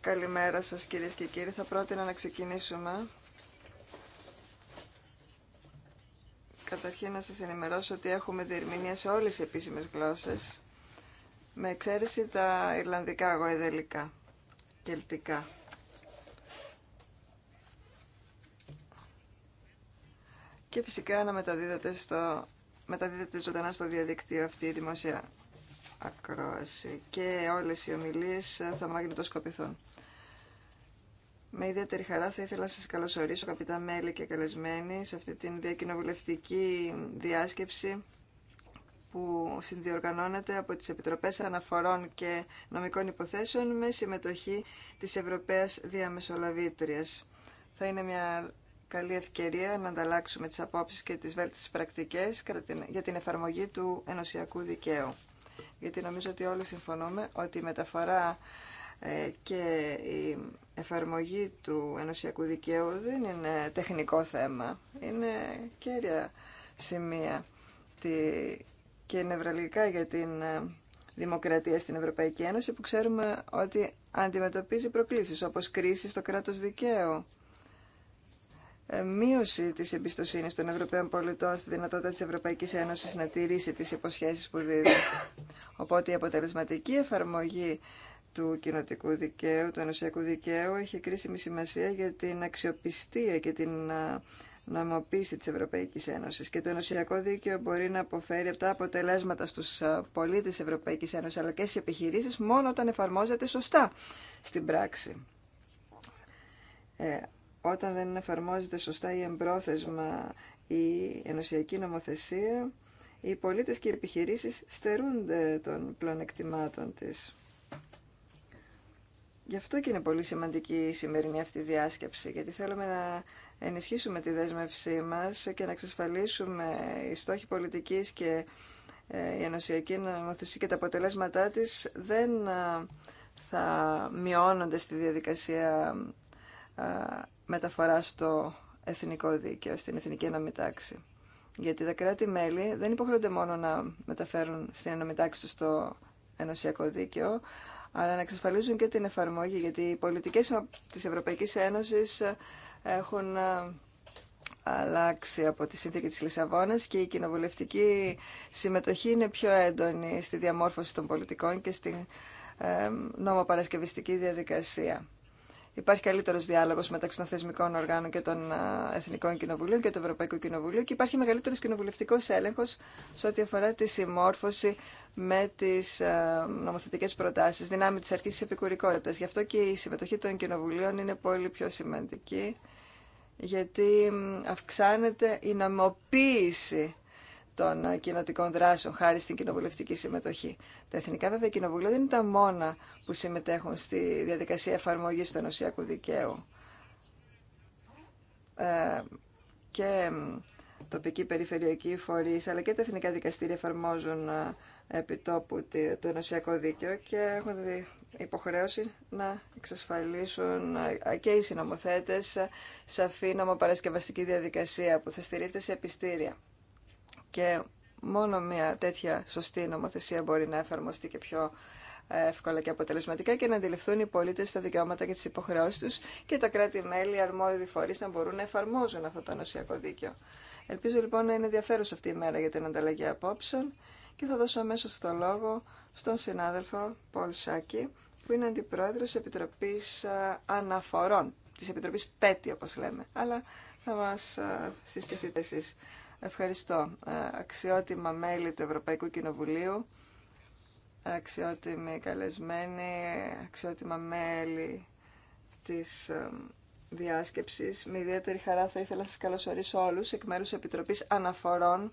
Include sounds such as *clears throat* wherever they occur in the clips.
Καλημέρα σας κυρίες και κύριοι. Θα πρότεινα να ξεκινήσουμε. Καταρχήν να σας ενημερώσω ότι έχουμε διερμηνία σε όλες τις επίσημες γλώσσες, με εξαίρεση τα Ιρλανδικά, Γοεδελικά, Κελτικά. Και φυσικά να μεταδίδεται, στο, μεταδίδεται ζωντανά στο διαδικτύο αυτή η δημοσία ακρόαση και όλες οι ομιλίες θα μαγνητοσκοπηθούν. Με ιδιαίτερη χαρά θα ήθελα να σας καλωσορίσω καπιτά μέλη και καλεσμένοι σε αυτή την διακοινοβουλευτική διάσκεψη που συνδιοργανώνεται από τις Επιτροπές Αναφορών και Νομικών Υποθέσεων με συμμετοχή της Ευρωπαίας Διαμεσολαβήτριας. Θα είναι μια καλή ευκαιρία να ανταλλάξουμε τις απόψεις και τις βέλτιστες πρακτικές για την εφαρμογή του ενωσιακού δικαίου γιατί νομίζω ότι όλοι συμφωνούμε ότι η μεταφορά ε, και η εφαρμογή του ενωσιακού δικαίου δεν είναι τεχνικό θέμα, είναι κέρια σημεία και νευραλικά για την ε, δημοκρατία στην Ευρωπαϊκή Ένωση που ξέρουμε ότι αντιμετωπίζει προκλήσεις όπως κρίση στο κράτος δικαίου ε, μείωση τη εμπιστοσύνη των Ευρωπαίων πολιτών στη δυνατότητα τη Ευρωπαϊκή Ένωση να τηρήσει τι υποσχέσει που δίδει. Οπότε η αποτελεσματική εφαρμογή του κοινοτικού δικαίου, του ενωσιακού δικαίου, έχει κρίσιμη σημασία για την αξιοπιστία και την ε, νομοποίηση της Ευρωπαϊκής Ένωσης. Και το ενωσιακό δίκαιο μπορεί να αποφέρει αυτά αποτελέσματα στους ε, πολίτες της Ευρωπαϊκής Ένωσης, αλλά και στις επιχειρήσει μόνο όταν εφαρμόζεται σωστά στην πράξη όταν δεν εφαρμόζεται σωστά ή εμπρόθεσμα η ενωσιακή νομοθεσία, οι πολίτες και οι επιχειρήσεις στερούνται των πλονεκτημάτων της. Γι' αυτό και είναι πολύ σημαντική η σημερινή αυτή διάσκεψη, γιατί θέλουμε να ενισχύσουμε τη δέσμευσή μας και να εξασφαλίσουμε οι στόχοι πολιτικής και ε, η ενωσιακή νομοθεσία και τα αποτελέσματά της δεν ε, θα μειώνονται στη διαδικασία ε, μεταφορά στο εθνικό δίκαιο, στην εθνική Ενωμητάξη. Γιατί τα κράτη-μέλη δεν υποχρεούνται μόνο να μεταφέρουν στην Ενωμητάξη του στο ενωσιακό δίκαιο, αλλά να εξασφαλίζουν και την εφαρμογή, γιατί οι πολιτικές της Ευρωπαϊκής Ένωσης ε, έχουν ε, αλλάξει από τη σύνθηκε της Λισαβόνας και η κοινοβουλευτική συμμετοχή είναι πιο έντονη στη διαμόρφωση των πολιτικών και στην ε, νομοπαρασκευιστική διαδικασία υπάρχει καλύτερο διάλογος μεταξύ των θεσμικών οργάνων και των Εθνικών Κοινοβουλίων και του Ευρωπαϊκού Κοινοβουλίου και υπάρχει μεγαλύτερο κοινοβουλευτικό έλεγχο σε ό,τι αφορά τη συμμόρφωση με τις νομοθετικέ προτάσεις, δυνάμει τη αρχής τη επικουρικότητας. Γι' αυτό και η συμμετοχή των κοινοβουλίων είναι πολύ πιο σημαντική, γιατί αυξάνεται η νομοποίηση των ε, κοινοτικών δράσεων χάρη στην κοινοβουλευτική συμμετοχή. Τα εθνικά βέβαια κοινοβούλια δεν είναι τα μόνα που συμμετέχουν στη διαδικασία εφαρμογή του ενωσιακού δικαίου. Ε, και τοπική περιφερειακή φορείς, αλλά και τα εθνικά δικαστήρια εφαρμόζουν ε, επιτόπου το ενωσιακό δίκαιο και έχουν υποχρέωση να εξασφαλίσουν ε, και οι συνομοθέτες σαφή νομοπαρασκευαστική διαδικασία που θα στηρίζεται σε επιστήρια. Και μόνο μια τέτοια σωστή νομοθεσία μπορεί να εφαρμοστεί και πιο εύκολα και αποτελεσματικά και να αντιληφθούν οι πολίτε τα δικαιώματα και τι υποχρεώσει του και τα κράτη-μέλη, αρμόδιοι φορεί να μπορούν να εφαρμόζουν αυτό το νοσιακό δίκαιο. Ελπίζω λοιπόν να είναι ενδιαφέρουσα αυτή η μέρα για την ανταλλαγή απόψεων και θα δώσω αμέσω το λόγο στον συνάδελφο Πολ Σάκη, που είναι αντιπρόεδρο τη Επιτροπή ε, Αναφορών, τη Επιτροπή ΠΕΤΗ, όπω λέμε. Αλλά θα μα ε, συστηθείτε εσεί Ευχαριστώ. Ε, αξιότιμα μέλη του Ευρωπαϊκού Κοινοβουλίου, αξιότιμοι καλεσμένοι, αξιότιμα μέλη της διάσκεψης. Με ιδιαίτερη χαρά θα ήθελα να σας καλωσορίσω όλους εκ μέρους Επιτροπής Αναφορών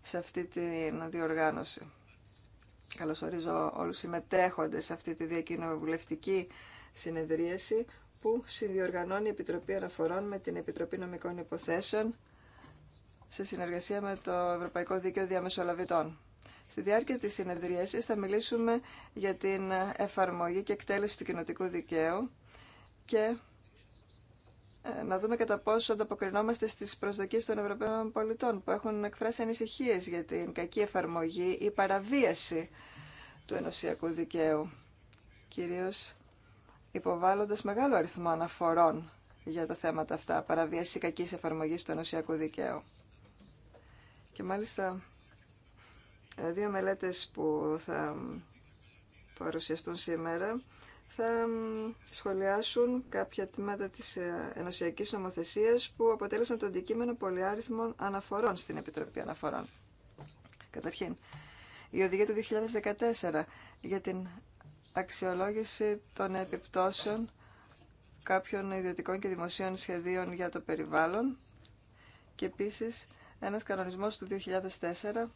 σε αυτή την διοργάνωση. Καλωσορίζω όλους συμμετέχοντες σε αυτή τη διακοινοβουλευτική συνεδρίαση που συνδιοργανώνει η Επιτροπή Αναφορών με την Επιτροπή Νομικών Υποθέσεων σε συνεργασία με το Ευρωπαϊκό Δίκαιο Διαμεσολαβητών. Στη διάρκεια της συνεδρίασης θα μιλήσουμε για την εφαρμογή και εκτέλεση του κοινοτικού δικαίου και ε, να δούμε κατά πόσο ανταποκρινόμαστε στις προσδοκίες των Ευρωπαίων πολιτών που έχουν εκφράσει ανησυχίες για την κακή εφαρμογή ή παραβίαση του ενωσιακού δικαίου, κυρίως υποβάλλοντας μεγάλο αριθμό αναφορών για τα θέματα αυτά, παραβίαση κακής εφαρμογής του ενωσιακού δικαίου. Και μάλιστα ε, δύο μελέτες που θα παρουσιαστούν σήμερα θα σχολιάσουν κάποια τμήματα της ε, ενωσιακής νομοθεσίας που αποτέλεσαν το αντικείμενο πολυάριθμων αναφορών στην Επιτροπή Αναφορών. Καταρχήν, η οδηγία του 2014 για την αξιολόγηση των επιπτώσεων κάποιων ιδιωτικών και δημοσίων σχεδίων για το περιβάλλον και επίσης ένας κανονισμός του 2004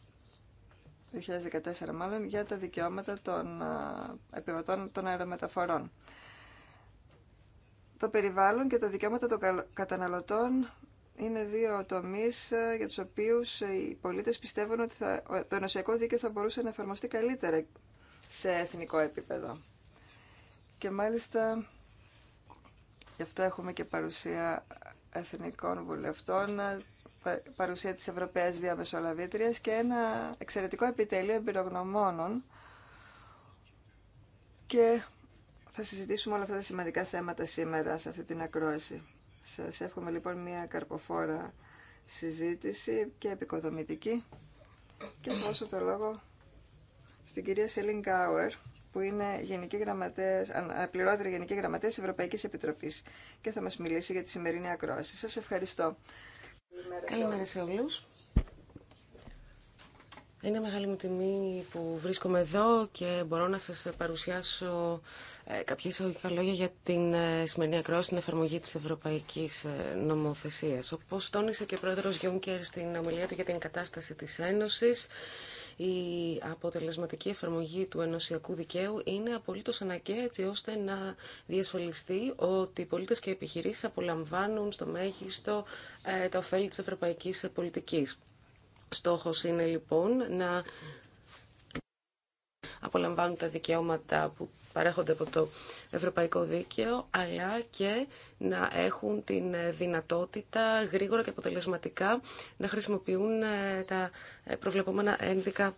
2014 μάλλον, για τα δικαιώματα των επιβατών των αερομεταφορών. Το περιβάλλον και τα δικαιώματα των καταναλωτών είναι δύο τομείς για τους οποίους οι πολίτες πιστεύουν ότι θα, το ενωσιακό δίκαιο θα μπορούσε να εφαρμοστεί καλύτερα σε εθνικό επίπεδο. Και μάλιστα γι' αυτό έχουμε και παρουσία εθνικών βουλευτών παρουσία της Ευρωπαίας Διαμεσολαβήτριας και ένα εξαιρετικό επιτελείο εμπειρογνωμόνων και θα συζητήσουμε όλα αυτά τα σημαντικά θέματα σήμερα σε αυτή την ακρόαση. Σας εύχομαι λοιπόν μια καρποφόρα συζήτηση και επικοδομητική και δώσω το λόγο στην κυρία Σελίν Κάουερ που είναι γενική γραμματέας, ε, Γενική Γραμματέα Ευρωπαϊκής Επιτροπής και θα μας μιλήσει για τη σημερινή ακρόαση. Σας ευχαριστώ. Καλημέρα σε όλους. Είναι μεγάλη μου τιμή που βρίσκομαι εδώ και μπορώ να σας παρουσιάσω ε, κάποια εισαγωγικά λόγια για την ε, σημερινή ακρόαση στην εφαρμογή της ευρωπαϊκής ε, νομοθεσίας. Όπως τόνισε και ο πρόεδρος Γιούνκερ στην ομιλία του για την κατάσταση της Ένωσης, η αποτελεσματική εφαρμογή του ενωσιακού δικαίου είναι απολύτως αναγκαία έτσι ώστε να διασφαλιστεί ότι οι πολίτες και οι επιχειρήσεις απολαμβάνουν στο μέγιστο ε, τα ωφέλη της ευρωπαϊκής πολιτικής. Στόχος είναι λοιπόν να απολαμβάνουν τα δικαιώματα που παρέχονται από το Ευρωπαϊκό Δίκαιο, αλλά και να έχουν την δυνατότητα γρήγορα και αποτελεσματικά να χρησιμοποιούν ε, τα ε, προβλεπόμενα ένδικα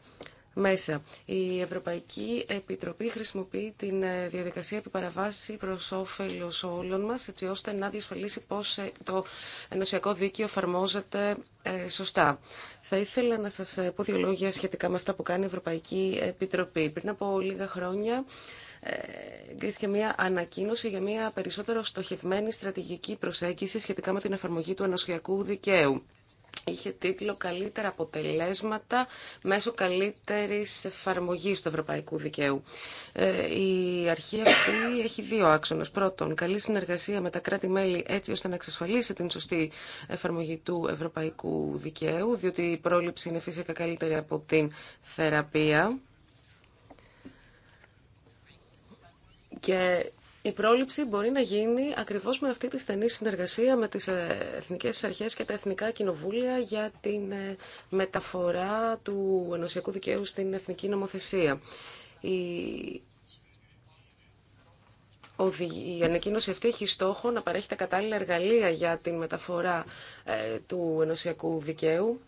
μέσα. Η Ευρωπαϊκή Επιτροπή χρησιμοποιεί την ε, διαδικασία επιπαραβάση προ όφελο όλων μα, έτσι ώστε να διασφαλίσει πώ ε, το ενωσιακό δίκαιο εφαρμόζεται ε, σωστά. Θα ήθελα να σα πω δύο λόγια σχετικά με αυτά που κάνει η Ευρωπαϊκή Επιτροπή. Πριν από λίγα χρόνια, εγκρίθηκε μια ανακοίνωση για μια περισσότερο στοχευμένη στρατηγική προσέγγιση σχετικά με την εφαρμογή του ενωσιακού δικαίου είχε τίτλο «Καλύτερα αποτελέσματα μέσω καλύτερης εφαρμογής του ευρωπαϊκού δικαίου». Ε, η αρχή αυτή έχει δύο άξονες. Πρώτον, καλή συνεργασία με τα κράτη-μέλη έτσι ώστε να εξασφαλίσει την σωστή εφαρμογή του ευρωπαϊκού δικαίου, διότι η πρόληψη είναι φυσικά καλύτερη από την θεραπεία. Και η πρόληψη μπορεί να γίνει ακριβώς με αυτή τη στενή συνεργασία με τις ε, Εθνικές Αρχές και τα Εθνικά Κοινοβούλια για την ε, μεταφορά του ενωσιακού δικαίου στην Εθνική Νομοθεσία. Η, η ανακοίνωση αυτή έχει στόχο να παρέχει τα κατάλληλα εργαλεία για τη μεταφορά ε, του ενωσιακού δικαίου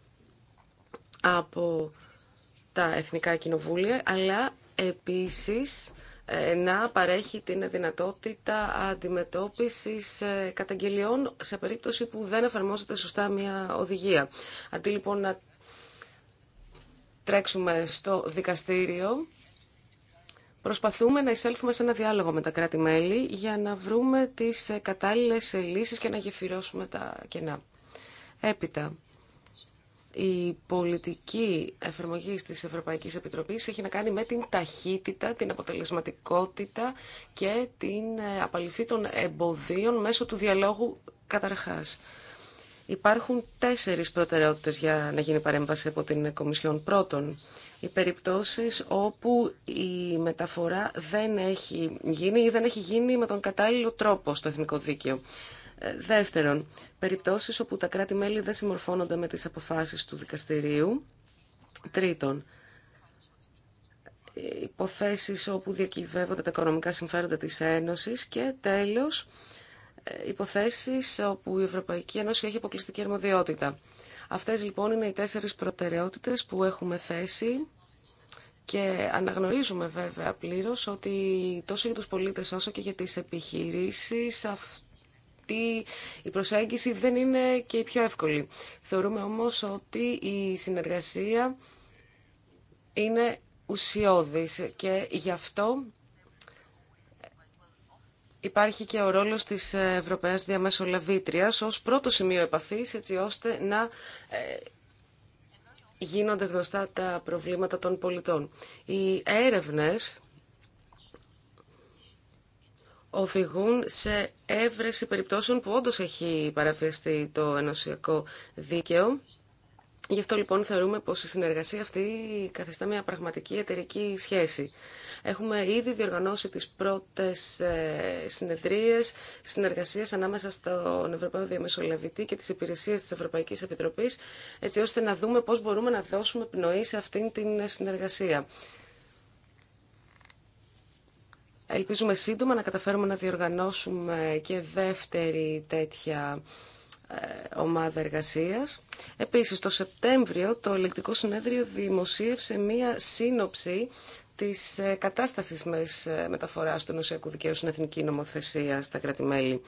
από τα Εθνικά Κοινοβούλια, αλλά επίσης να παρέχει την δυνατότητα αντιμετώπισης ε, καταγγελιών σε περίπτωση που δεν εφαρμόζεται σωστά μια οδηγία. Αντί λοιπόν να τρέξουμε στο δικαστήριο, προσπαθούμε να εισέλθουμε σε ένα διάλογο με τα κράτη-μέλη για να βρούμε τις κατάλληλες λύσεις και να γεφυρώσουμε τα κενά. Έπειτα, η πολιτική εφαρμογή τη Ευρωπαϊκή Επιτροπή έχει να κάνει με την ταχύτητα, την αποτελεσματικότητα και την ε, απαλυφή των εμποδίων μέσω του διαλόγου καταρχάς. Υπάρχουν τέσσερις προτεραιότητες για να γίνει παρέμβαση από την Κομισιόν. Πρώτον, οι περιπτώσεις όπου η μεταφορά δεν έχει γίνει ή δεν έχει γίνει με τον κατάλληλο τρόπο στο εθνικό δίκαιο. Δεύτερον, περιπτώσεις όπου τα κράτη-μέλη δεν συμμορφώνονται με τις αποφάσεις του δικαστηρίου. Τρίτον, υποθέσεις όπου διακυβεύονται τα οικονομικά συμφέροντα της Ένωσης. Και τέλος, υποθέσεις όπου η Ευρωπαϊκή Ένωση έχει αποκλειστική αρμοδιότητα. Αυτές λοιπόν είναι οι τέσσερις προτεραιότητες που έχουμε θέσει και αναγνωρίζουμε βέβαια πλήρως ότι τόσο για τους πολίτες όσο και για τις επιχειρήσεις αυτό γιατί η προσέγγιση δεν είναι και η πιο εύκολη. Θεωρούμε όμως ότι η συνεργασία είναι ουσιώδης και γι' αυτό υπάρχει και ο ρόλος της Ευρωπαίας Διαμεσολαβήτριας ως πρώτο σημείο επαφής έτσι ώστε να ε, γίνονται γνωστά τα προβλήματα των πολιτών. Οι έρευνες οδηγούν σε έβρεση περιπτώσεων που όντως έχει παραβιαστεί το ενωσιακό δίκαιο. Γι' αυτό λοιπόν θεωρούμε πως η συνεργασία αυτή καθιστά μια πραγματική εταιρική σχέση. Έχουμε ήδη διοργανώσει τις πρώτες ε, συνεδρίες συνεργασίες ανάμεσα στον Ευρωπαίο Διαμεσολαβητή και τις υπηρεσίες της Ευρωπαϊκής Επιτροπής, έτσι ώστε να δούμε πώς μπορούμε να δώσουμε πνοή σε αυτήν την συνεργασία. Ελπίζουμε σύντομα να καταφέρουμε να διοργανώσουμε και δεύτερη τέτοια ε, ομάδα εργασίας. Επίσης, το Σεπτέμβριο το Ελεκτικό Συνέδριο δημοσίευσε μία σύνοψη της ε, κατάστασης ε, μεταφοράς του νοσιακού δικαίου στην εθνική νομοθεσία στα κράτη-μέλη.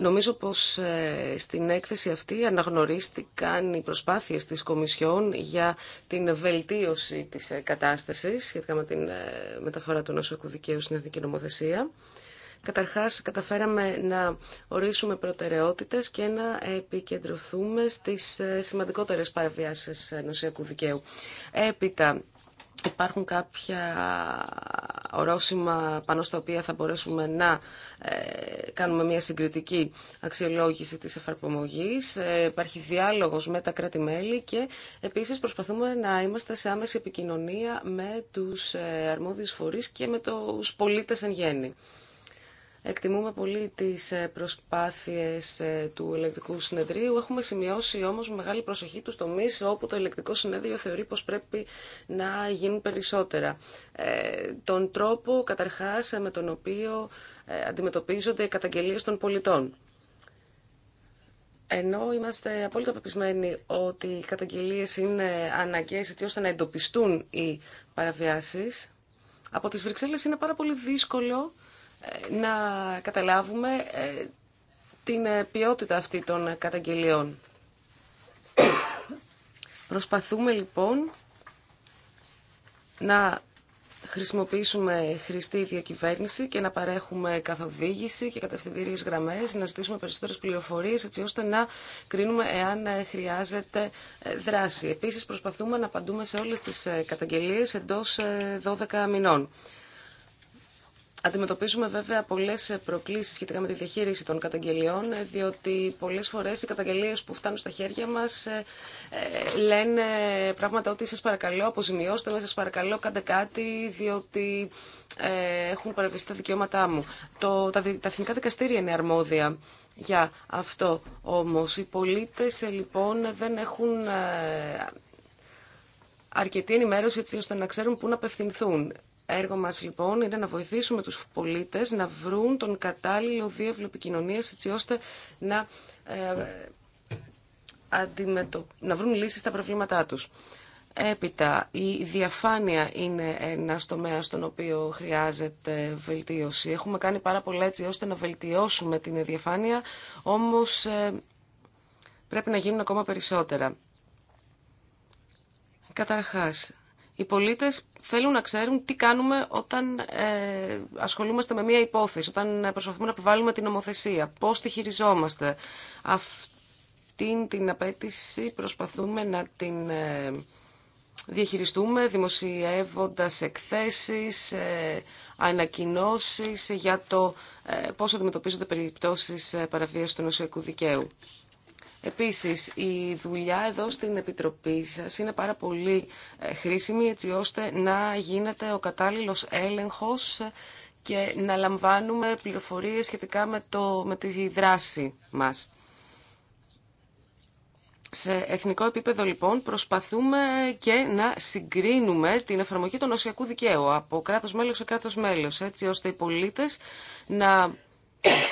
Νομίζω πως ε, στην έκθεση αυτή αναγνωρίστηκαν οι προσπάθειες της Κομισιόν για την βελτίωση της ε, κατάστασης σχετικά με την ε, μεταφορά του νοσοκού δικαίου στην Εθνική Νομοθεσία. Καταρχάς, καταφέραμε να ορίσουμε προτεραιότητες και να επικεντρωθούμε στις σημαντικότερες παραβιάσεις νοσιακού δικαίου. Έπειτα, Υπάρχουν κάποια ορόσημα πάνω στα οποία θα μπορέσουμε να ε, κάνουμε μια συγκριτική αξιολόγηση της εφαρμογής. Ε, υπάρχει διάλογος με τα κράτη-μέλη και επίσης προσπαθούμε να είμαστε σε άμεση επικοινωνία με τους ε, αρμόδιους φορείς και με τους πολίτες εν γέννη. Εκτιμούμε πολύ τις ε, προσπάθειες ε, του ελεκτικού συνεδρίου. Έχουμε σημειώσει όμως μεγάλη προσοχή τους τομείς όπου το ελεκτικό συνέδριο θεωρεί πως πρέπει να γίνουν περισσότερα. Ε, τον τρόπο καταρχάς με τον οποίο αντιμετωπίζονται οι καταγγελίες των πολιτών. Ενώ είμαστε απόλυτα πεπισμένοι ότι οι καταγγελίες είναι αναγκαίες έτσι ώστε να εντοπιστούν οι παραβιάσεις, από τις Βρυξέλλες είναι πάρα πολύ δύσκολο να καταλάβουμε ε, την ε, ποιότητα αυτή των ε, καταγγελιών. Προσπαθούμε λοιπόν να χρησιμοποιήσουμε χρηστή διακυβέρνηση και να παρέχουμε καθοδήγηση και κατευθυντήριες γραμμές, να ζητήσουμε περισσότερες πληροφορίες έτσι ώστε να κρίνουμε εάν χρειάζεται δράση. Επίσης προσπαθούμε να απαντούμε σε όλες τις καταγγελίες εντός 12 μηνών. Αντιμετωπίζουμε βέβαια πολλέ προκλήσει σχετικά με τη διαχείριση των καταγγελιών, διότι πολλέ φορέ οι καταγγελίε που φτάνουν στα χέρια μα ε, ε, λένε πράγματα ότι σα παρακαλώ αποζημιώστε με, σα παρακαλώ κάντε κάτι, διότι ε, έχουν παρεμβεί τα δικαιώματά μου. Το, τα, τα εθνικά δικαστήρια είναι αρμόδια για αυτό όμω. Οι πολίτε λοιπόν δεν έχουν αρκετή ενημέρωση έτσι ώστε να ξέρουν πού να απευθυνθούν. Έργο μας λοιπόν είναι να βοηθήσουμε τους πολίτε να βρουν τον κατάλληλο δίευλο επικοινωνία έτσι ώστε να, ε, να βρουν λύσει στα προβλήματά τους. Έπειτα, η διαφάνεια είναι ένα τομέα στον οποίο χρειάζεται βελτίωση. Έχουμε κάνει πάρα πολλά έτσι ώστε να βελτιώσουμε την διαφάνεια, όμως ε, πρέπει να γίνουν ακόμα περισσότερα. Καταρχάς, οι πολίτες θέλουν να ξέρουν τι κάνουμε όταν ε, ασχολούμαστε με μία υπόθεση, όταν προσπαθούμε να επιβάλλουμε την νομοθεσία, πώς τη χειριζόμαστε. Αυτή την απέτηση προσπαθούμε να την ε, διαχειριστούμε δημοσιεύοντας εκθέσεις, ε, ανακοινώσεις για το ε, πώς αντιμετωπίζονται περιπτώσεις ε, παραβίασης του νοσιακού δικαίου. Επίσης, η δουλειά εδώ στην Επιτροπή σας είναι πάρα πολύ ε, χρήσιμη έτσι ώστε να γίνεται ο κατάλληλος έλεγχος και να λαμβάνουμε πληροφορίες σχετικά με, το, με τη δράση μας. Σε εθνικό επίπεδο, λοιπόν, προσπαθούμε και να συγκρίνουμε την εφαρμογή του νοσιακού δικαίου από κράτος μέλος σε κράτος μέλος, έτσι ώστε οι πολίτες να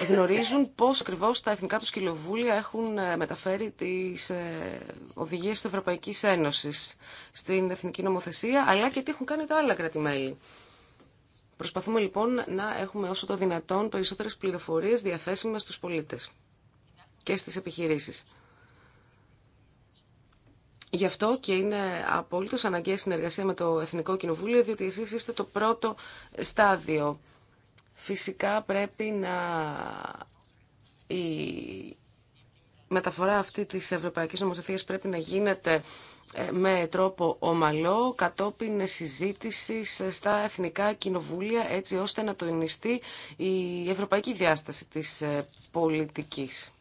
γνωρίζουν πώς ακριβώ τα εθνικά του κοινοβούλια έχουν ε, μεταφέρει τις ε, οδηγίες της Ευρωπαϊκής Ένωσης στην εθνική νομοθεσία, αλλά και τι έχουν κάνει τα άλλα κράτη-μέλη. Προσπαθούμε λοιπόν να έχουμε όσο το δυνατόν περισσότερες πληροφορίες διαθέσιμες στους πολίτες και στις επιχειρήσεις. Γι' αυτό και είναι απόλυτο αναγκαία συνεργασία με το Εθνικό Κοινοβούλιο, διότι εσεί είστε το πρώτο στάδιο Φυσικά πρέπει να η μεταφορά αυτή της Ευρωπαϊκής Νομοθεσίας πρέπει να γίνεται ε, με τρόπο ομαλό, κατόπιν συζήτηση στα εθνικά κοινοβούλια, έτσι ώστε να τονιστεί η ευρωπαϊκή διάσταση της ε, πολιτικής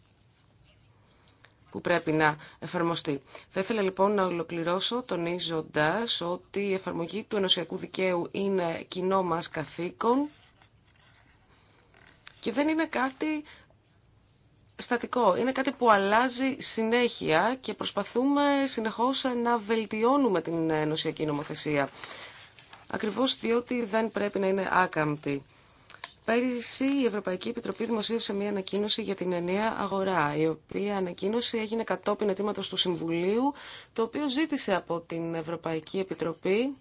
που πρέπει να εφαρμοστεί. Θα ήθελα λοιπόν να ολοκληρώσω τονίζοντας ότι η εφαρμογή του ενωσιακού δικαίου είναι κοινό μας καθήκον και δεν είναι κάτι στατικό. Είναι κάτι που αλλάζει συνέχεια και προσπαθούμε συνεχώς να βελτιώνουμε την ενωσιακή νομοθεσία. Ακριβώς διότι δεν πρέπει να είναι άκαμπτη. Πέρυσι η Ευρωπαϊκή Επιτροπή δημοσίευσε μια ανακοίνωση για την ενιαία αγορά, η οποία ανακοίνωση έγινε κατόπιν αιτήματος του Συμβουλίου, το οποίο ζήτησε από την Ευρωπαϊκή Επιτροπή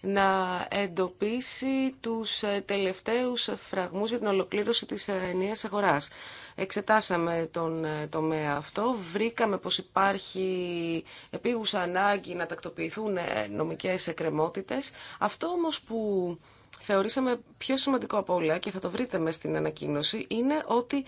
να εντοπίσει τους ε, τελευταίους φραγμούς για την ολοκλήρωση της ε, ενίας αγοράς. Εξετάσαμε τον ε, τομέα αυτό, βρήκαμε πως υπάρχει επίγουσα ανάγκη να τακτοποιηθούν νομικές εκκρεμότητες. Αυτό όμως που θεωρήσαμε πιο σημαντικό από όλα και θα το βρείτε με στην ανακοίνωση είναι ότι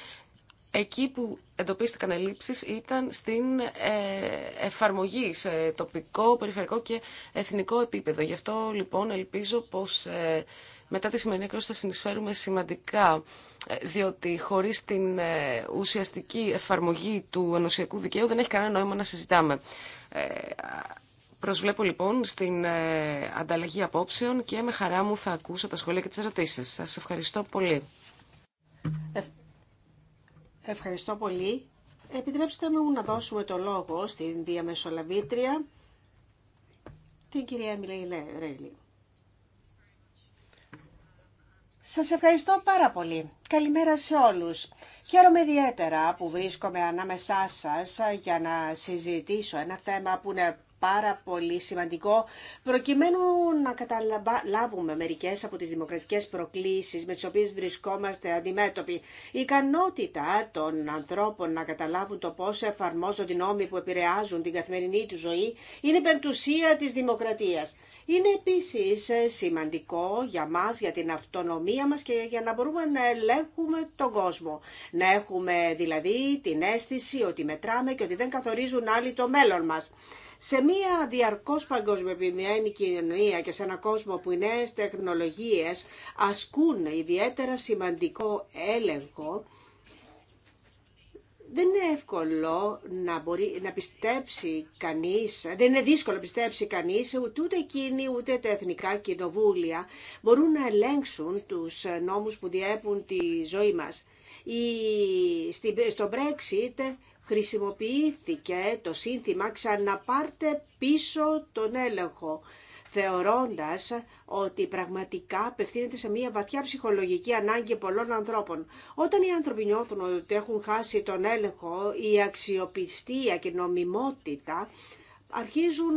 Εκεί που εντοπίστηκαν ελλείψεις ήταν στην ε, εφαρμογή σε τοπικό, περιφερειακό και εθνικό επίπεδο. Γι' αυτό λοιπόν ελπίζω πως ε, μετά τη σημερινή έκρωση θα συνεισφέρουμε σημαντικά, ε, διότι χωρίς την ουσιαστική εφαρμογή του ενωσιακού δικαίου δεν έχει κανένα νόημα να συζητάμε. Προσβλέπω λοιπόν στην ανταλλαγή απόψεων και με χαρά μου θα ακούσω τα σχόλια και τις ερωτήσεις. Σας ευχαριστώ πολύ. Ευχαριστώ πολύ. Επιτρέψτε μου να δώσουμε το λόγο στην διαμεσολαβήτρια, την κυρία Μιλέη Ρέιλι. Σας ευχαριστώ πάρα πολύ. Καλημέρα σε όλους. Χαίρομαι ιδιαίτερα που βρίσκομαι ανάμεσά σας για να συζητήσω ένα θέμα που είναι πάρα πολύ σημαντικό προκειμένου να καταλάβουμε μερικές από τις δημοκρατικές προκλήσεις με τις οποίες βρισκόμαστε αντιμέτωποι. Η ικανότητα των ανθρώπων να καταλάβουν το πώς εφαρμόζονται οι νόμοι που επηρεάζουν την καθημερινή του ζωή είναι πεντουσία της δημοκρατίας. Είναι επίσης σημαντικό για μας, για την αυτονομία μας και για να μπορούμε να ελέγχουμε τον κόσμο. Να έχουμε δηλαδή την αίσθηση ότι μετράμε και ότι δεν καθορίζουν άλλοι το μέλλον μας σε μια διαρκώς παγκοσμιοποιημένη κοινωνία και σε ένα κόσμο που οι νέες τεχνολογίες ασκούν ιδιαίτερα σημαντικό έλεγχο, δεν είναι εύκολο να, μπορεί, να πιστέψει κανείς, δεν είναι δύσκολο να πιστέψει κανείς, ούτε εκείνοι ούτε τα εθνικά κοινοβούλια μπορούν να ελέγξουν τους νόμους που διέπουν τη ζωή μας. στο Brexit χρησιμοποιήθηκε το σύνθημα «Ξαναπάρτε πίσω τον έλεγχο» θεωρώντας ότι πραγματικά απευθύνεται σε μια βαθιά ψυχολογική ανάγκη πολλών ανθρώπων. Όταν οι άνθρωποι νιώθουν ότι έχουν χάσει τον έλεγχο, η αξιοπιστία και η νομιμότητα αρχίζουν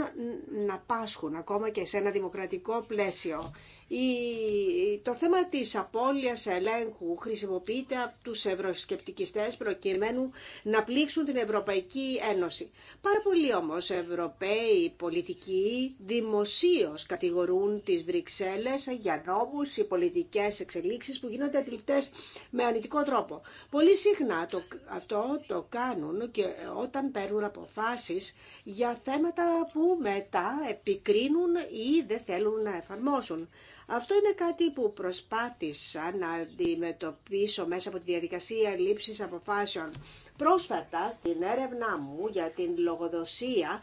να πάσχουν ακόμα και σε ένα δημοκρατικό πλαίσιο. Το θέμα της απώλειας ελέγχου χρησιμοποιείται από τους ευρωσκεπτικιστές προκειμένου να πλήξουν την Ευρωπαϊκή Ένωση. Πάρα πολλοί όμως Ευρωπαίοι πολιτικοί δημοσίως κατηγορούν τις Βρυξέλλες για νόμους ή πολιτικές εξελίξεις που γίνονται αντιληπτές με ανητικό τρόπο. Πολύ συχνά αυτό το κάνουν και όταν παίρνουν αποφάσεις για θέματα που μετά επικρίνουν ή δεν θέλουν να εφαρμόσουν. Αυτό είναι κάτι που προσπάθησα να αντιμετωπίσω μέσα από τη διαδικασία λήψης αποφάσεων. Πρόσφατα στην έρευνά μου για την λογοδοσία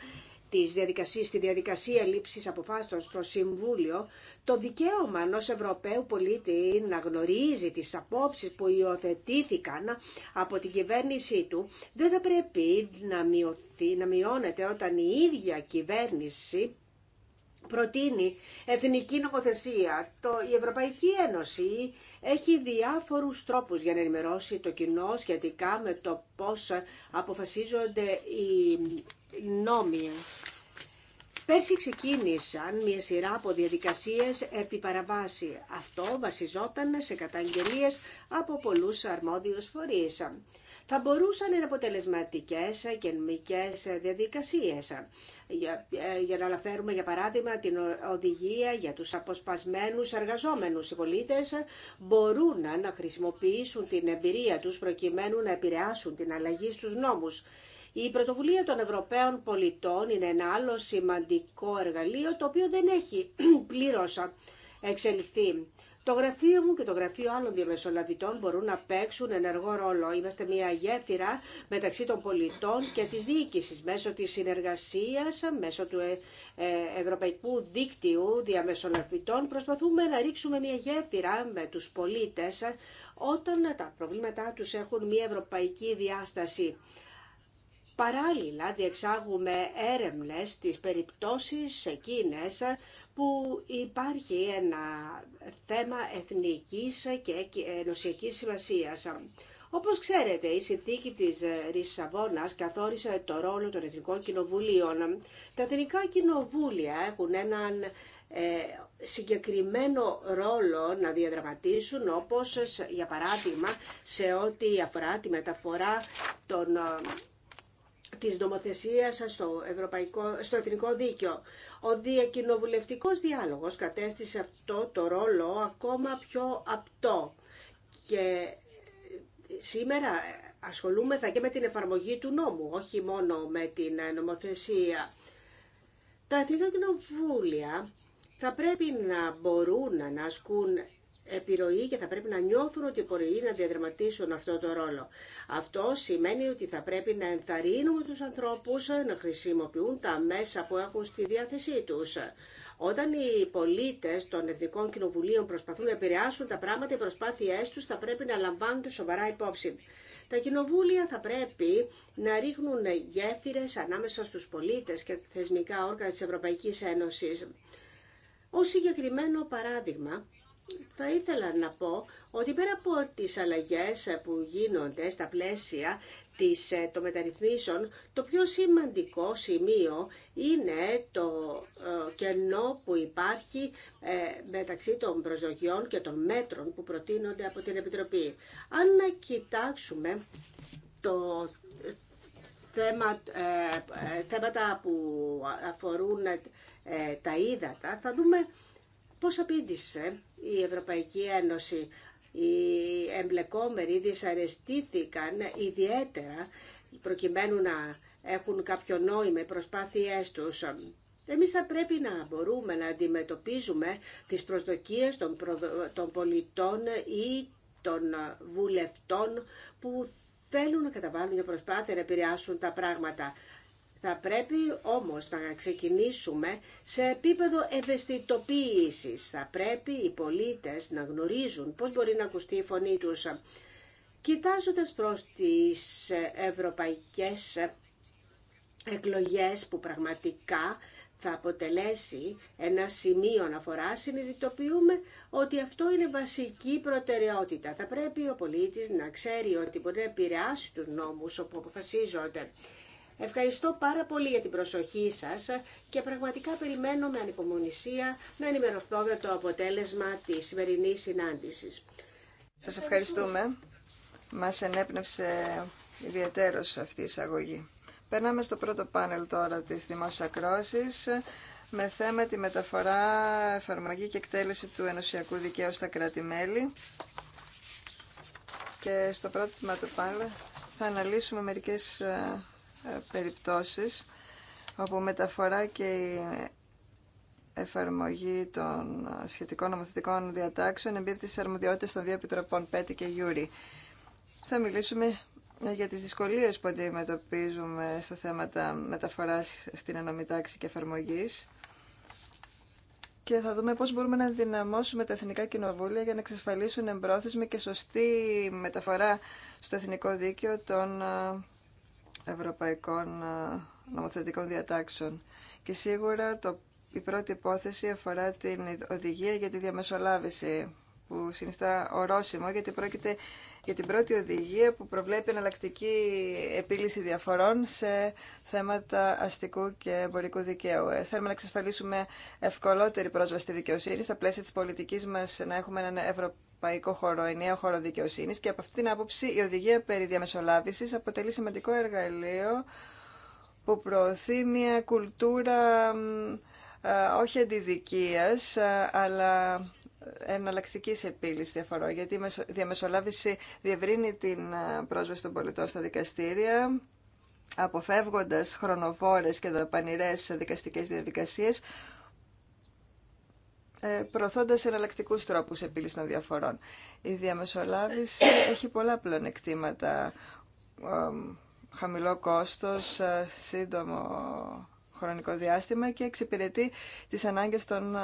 της διαδικασίας, στη διαδικασία λήψης αποφάσεων στο Συμβούλιο, το δικαίωμα ενό Ευρωπαίου πολίτη να γνωρίζει τις απόψεις που υιοθετήθηκαν από την κυβέρνησή του δεν θα πρέπει να, να μειώνεται όταν η ίδια κυβέρνηση προτείνει εθνική νομοθεσία. Το, η Ευρωπαϊκή Ένωση έχει διάφορους τρόπους για να ενημερώσει το κοινό σχετικά με το πώς αποφασίζονται οι νόμοι. Πέρσι ξεκίνησαν μια σειρά από διαδικασίες επί παραβάση. Αυτό βασιζόταν σε καταγγελίες από πολλούς αρμόδιους φορείς θα μπορούσαν να είναι και νομικές διαδικασίες. Για, ε, για να αναφέρουμε για παράδειγμα την οδηγία για τους αποσπασμένους εργαζόμενους. Οι πολίτες μπορούν να χρησιμοποιήσουν την εμπειρία τους προκειμένου να επηρεάσουν την αλλαγή στους νόμους. Η πρωτοβουλία των Ευρωπαίων πολιτών είναι ένα άλλο σημαντικό εργαλείο το οποίο δεν έχει *clears throat* πλήρως εξελιχθεί. Το γραφείο μου και το γραφείο άλλων διαμεσολαβητών μπορούν να παίξουν ενεργό ρόλο. Είμαστε μια γέφυρα μεταξύ των πολιτών και της διοίκησης μέσω της συνεργασίας, μέσω του ε, ε, Ευρωπαϊκού Δίκτυου Διαμεσολαβητών. Προσπαθούμε να ρίξουμε μια γέφυρα με τους πολίτες ε, όταν τα προβλήματά τους έχουν μια ευρωπαϊκή διάσταση. Παράλληλα διεξάγουμε έρευνες στις περιπτώσεις εκείνες που υπάρχει ένα θέμα εθνικής και ενωσιακής σημασίας. Όπως ξέρετε, η συνθήκη της Ρισαβόνας καθόρισε το ρόλο των Εθνικών Κοινοβουλίων. Τα Εθνικά Κοινοβούλια έχουν έναν ε, συγκεκριμένο ρόλο να διαδραματίσουν, όπως για παράδειγμα σε ό,τι αφορά τη μεταφορά των ε, της νομοθεσίας στο, ευρωπαϊκό, στο εθνικό δίκαιο. Ο διακοινοβουλευτικός διάλογος κατέστησε αυτό το ρόλο ακόμα πιο απτό και σήμερα ασχολούμεθα και με την εφαρμογή του νόμου, όχι μόνο με την νομοθεσία. Τα εθνικά κοινοβούλια θα πρέπει να μπορούν να ασκούν επιρροή και θα πρέπει να νιώθουν ότι μπορεί να διαδραματίσουν αυτό το ρόλο. Αυτό σημαίνει ότι θα πρέπει να ενθαρρύνουμε τους ανθρώπους να χρησιμοποιούν τα μέσα που έχουν στη διάθεσή τους. Όταν οι πολίτες των Εθνικών Κοινοβουλίων προσπαθούν να επηρεάσουν τα πράγματα, οι προσπάθειές τους θα πρέπει να λαμβάνουν σοβαρά υπόψη. Τα κοινοβούλια θα πρέπει να ρίχνουν γέφυρες ανάμεσα στους πολίτες και θεσμικά όργανα της Ευρωπαϊκής Ένωσης. Ως συγκεκριμένο παράδειγμα, θα ήθελα να πω ότι πέρα από τις αλλαγές που γίνονται στα πλαίσια της, ε, των μεταρρυθμίσεων, το πιο σημαντικό σημείο είναι το ε, κενό που υπάρχει ε, μεταξύ των προσδοκιών και των μέτρων που προτείνονται από την Επιτροπή. Αν κοιτάξουμε το θέμα, θέματα που αφορούν τα ύδατα, θα δούμε Πώς απήντησε η Ευρωπαϊκή Ένωση. Οι εμπλεκόμενοι δυσαρεστήθηκαν ιδιαίτερα προκειμένου να έχουν κάποιο νόημα οι προσπάθειές τους. Εμείς θα πρέπει να μπορούμε να αντιμετωπίζουμε τις προσδοκίες των πολιτών ή των βουλευτών που θέλουν να καταβάλουν μια προσπάθεια να επηρεάσουν τα πράγματα. Θα πρέπει όμως να ξεκινήσουμε σε επίπεδο ευαισθητοποίησης. Θα πρέπει οι πολίτες να γνωρίζουν πώς μπορεί να ακουστεί η φωνή τους. Κοιτάζοντας προς τις ευρωπαϊκές εκλογές που πραγματικά θα αποτελέσει ένα σημείο αναφορά, συνειδητοποιούμε ότι αυτό είναι βασική προτεραιότητα. Θα πρέπει ο πολίτης να ξέρει ότι μπορεί να επηρεάσει τους νόμους όπου αποφασίζονται. Ευχαριστώ πάρα πολύ για την προσοχή σας και πραγματικά περιμένω με ανυπομονησία να ενημερωθώ για το αποτέλεσμα της σημερινής συνάντησης. Σας ευχαριστούμε. Μας ενέπνευσε ιδιαίτερος αυτή η εισαγωγή. Περνάμε στο πρώτο πάνελ τώρα της Δημόσιας Ακρόσης με θέμα τη μεταφορά, εφαρμογή και εκτέλεση του ενωσιακού δικαίου στα κράτη-μέλη. Και στο πρώτο τμήμα του πάνελ θα αναλύσουμε μερικές ε, ε, περιπτώσεις όπου μεταφορά και η εφαρμογή των σχετικών νομοθετικών διατάξεων εμπίπτει στις αρμοδιότητες των δύο επιτροπών ΠΕΤΗ και ΓΙΟΥΡΗ. Θα μιλήσουμε ε, για τις δυσκολίες που αντιμετωπίζουμε στα θέματα μεταφοράς στην τάξη και εφαρμογή. Και θα δούμε πώς μπορούμε να δυναμώσουμε τα εθνικά κοινοβούλια για να εξασφαλίσουν εμπρόθεσμη και σωστή μεταφορά στο εθνικό δίκαιο των ε, ευρωπαϊκών ε, νομοθετικών διατάξεων. Και σίγουρα το, η πρώτη υπόθεση αφορά την οδηγία για τη διαμεσολάβηση που συνιστά ορόσημο γιατί πρόκειται για την πρώτη οδηγία που προβλέπει εναλλακτική επίλυση διαφορών σε θέματα αστικού και εμπορικού δικαίου. Ε, θέλουμε να εξασφαλίσουμε ευκολότερη πρόσβαση στη δικαιοσύνη στα πλαίσια τη πολιτική μας να έχουμε έναν ευρωπαϊκό χώρο, ενιαίο χώρο δικαιοσύνη. και από αυτή την άποψη η οδηγία περί διαμεσολάβηση αποτελεί σημαντικό εργαλείο που προωθεί μια κουλτούρα ε, όχι αντιδικίας ε, αλλά εναλλακτική επίλυση διαφορών, γιατί η διαμεσολάβηση διευρύνει την ε, πρόσβαση των πολιτών στα δικαστήρια, αποφεύγοντας χρονοβόρες και δαπανηρές δικαστικές διαδικασίες, ε, προωθώντας εναλλακτικού τρόπους επίλυση των διαφορών. Η διαμεσολάβηση έχει πολλά πλεονεκτήματα, χαμηλό κόστος, ε, σύντομο χρονικό διάστημα και εξυπηρετεί τις ανάγκες των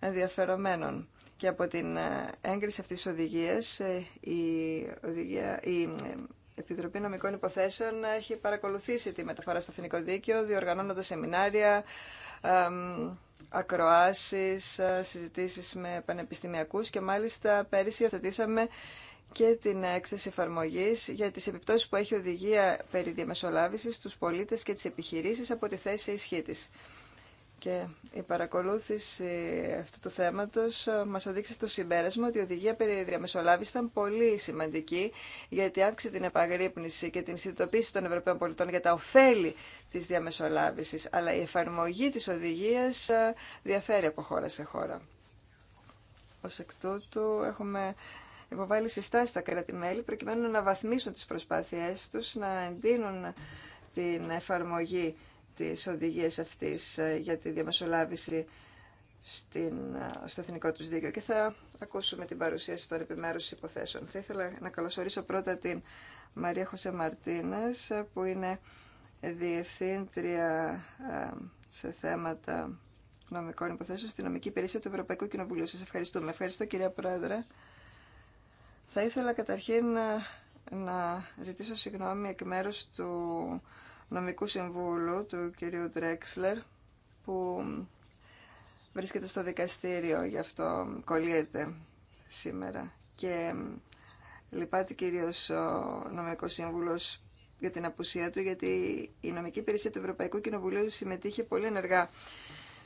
ενδιαφερομένων. Και από την ε, έγκριση αυτής της οδηγίας, ε, η, οδηγία, η ε, Επιτροπή Νομικών Υποθέσεων έχει παρακολουθήσει τη μεταφορά στο εθνικό δίκαιο, διοργανώνοντας σεμινάρια, ακροάσεις, συζητήσεις με πανεπιστημιακούς και μάλιστα πέρυσι υιοθετήσαμε και την έκθεση εφαρμογή για τις επιπτώσεις που έχει οδηγία περί διαμεσολάβησης στους πολίτες και τις επιχειρήσεις από τη θέση ισχύ και η παρακολούθηση αυτού του θέματος ε, μας οδήγησε στο συμπέρασμα ότι η οδηγία περί διαμεσολάβηση ήταν πολύ σημαντική γιατί αύξησε την επαγρύπνηση και την συνειδητοποίηση των Ευρωπαίων πολιτών για τα ωφέλη της διαμεσολάβησης. Αλλά η εφαρμογή της οδηγίας ε, διαφέρει από χώρα σε χώρα. Ως εκ τούτου έχουμε υποβάλει συστάσεις στα κράτη-μέλη προκειμένου να βαθμίσουν τις προσπάθειές τους, να εντείνουν την εφαρμογή τις οδηγίες αυτής ε, για τη διαμεσολάβηση στην, ε, στο εθνικό τους δίκαιο και θα ακούσουμε την παρουσίαση των επιμέρους υποθέσεων. Θα ήθελα να καλωσορίσω πρώτα την Μαρία Χωσέ Μαρτίνες ε, που είναι διευθύντρια σε θέματα νομικών υποθέσεων στη νομική υπηρεσία του Ευρωπαϊκού Κοινοβουλίου. Σας ευχαριστούμε. Ευχαριστώ κυρία Πρόεδρε. Θα ήθελα καταρχήν να ζητήσω συγγνώμη εκ μέρους του νομικού συμβούλου του κυρίου Τρέξλερ, που βρίσκεται στο δικαστήριο, γι' αυτό κολλείεται σήμερα. Και λυπάται κυρίως ο νομικός σύμβουλος για την απουσία του, γιατί η νομική υπηρεσία του Ευρωπαϊκού Κοινοβουλίου συμμετείχε πολύ ενεργά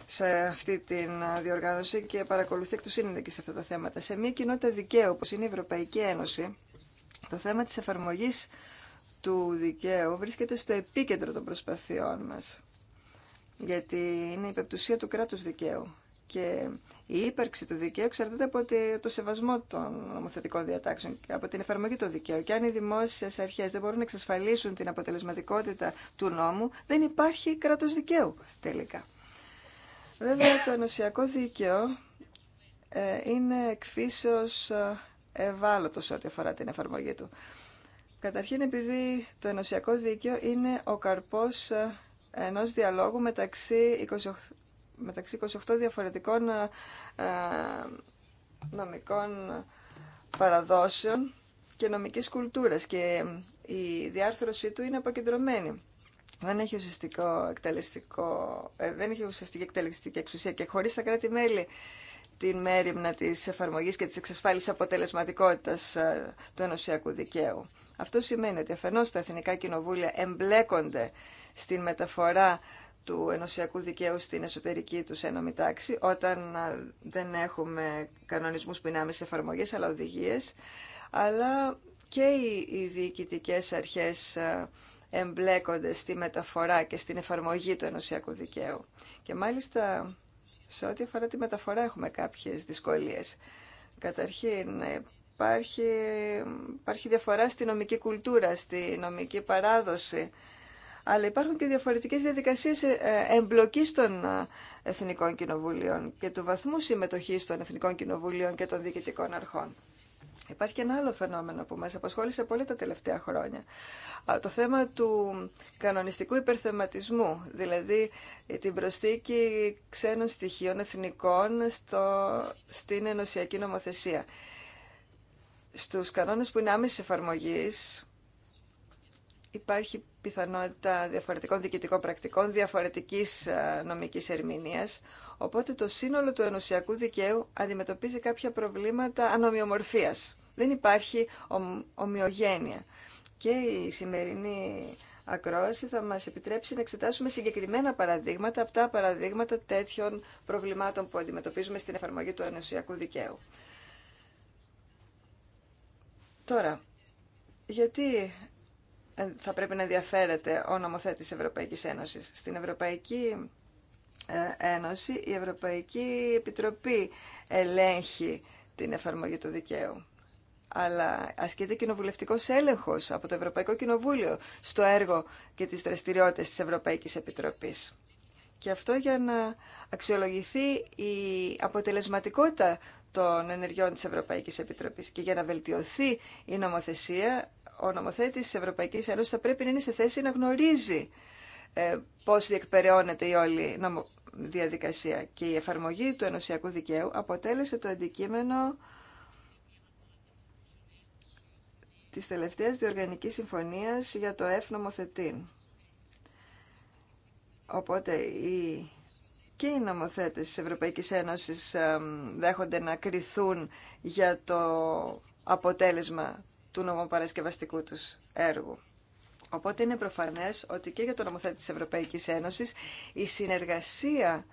σε αυτή την διοργάνωση και παρακολουθεί εκ του και σε αυτά τα θέματα. Σε μια κοινότητα δικαίου, όπως είναι η Ευρωπαϊκή Ένωση, το θέμα της εφαρμογής του δικαίου βρίσκεται στο επίκεντρο των προσπαθειών μας. Γιατί είναι η πεπτούσια του κράτους δικαίου. Και η ύπαρξη του δικαίου εξαρτάται από το σεβασμό των νομοθετικών διατάξεων και από την εφαρμογή του δικαίου. Και αν οι δημόσιε αρχέ δεν μπορούν να εξασφαλίσουν την αποτελεσματικότητα του νόμου, δεν υπάρχει κράτο δικαίου τελικά. Βέβαια, το ενωσιακό δίκαιο ε, είναι εκφύσεως ε, σε ό,τι αφορά την εφαρμογή του. Καταρχήν επειδή το ενωσιακό δίκαιο είναι ο καρπός ε, ενός διαλόγου μεταξύ 28, μεταξύ 28 διαφορετικών ε, ε, νομικών παραδόσεων και νομικής κουλτούρας και η διάρθρωσή του είναι αποκεντρωμένη. Δεν έχει, ουσιαστικό εκτελεστικό, δεν έχει ουσιαστική εκτελεστική εξουσία και χωρίς τα κράτη-μέλη την μέρημνα της εφαρμογής και της εξασφάλισης αποτελεσματικότητας του ενωσιακού δικαίου. Αυτό σημαίνει ότι αφενός τα εθνικά κοινοβούλια εμπλέκονται στην μεταφορά του ενωσιακού δικαίου στην εσωτερική του ένωμη τάξη, όταν δεν έχουμε κανονισμούς που είναι αλλά οδηγίες, αλλά και οι διοικητικέ αρχές εμπλέκονται στη μεταφορά και στην εφαρμογή του ενωσιακού δικαίου. Και μάλιστα σε ό,τι αφορά τη μεταφορά έχουμε κάποιες δυσκολίες. Καταρχήν ε, υπάρχει, υπάρχει διαφορά στη νομική κουλτούρα, στη νομική παράδοση. Αλλά υπάρχουν και διαφορετικές διαδικασίες ε, ε, εμπλοκής των ε, Εθνικών Κοινοβουλίων και του βαθμού συμμετοχής των Εθνικών Κοινοβουλίων και των διοικητικών αρχών. Υπάρχει και ένα άλλο φαινόμενο που μας απασχόλησε πολύ τα τελευταία χρόνια. Το θέμα του κανονιστικού υπερθεματισμού, δηλαδή την προσθήκη ξένων στοιχείων εθνικών στο, στην ενωσιακή νομοθεσία στους κανόνες που είναι άμεσης εφαρμογής υπάρχει πιθανότητα διαφορετικών διοικητικών πρακτικών, διαφορετικής ε, νομικής ερμηνείας, οπότε το σύνολο του ενωσιακού δικαίου αντιμετωπίζει κάποια προβλήματα ανομοιομορφίας. Δεν υπάρχει ομοιογένεια. Και η σημερινή ακρόαση θα μας επιτρέψει να εξετάσουμε συγκεκριμένα παραδείγματα, από τα παραδείγματα τέτοιων προβλημάτων που αντιμετωπίζουμε στην εφαρμογή του ενωσιακού δικαίου. Τώρα, γιατί ε, θα πρέπει να ενδιαφέρεται ο νομοθέτης Ευρωπαϊκής Ένωσης. Στην Ευρωπαϊκή ε, Ένωση η Ευρωπαϊκή Επιτροπή ελέγχει την εφαρμογή του δικαίου. Αλλά ασκείται κοινοβουλευτικό έλεγχο από το Ευρωπαϊκό Κοινοβούλιο στο έργο και τι δραστηριότητε τη Ευρωπαϊκή Επιτροπή. Και αυτό για να αξιολογηθεί η αποτελεσματικότητα των ενεργειών της Ευρωπαϊκής Επιτροπής. Και για να βελτιωθεί η νομοθεσία, ο νομοθέτης της Ευρωπαϊκής Ένωσης θα πρέπει να είναι σε θέση να γνωρίζει ε, πώς διεκπεραιώνεται η όλη νομο... διαδικασία. Και η εφαρμογή του ενωσιακού δικαίου αποτέλεσε το αντικείμενο της τελευταίας διοργανικής συμφωνίας για το ΕΦ νομοθετήν. Οπότε η και οι νομοθέτες της Ευρωπαϊκής Ένωσης δέχονται να κριθούν για το αποτέλεσμα του νομοπαρασκευαστικού τους έργου. Οπότε είναι προφανές ότι και για το νομοθέτη της Ευρωπαϊκής Ένωσης η συνεργασία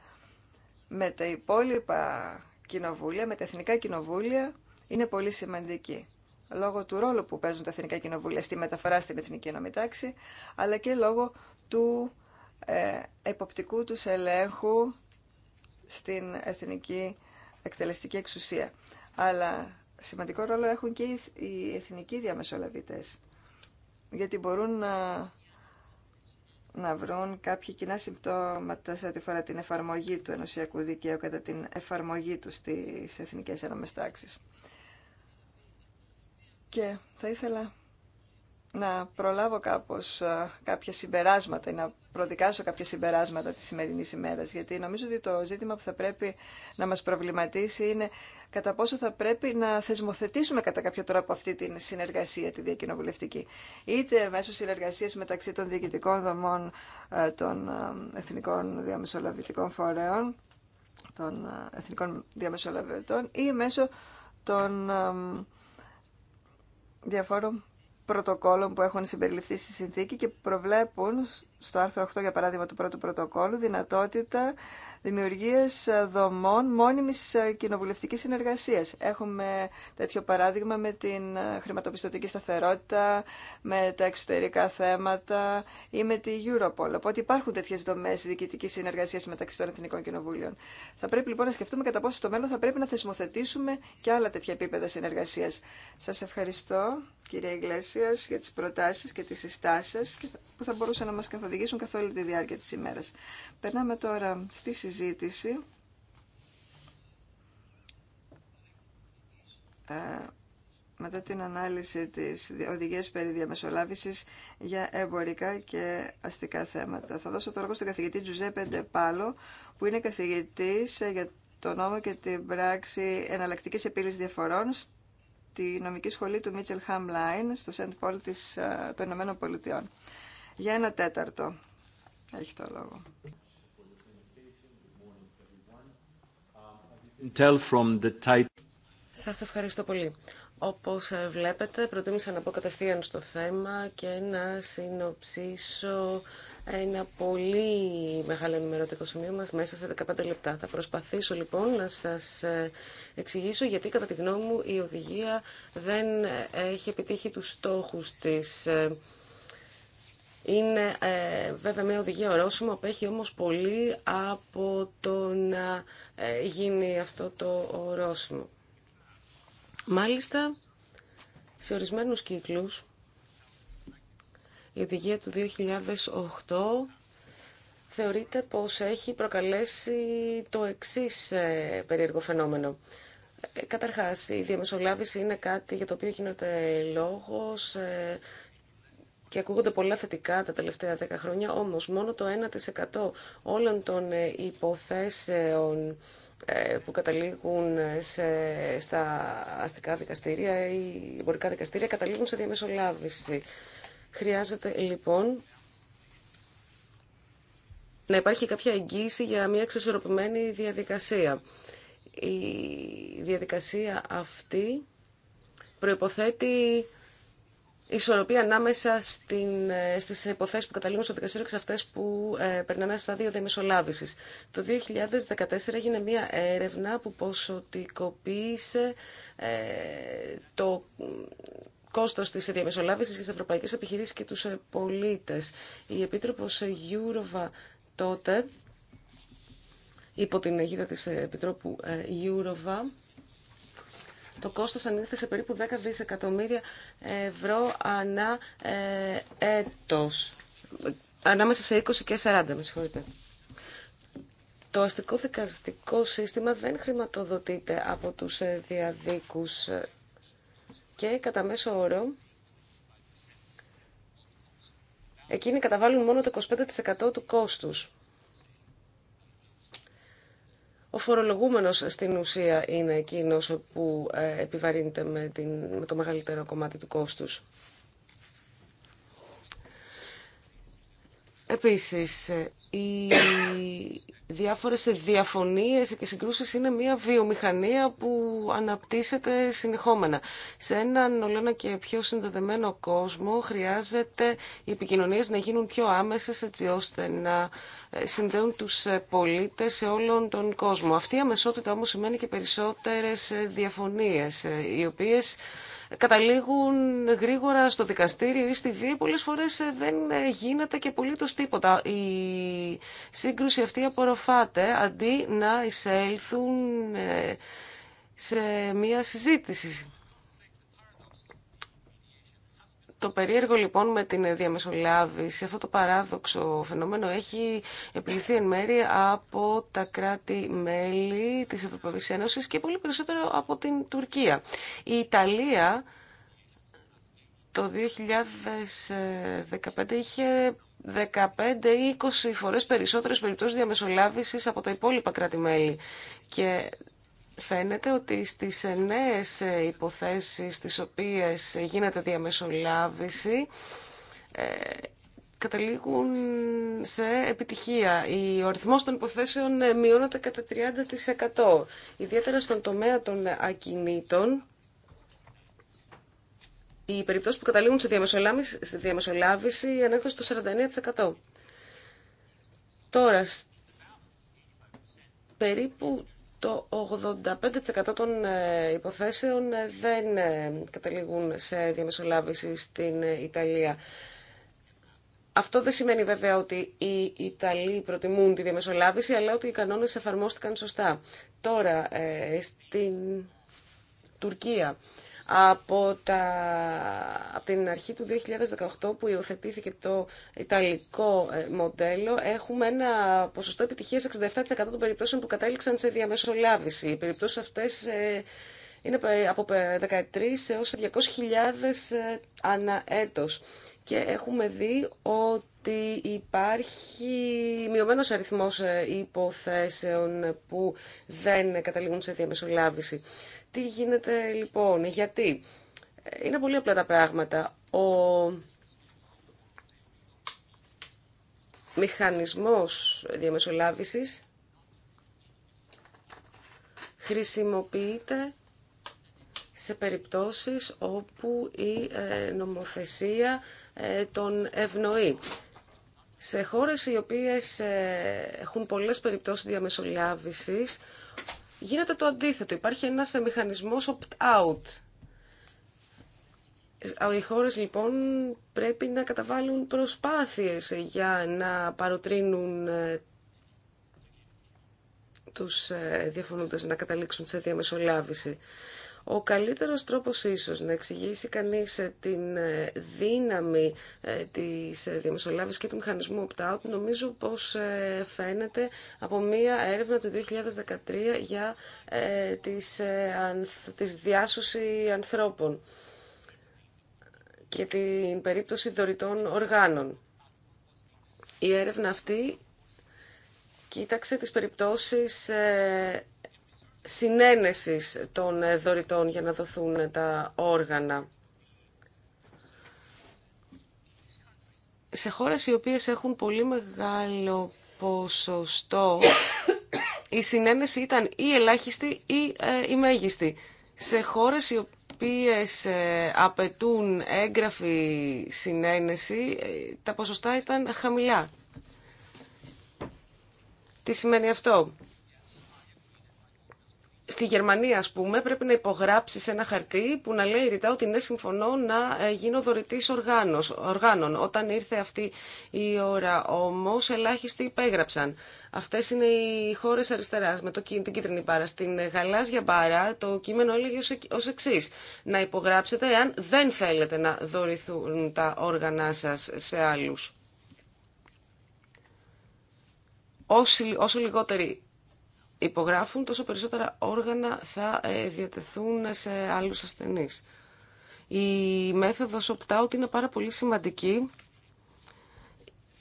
με τα υπόλοιπα κοινοβούλια, με τα εθνικά κοινοβούλια, είναι πολύ σημαντική. Λόγω του ρόλου που παίζουν τα εθνικά κοινοβούλια στη μεταφορά στην εθνική νομιτάξη, αλλά και λόγω του ε, εποπτικού τους ελέγχου στην εθνική εκτελεστική εξουσία. Αλλά σημαντικό ρόλο έχουν και οι εθνικοί διαμεσολαβητές, γιατί μπορούν να, να βρουν κάποια κοινά συμπτώματα σε ό,τι φορά την εφαρμογή του ενωσιακού δικαίου κατά την εφαρμογή του στις εθνικές ένωμες τάξεις. Και θα ήθελα να προλάβω κάπως κάποια συμπεράσματα ή να προδικάσω κάποια συμπεράσματα της σημερινής ημέρας, γιατί νομίζω ότι το ζήτημα που θα πρέπει να μας προβληματίσει είναι κατά πόσο θα πρέπει να θεσμοθετήσουμε κατά κάποιο τρόπο αυτή τη συνεργασία, τη διακοινοβουλευτική. Είτε μέσω συνεργασίας μεταξύ των διοικητικών δομών των εθνικών διαμεσολαβητικών φορέων, των εθνικών διαμεσολαβητών ή μέσω των διαφόρων πρωτοκόλλων που έχουν συμπεριληφθεί στη συνθήκη και προβλέπουν στο άρθρο 8 για παράδειγμα του πρώτου πρωτοκόλλου δυνατότητα δημιουργίας δομών μόνιμης κοινοβουλευτικής συνεργασίας. Έχουμε τέτοιο παράδειγμα με την χρηματοπιστωτική σταθερότητα, με τα εξωτερικά θέματα ή με τη Europol. Οπότε υπάρχουν τέτοιε δομέ διοικητική συνεργασία μεταξύ των Εθνικών Κοινοβούλων. Θα πρέπει λοιπόν να σκεφτούμε κατά πόσο στο μέλλον θα πρέπει να θεσμοθετήσουμε και άλλα τέτοια επίπεδα συνεργασία. Σα ευχαριστώ, κυρία Ιγκλέσια, για τι προτάσει και τι συστάσει που θα μπορούσαν να μα καθοδηγήσουν οδηγήσουν καθ' τη διάρκεια της ημέρας. Περνάμε τώρα στη συζήτηση. Ε, μετά την ανάλυση της οδηγίας περί διαμεσολάβησης για εμπορικά και αστικά θέματα. Θα δώσω τώρα λόγο στον καθηγητή Τζουζέπε Ντεπάλο, που είναι καθηγητής ε, για το νόμο και την πράξη εναλλακτική επίλυση διαφορών στη νομική σχολή του Μίτσελ Χαμ Λάιν στο Σεντ Πολ των Ηνωμένων Πολιτειών. Για ένα τέταρτο. Έχει το λόγο. Tell Σας ευχαριστώ πολύ. Όπως ε, βλέπετε, προτίμησα να πω κατευθείαν στο θέμα και να συνοψίσω ένα πολύ μεγάλο ενημερωτικό σημείο μας μέσα σε 15 λεπτά. Θα προσπαθήσω λοιπόν να σας ε, εξηγήσω γιατί κατά τη γνώμη μου η οδηγία δεν ε, έχει επιτύχει τους στόχους της είναι ε, βέβαια μια οδηγία ορόσημο, απέχει όμως πολύ από το να ε, γίνει αυτό το ορόσημο. Μάλιστα, σε ορισμένους κύκλους, η οδηγία του 2008 θεωρείται πως έχει προκαλέσει το εξής ε, περίεργο φαινόμενο. Καταρχάς, η διαμεσολάβηση είναι κάτι για το οποίο γίνεται λόγος και ακούγονται πολλά θετικά τα τελευταία 10 χρόνια, όμως μόνο το 1% όλων των ε, υποθέσεων ε, που καταλήγουν ε, σε, στα αστικά δικαστήρια ή εμπορικά δικαστήρια καταλήγουν σε διαμεσολάβηση. Χρειάζεται λοιπόν να υπάρχει κάποια εγγύηση για μια εξισορροπημένη διαδικασία. Η διαδικασία αυτή προϋποθέτει ισορροπία ανάμεσα στην, ε, στις υποθέσεις που καταλήγουν στο δικαστήριο και σε αυτές που ε, περνάνε στα δύο διαμεσολάβησης. Το 2014 έγινε μία έρευνα που ποσοτικοποίησε ε, το κόστος της διαμεσολάβησης στις ευρωπαϊκές επιχειρήσεις και τους ε, πολίτες. Η Επίτροπος Γιούροβα τότε, υπό την αιγύδα της Επιτρόπου Γιούροβα, το κόστος ανήλθε σε περίπου 10 δισεκατομμύρια ευρώ ανά ε, έτος. Ανάμεσα σε 20 και 40, με συγχωρείτε. Το αστικό δικαστικό σύστημα δεν χρηματοδοτείται από τους ε, διαδίκους ε, και κατά μέσο όρο εκείνοι καταβάλουν μόνο το 25% του κόστους ο φορολογούμενος στην ουσία είναι εκείνος που ε, επιβαρύνεται με, το μεγαλύτερο κομμάτι του κόστους. Επίσης, ε, οι διάφορες διαφωνίες και συγκρούσεις είναι μια βιομηχανία που αναπτύσσεται συνεχόμενα. Σε έναν ολένα και πιο συνδεδεμένο κόσμο χρειάζεται οι επικοινωνίες να γίνουν πιο άμεσες έτσι ώστε να ε, συνδέουν τους ε, πολίτες σε όλον τον κόσμο. Αυτή η αμεσότητα όμως σημαίνει και περισσότερες διαφωνίες, οι καταλήγουν γρήγορα στο δικαστήριο ή στη βία. Πολλές φορές ε, δεν ε, γίνεται και απολύτως τίποτα. Η στη βια πολλε φορες αυτή το τιποτα η συγκρουση αντί να εισέλθουν ε, σε μία συζήτηση. Το περίεργο λοιπόν με την διαμεσολάβηση, αυτό το παράδοξο φαινόμενο έχει επιληθεί εν μέρη από τα κράτη-μέλη της Ευρωπαϊκής Ένωσης και πολύ περισσότερο από την Τουρκία. Η Ιταλία το 2015 είχε 15-20 φορές περισσότερες περιπτώσεις διαμεσολάβησης από τα υπόλοιπα κράτη-μέλη. Και Φαίνεται ότι στις νέες υποθέσεις στις οποίες γίνεται διαμεσολάβηση ε, καταλήγουν σε επιτυχία. Ο αριθμός των υποθέσεων ε, μειώνεται κατά 30%. Ιδιαίτερα στον τομέα των ακινήτων, οι περιπτώσεις που καταλήγουν σε διαμεσολάβηση, σε διαμεσολάβηση στο 49%. Τώρα, περίπου το 85% των ε, υποθέσεων ε, δεν ε, καταλήγουν σε διαμεσολάβηση στην Ιταλία. Αυτό δεν σημαίνει βέβαια ότι οι Ιταλοί προτιμούν τη διαμεσολάβηση, αλλά ότι οι κανόνες εφαρμόστηκαν σωστά. Τώρα, στην Τουρκία, από, τα, από την αρχή του 2018 που υιοθετήθηκε το ιταλικό ε, μοντέλο έχουμε ένα ποσοστό επιτυχίας 67% των περιπτώσεων που κατέληξαν σε διαμεσολάβηση. Οι περιπτώσεις αυτές ε, είναι ε, από 13 έως 200.000 ανά έτος. Και έχουμε δει ότι υπάρχει μειωμένος αριθμός υποθέσεων που δεν καταλήγουν σε διαμεσολάβηση. Τι γίνεται λοιπόν, γιατί ε, είναι πολύ απλά τα πράγματα. Ο μηχανισμός διαμεσολάβησης χρησιμοποιείται σε περιπτώσεις όπου η ε, νομοθεσία ε, τον ευνοεί. Σε χώρες οι οποίες έχουν πολλές περιπτώσεις διαμεσολάβησης, γίνεται το αντίθετο. Υπάρχει ένας μηχανισμός opt-out. Ε, οι χώρε λοιπόν πρέπει να καταβάλουν προσπάθειες για να παροτρύνουν ε, τους ε, διαφωνούντες να καταλήξουν σε διαμεσολάβηση. Ο καλύτερος τρόπος ίσως να εξηγήσει κανείς ε, την ε, δύναμη ε, της διαμεσολάβησης και του μηχανισμού opt-out νομίζω πως φαίνεται από μία έρευνα του 2013 για τη διάσωση ανθρώπων και την περίπτωση δωρητών οργάνων. Η έρευνα αυτή κοίταξε τις περιπτώσεις συνένεσης των ε, δωρητών για να δοθούν ε, τα όργανα. Σε χώρες οι οποίες έχουν πολύ μεγάλο ποσοστό, η συνένεση ήταν ή ελάχιστη ή ε, η μέγιστη. Σε χώρες οι οποίες απαιτούν έγγραφη συνένεση, τα ποσοστά ήταν χαμηλά. Τι σημαίνει αυτό στη Γερμανία, α πούμε, πρέπει να υπογράψει ένα χαρτί που να λέει ρητά ότι ναι, συμφωνώ να ε, γίνω δωρητή οργάνων. Όταν ήρθε αυτή η ώρα όμω ελάχιστοι υπέγραψαν. Αυτές είναι οι χώρε αριστερά με το, την κίτρινη μπάρα. Στην γαλάζια μπάρα το κείμενο έλεγε ω εξή. Να υπογράψετε εάν δεν θέλετε να δωρηθούν τα όργανα σα σε άλλου. όσο λιγότεροι υπογράφουν, τόσο περισσότερα όργανα θα ε, διατεθούν σε άλλους ασθενείς. Η μέθοδος opt-out είναι πάρα πολύ σημαντική.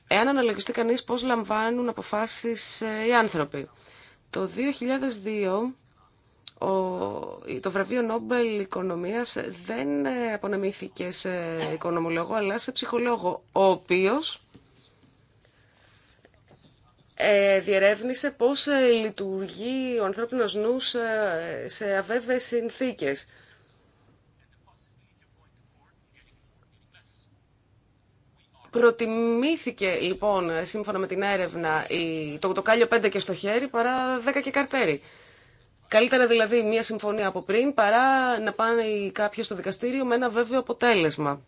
Εάν αναλογιστεί κανείς πώς λαμβάνουν αποφάσεις ε, οι άνθρωποι. Το 2002 το βραβείο Νόμπελ Οικονομίας δεν ε, απονεμήθηκε σε οικονομολόγο, αλλά σε ψυχολόγο, ο οποίος ε, διερεύνησε πώς ε, λειτουργεί ο ανθρώπινος νους ε, σε αβέβαιες συνθήκες. Προτιμήθηκε λοιπόν, σύμφωνα με την έρευνα, το, το κάλιο 5 και στο χέρι παρά 10 και καρτέρι. Καλύτερα δηλαδή μια συμφωνία από πριν παρά να πάνε κάποιοι στο δικαστήριο με ένα βέβαιο αποτέλεσμα.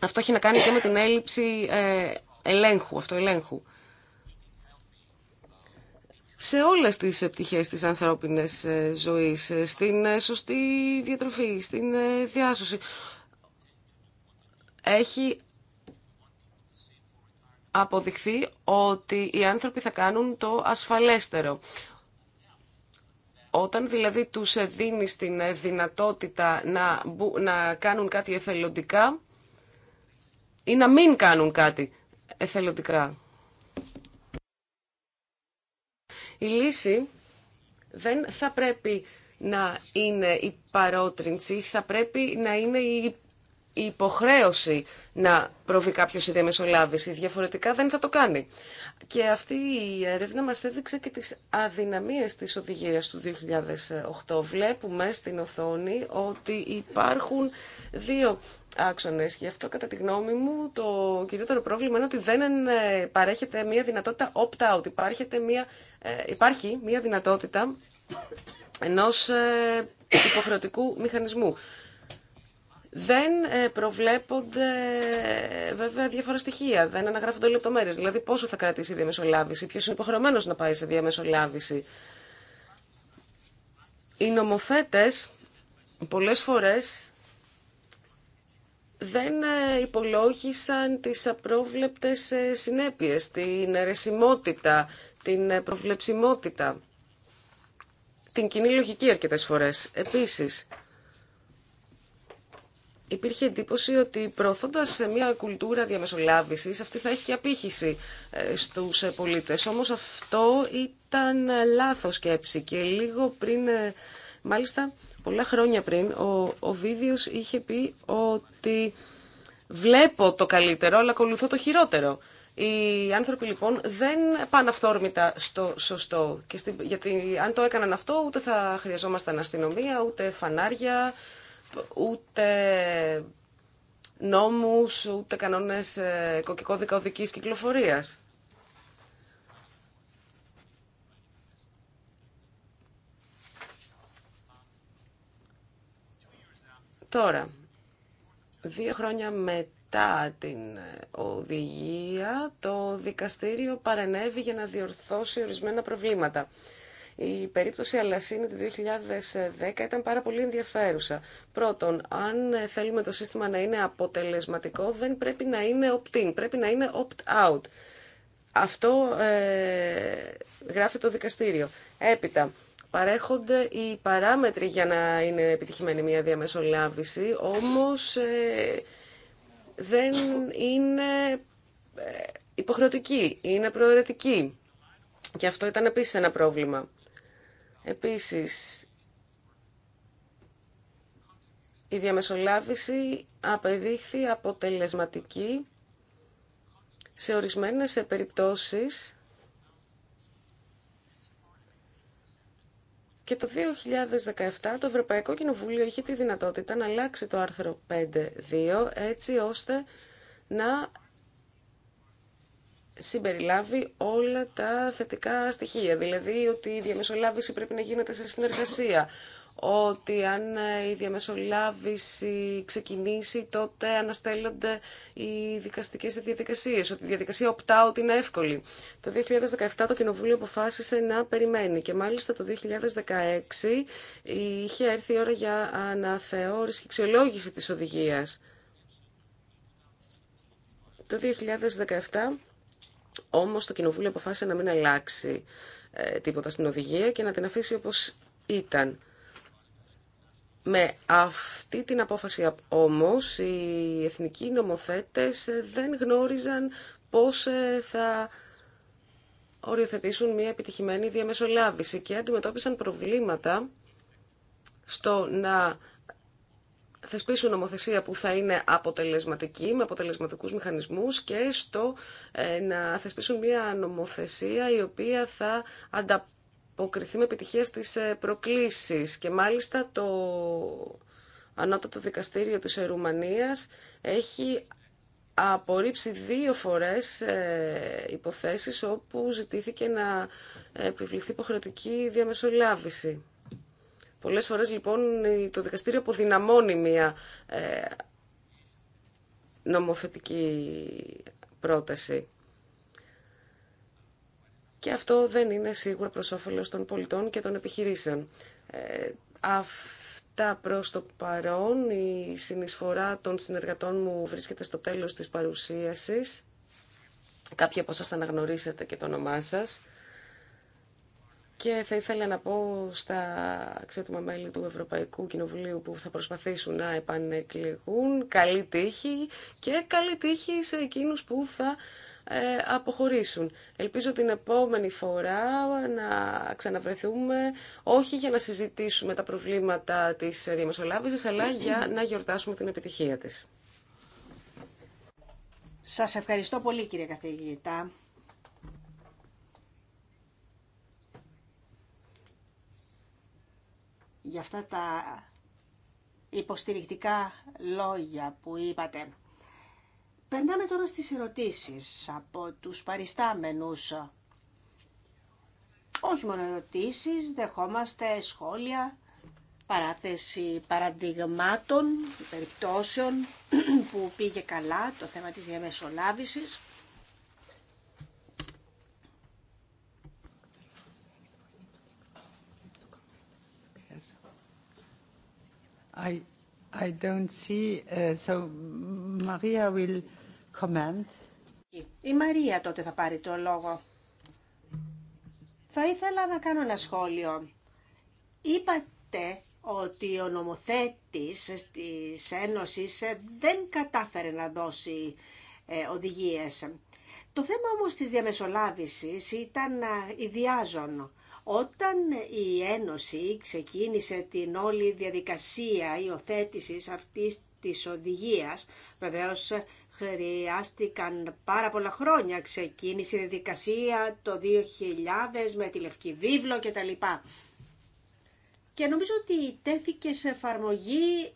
Αυτό έχει να κάνει και με την έλλειψη ε, ελέγχου, αυτοελέγχου σε όλες τις επιτυχίες της ανθρώπινης ε, ζωής, ε, στην ε, σωστή διατροφή, στην διάσωση. Έχει αποδειχθεί ότι οι άνθρωποι θα κάνουν το ασφαλέστερο. Όταν δηλαδή τους δίνει την δυνατότητα να, να κάνουν κάτι εθελοντικά ή να μην κάνουν κάτι εθελοντικά. Η λύση δεν θα πρέπει να είναι η παρότρινση, θα πρέπει να είναι η υποχρέωση να προβεί κάποιο η διαμεσολάβηση. Διαφορετικά δεν θα το κάνει. Και αυτή η έρευνα μας έδειξε και τις αδυναμίες της οδηγίας του 2008. Βλέπουμε στην οθόνη ότι υπάρχουν δύο άξονες. Γι' αυτό, κατά τη γνώμη μου, το κυριότερο πρόβλημα είναι ότι δεν παρέχεται μια δυνατότητα opt-out. μια, ε, υπάρχει μια δυνατότητα ενός ε, υποχρεωτικού μηχανισμού. Δεν ε, προβλέπονται βέβαια διάφορα στοιχεία, δεν αναγράφονται λεπτομέρειε. Δηλαδή, πόσο θα κρατήσει η διαμεσολάβηση, ποιο είναι υποχρεωμένο να πάει σε διαμεσολάβηση. Οι νομοθέτε πολλέ φορέ δεν ε, υπολόγισαν τις απρόβλεπτες ε, συνέπειες, την αιρεσιμότητα, την ε, προβλεψιμότητα, την κοινή λογική αρκετές φορές. Επίσης, υπήρχε εντύπωση ότι σε μια κουλτούρα διαμεσολάβησης, αυτή θα έχει και απήχηση στου πολίτε. Όμω αυτό ήταν λάθος σκέψη και λίγο πριν, μάλιστα, πολλά χρόνια πριν, ο, ο Βίδιος είχε πει ότι βλέπω το καλύτερο, αλλά ακολουθώ το χειρότερο. Οι άνθρωποι λοιπόν δεν πάνε αυθόρμητα στο σωστό. Και στη, γιατί αν το έκαναν αυτό, ούτε θα χρειαζόμασταν αστυνομία, ούτε φανάρια, ούτε νόμους, ούτε κανόνες ε, οδικής κυκλοφορίας. Τώρα, δύο χρόνια μετά την οδηγία, το δικαστήριο παρενέβη για να διορθώσει ορισμένα προβλήματα. Η περίπτωση Αλασίνη του 2010 ήταν πάρα πολύ ενδιαφέρουσα. Πρώτον, αν θέλουμε το σύστημα να είναι αποτελεσματικό, δεν πρέπει να είναι opt-in, πρέπει να είναι opt-out. Αυτό ε, γράφει το δικαστήριο. Έπειτα, παρέχονται οι παράμετροι για να είναι επιτυχημένη μια διαμεσολάβηση, όμως ε, δεν είναι ε, υποχρεωτική, είναι προαιρετική. Και αυτό ήταν επίσης ένα πρόβλημα. Επίσης, η διαμεσολάβηση απεδείχθη αποτελεσματική σε ορισμένες περιπτώσεις Και το 2017 το Ευρωπαϊκό Κοινοβούλιο είχε τη δυνατότητα να αλλάξει το άρθρο 5.2 έτσι ώστε να συμπεριλάβει όλα τα θετικά στοιχεία. Δηλαδή ότι η διαμεσολάβηση πρέπει να γίνεται σε συνεργασία, ότι αν ε, η διαμεσολάβηση ξεκινήσει, τότε αναστέλλονται οι δικαστικές διαδικασίε. ότι η διαδικασία opt-out είναι εύκολη. Το 2017 το Κοινοβούλιο αποφάσισε να περιμένει και μάλιστα το 2016 είχε έρθει η ώρα για αναθεώρηση και αξιολόγηση τη οδηγία. Το 2017 όμως το Κοινοβούλιο αποφάσισε να μην αλλάξει ε, τίποτα στην οδηγία και να την αφήσει όπως ήταν. Με αυτή την απόφαση όμως οι εθνικοί νομοθέτες δεν γνώριζαν πώς ε, θα οριοθετήσουν μια επιτυχημένη διαμεσολάβηση και αντιμετώπισαν προβλήματα στο να θεσπίσουν νομοθεσία που θα είναι αποτελεσματική, με αποτελεσματικούς μηχανισμούς και στο ε, να θεσπίσουν μια νομοθεσία η οποία θα ανταπτύσσει αποκριθεί με επιτυχία στις ε, προκλήσεις και μάλιστα το ανώτατο δικαστήριο της Ρουμανίας έχει απορρίψει δύο φορές ε, υποθέσεις όπου ζητήθηκε να επιβληθεί υποχρεωτική διαμεσολάβηση. Πολλές φορές λοιπόν το δικαστήριο αποδυναμώνει μια ε, νομοθετική πρόταση και αυτό δεν είναι σίγουρα προς όφελος των πολιτών και των επιχειρήσεων. Ε, αυτά προς το παρόν, η συνεισφορά των συνεργατών μου βρίσκεται στο τέλος της παρουσίασης. Κάποιοι από σας θα αναγνωρίσετε και το όνομά σας. Και θα ήθελα να πω στα αξιότιμα μέλη του Ευρωπαϊκού Κοινοβουλίου που θα προσπαθήσουν να επανεκλεγούν καλή τύχη και καλή τύχη σε εκείνους που θα ε, αποχωρήσουν. Ελπίζω την επόμενη φορά να ξαναβρεθούμε όχι για να συζητήσουμε τα προβλήματα της διαμεσολάβησης, αλλά για να γιορτάσουμε την επιτυχία της. Σας ευχαριστώ πολύ κύριε καθηγητά. για αυτά τα υποστηρικτικά λόγια που είπατε. Περνάμε τώρα στις ερωτήσεις από τους παριστάμενους. Όχι μόνο ερωτήσεις, δεχόμαστε σχόλια, παράθεση παραδειγμάτων, περιπτώσεων *clears throat* που πήγε καλά το θέμα της διαμεσολάβησης. I, I don't see, uh, comment. Η Μαρία τότε θα πάρει το λόγο. Θα ήθελα να κάνω ένα σχόλιο. Είπατε ότι ο νομοθέτης της Ένωσης δεν κατάφερε να δώσει ε, οδηγίες. Το θέμα όμως της διαμεσολάβησης ήταν ε, ιδιάζων. Όταν η Ένωση ξεκίνησε την όλη διαδικασία υιοθέτηση αυτής της οδηγίας, βεβαίως χρειάστηκαν πάρα πολλά χρόνια. Ξεκίνησε η διαδικασία το 2000 με τη Λευκή Βίβλο λοιπά. Και νομίζω ότι τέθηκε σε εφαρμογή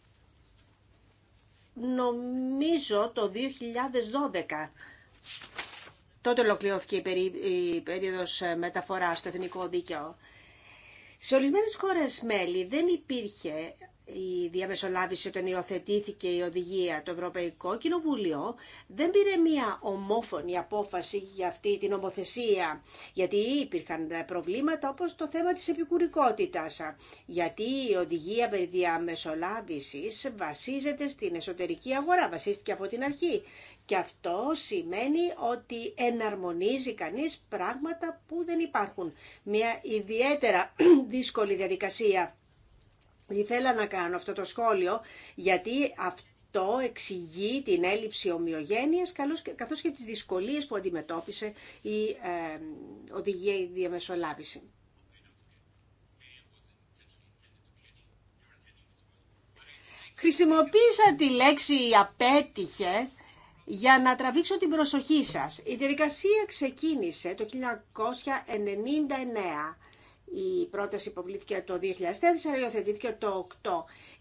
νομίζω το 2012. Τότε ολοκληρώθηκε η, περί... η περίοδος ε, μεταφοράς στο εθνικό δίκαιο. Σε ορισμένες χώρες μέλη δεν υπήρχε η διαμεσολάβηση όταν υιοθετήθηκε η οδηγία το Ευρωπαϊκό Κοινοβούλιο δεν πήρε μια ομόφωνη απόφαση για αυτή την ομοθεσία γιατί υπήρχαν προβλήματα όπως το θέμα της επικουρικότητας γιατί η οδηγία περί διαμεσολάβησης βασίζεται στην εσωτερική αγορά, βασίστηκε από την αρχή και αυτό σημαίνει ότι εναρμονίζει κανείς πράγματα που δεν υπάρχουν. Μια ιδιαίτερα *clears throat* δύσκολη διαδικασία Ήθελα να κάνω αυτό το σχόλιο γιατί αυτό εξηγεί την έλλειψη ομοιογένειας καθώς και τις δυσκολίες που αντιμετώπισε η ε, οδηγία η διαμεσολάβηση. Χρησιμοποίησα τη λέξη «απέτυχε» για να τραβήξω την προσοχή σας. Η διαδικασία ξεκίνησε το 1999 η πρόταση υποβλήθηκε το 2004, υιοθετήθηκε το 8.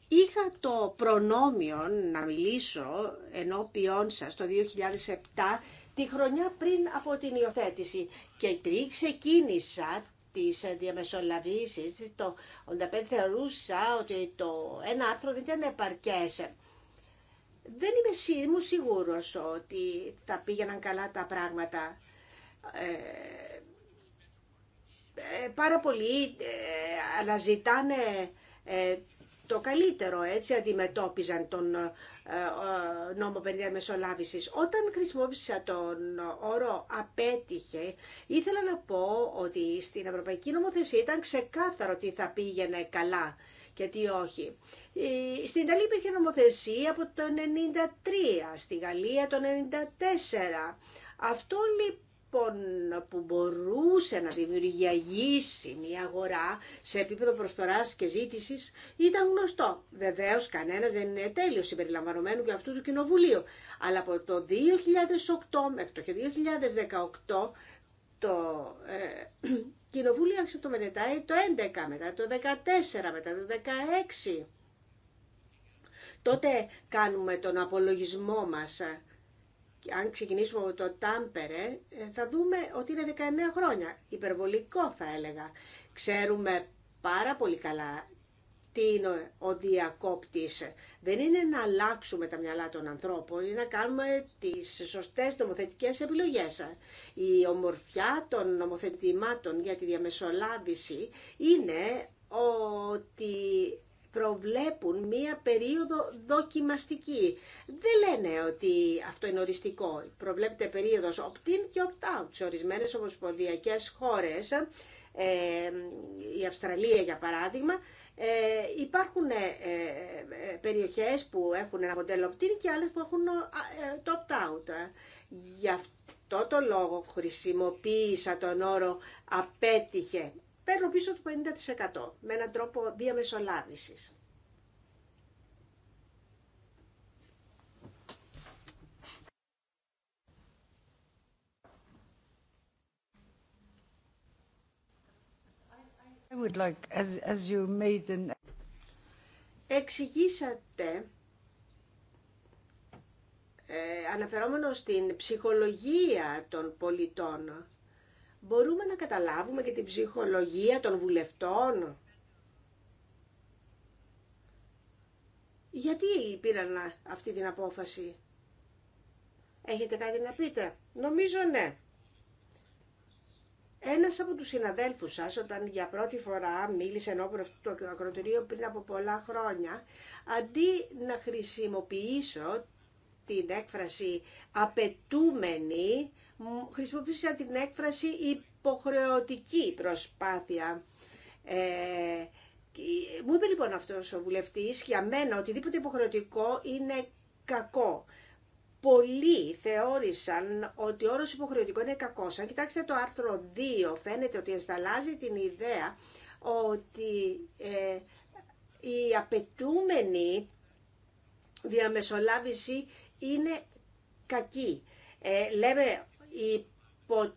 Είχα το προνόμιο να μιλήσω ενώπιόν σας το 2007, τη χρονιά πριν από την υιοθέτηση και επειδή ξεκίνησα τις διαμεσολαβήσεις, το 85 θεωρούσα ότι το ένα άρθρο δεν ήταν επαρκές. Δεν είμαι σίγουρος ότι θα πήγαιναν καλά τα πράγματα. Ε, ε, πάρα πολλοί, ε, αναζητάνε ε, το καλύτερο, έτσι αντιμετώπιζαν τον νόμο περί διαμεσολάβησης. Όταν χρησιμοποίησα τον όρο απέτυχε, ήθελα να πω ότι στην Ευρωπαϊκή Νομοθεσία ήταν ξεκάθαρο τι θα πήγαινε καλά και τι όχι. Στην Ιταλία υπήρχε νομοθεσία από το 93, στη Γαλλία το 94. Αυτό λοιπόν Λοιπόν που μπορούσε να δημιουργιαγήσει μια αγορά σε επίπεδο προσφοράς και ζήτησης ήταν γνωστό. Βεβαίως κανένας δεν είναι τέλειος συμπεριλαμβανομένου και αυτού του κοινοβουλίου. Αλλά από το 2008 μέχρι το 2018 το ε, *clears throat* κοινοβούλιο άρχισε το μελετάει το 11, μετά το 14, μετά το 16. Τότε κάνουμε τον απολογισμό μας αν ξεκινήσουμε από το Τάμπερε, ε, θα δούμε ότι είναι 19 χρόνια. Υπερβολικό θα έλεγα. Ξέρουμε πάρα πολύ καλά τι είναι ο διακόπτης. Δεν είναι να αλλάξουμε τα μυαλά των ανθρώπων, είναι να κάνουμε τις σωστές νομοθετικές επιλογές. Η ομορφιά των νομοθετημάτων για τη διαμεσολάβηση είναι ότι προβλέπουν μία περίοδο δοκιμαστική. Δεν λένε ότι αυτό είναι οριστικό. Προβλέπεται περίοδος opt-in και opt-out. Σε ορισμένες ομοσπονδιακές χώρες, ε, η Αυστραλία για παράδειγμα, ε, υπάρχουν ε, ε περιοχές που έχουν ένα μοντέλο opt-in και άλλες που έχουν ε, το opt-out. Γι' αυτό το λόγο χρησιμοποίησα τον όρο «απέτυχε» παίρνω πίσω το 50% με έναν τρόπο διαμεσολάβησης. like, as, as you made an... Εξηγήσατε ε, αναφερόμενο στην ψυχολογία των πολιτών Μπορούμε να καταλάβουμε και την ψυχολογία των βουλευτών. Γιατί πήραν αυτή την απόφαση. Έχετε κάτι να πείτε. Νομίζω ναι. Ένας από τους συναδέλφους σας, όταν για πρώτη φορά μίλησε ενώπιον αυτού του ακροτηρίου πριν από πολλά χρόνια, αντί να χρησιμοποιήσω την έκφραση «απαιτούμενη», χρησιμοποίησα την έκφραση υποχρεωτική προσπάθεια. Ε, μου είπε λοιπόν αυτός ο βουλευτής, για μένα οτιδήποτε υποχρεωτικό είναι κακό. Πολλοί θεώρησαν ότι όρος υποχρεωτικό είναι κακό. Αν κοιτάξετε το άρθρο 2, φαίνεται ότι ενσταλάζει την ιδέα ότι ε, η απαιτούμενη διαμεσολάβηση είναι κακή. Ε, λέμε υπό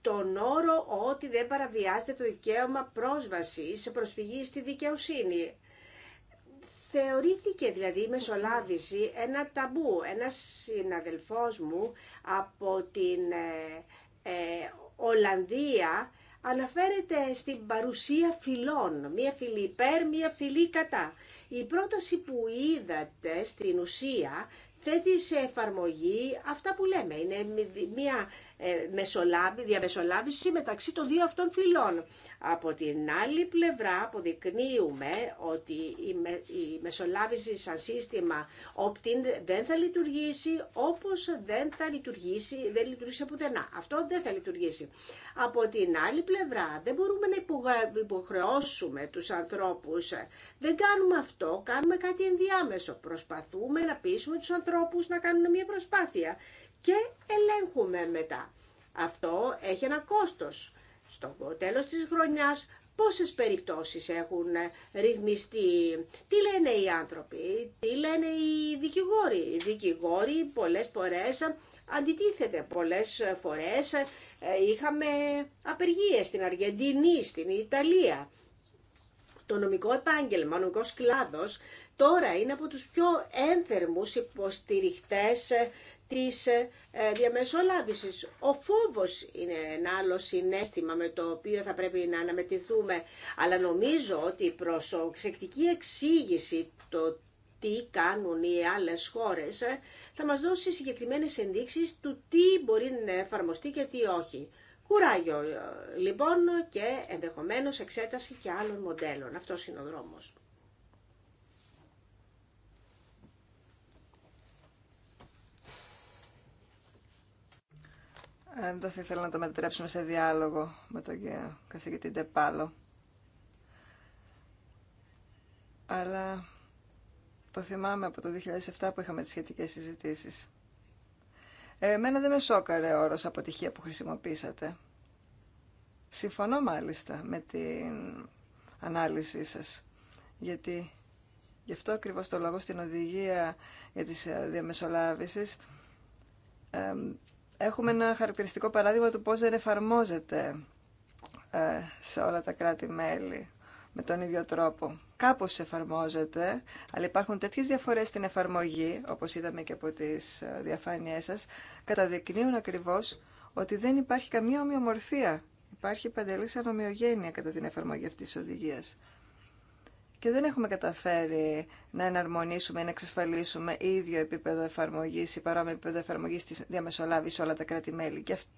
τον όρο ότι δεν παραβιάζεται το δικαίωμα πρόσβαση σε προσφυγή στη δικαιοσύνη. Θεωρήθηκε δηλαδή η μεσολάβηση ένα ταμπού. Ένας συναδελφός μου από την ε, ε Ολλανδία αναφέρεται στην παρουσία φιλών, Μία φυλή υπέρ, μία φυλή κατά. Η πρόταση που είδατε στην ουσία θέτει σε εφαρμογή αυτά που λέμε. Είναι μια ε, μεσολάβη, διαμεσολάβηση μεταξύ των δύο αυτών φυλών. Από την άλλη πλευρά αποδεικνύουμε ότι η, η μεσολάβηση σαν συστημα όπτιν δεν θα λειτουργήσει όπως δεν θα λειτουργήσει, δεν λειτουργήσε πουθενά. Αυτό δεν θα λειτουργήσει. Από την άλλη πλευρά δεν μπορούμε να υποχρεώσουμε τους ανθρώπους. Ε, δεν κάνουμε αυτό, κάνουμε κάτι ενδιάμεσο. Προσπαθούμε να πείσουμε τους ανθρώπους να κάνουν μια προσπάθεια και ελέγχουμε μετά. Αυτό έχει ένα κόστος. Στο τέλος της χρονιάς πόσες περιπτώσεις έχουν ε, ρυθμιστεί, τι λένε οι άνθρωποι, τι λένε οι δικηγόροι. Οι δικηγόροι πολλές φορές ε, αντιτίθεται. Πολλές φορές ε, είχαμε απεργίες στην Αργεντινή, στην Ιταλία. Το νομικό επάγγελμα, ο νομικός κλάδος, τώρα είναι από τους πιο ένθερμους υποστηριχτές της ε, διαμεσολάβησης. Ο φόβος είναι ένα άλλο συνέστημα με το οποίο θα πρέπει να αναμετηθούμε, αλλά νομίζω ότι η προσοξεκτική εξήγηση το τι κάνουν οι άλλες χώρες ε, θα μας δώσει συγκεκριμένες ενδείξεις του τι μπορεί να εφαρμοστεί και τι όχι. Κουράγιο ε, λοιπόν και ενδεχομένως εξέταση και άλλων μοντέλων. Αυτός είναι ο δρόμος. Ε, δεν θα ήθελα να το μετατρέψουμε σε διάλογο με τον καθηγητή Ντεπάλο. Αλλά το θυμάμαι από το 2007 που είχαμε τις σχετικές συζητήσεις. Ε, εμένα δεν με σόκαρε ο όρος αποτυχία που χρησιμοποίησατε. Συμφωνώ μάλιστα με την ανάλυση σας. Γιατί γι' αυτό ακριβώς το λόγο στην οδηγία για τις ε, διαμεσολάβησεις έχουμε ένα χαρακτηριστικό παράδειγμα του πώς δεν εφαρμόζεται ε, σε όλα τα κράτη-μέλη με τον ίδιο τρόπο. Κάπως εφαρμόζεται, αλλά υπάρχουν τέτοιες διαφορές στην εφαρμογή, όπως είδαμε και από τις ε, διαφάνειές σας, καταδεικνύουν ακριβώς ότι δεν υπάρχει καμία ομοιομορφία. Υπάρχει παντελής ανομοιογένεια κατά την εφαρμογή αυτής της οδηγίας και δεν έχουμε καταφέρει να εναρμονίσουμε ή να εξασφαλίσουμε ίδιο επίπεδο εφαρμογή ή παρόμοιο επίπεδο εφαρμογή τη διαμεσολάβηση όλα τα κράτη-μέλη. Και αυτή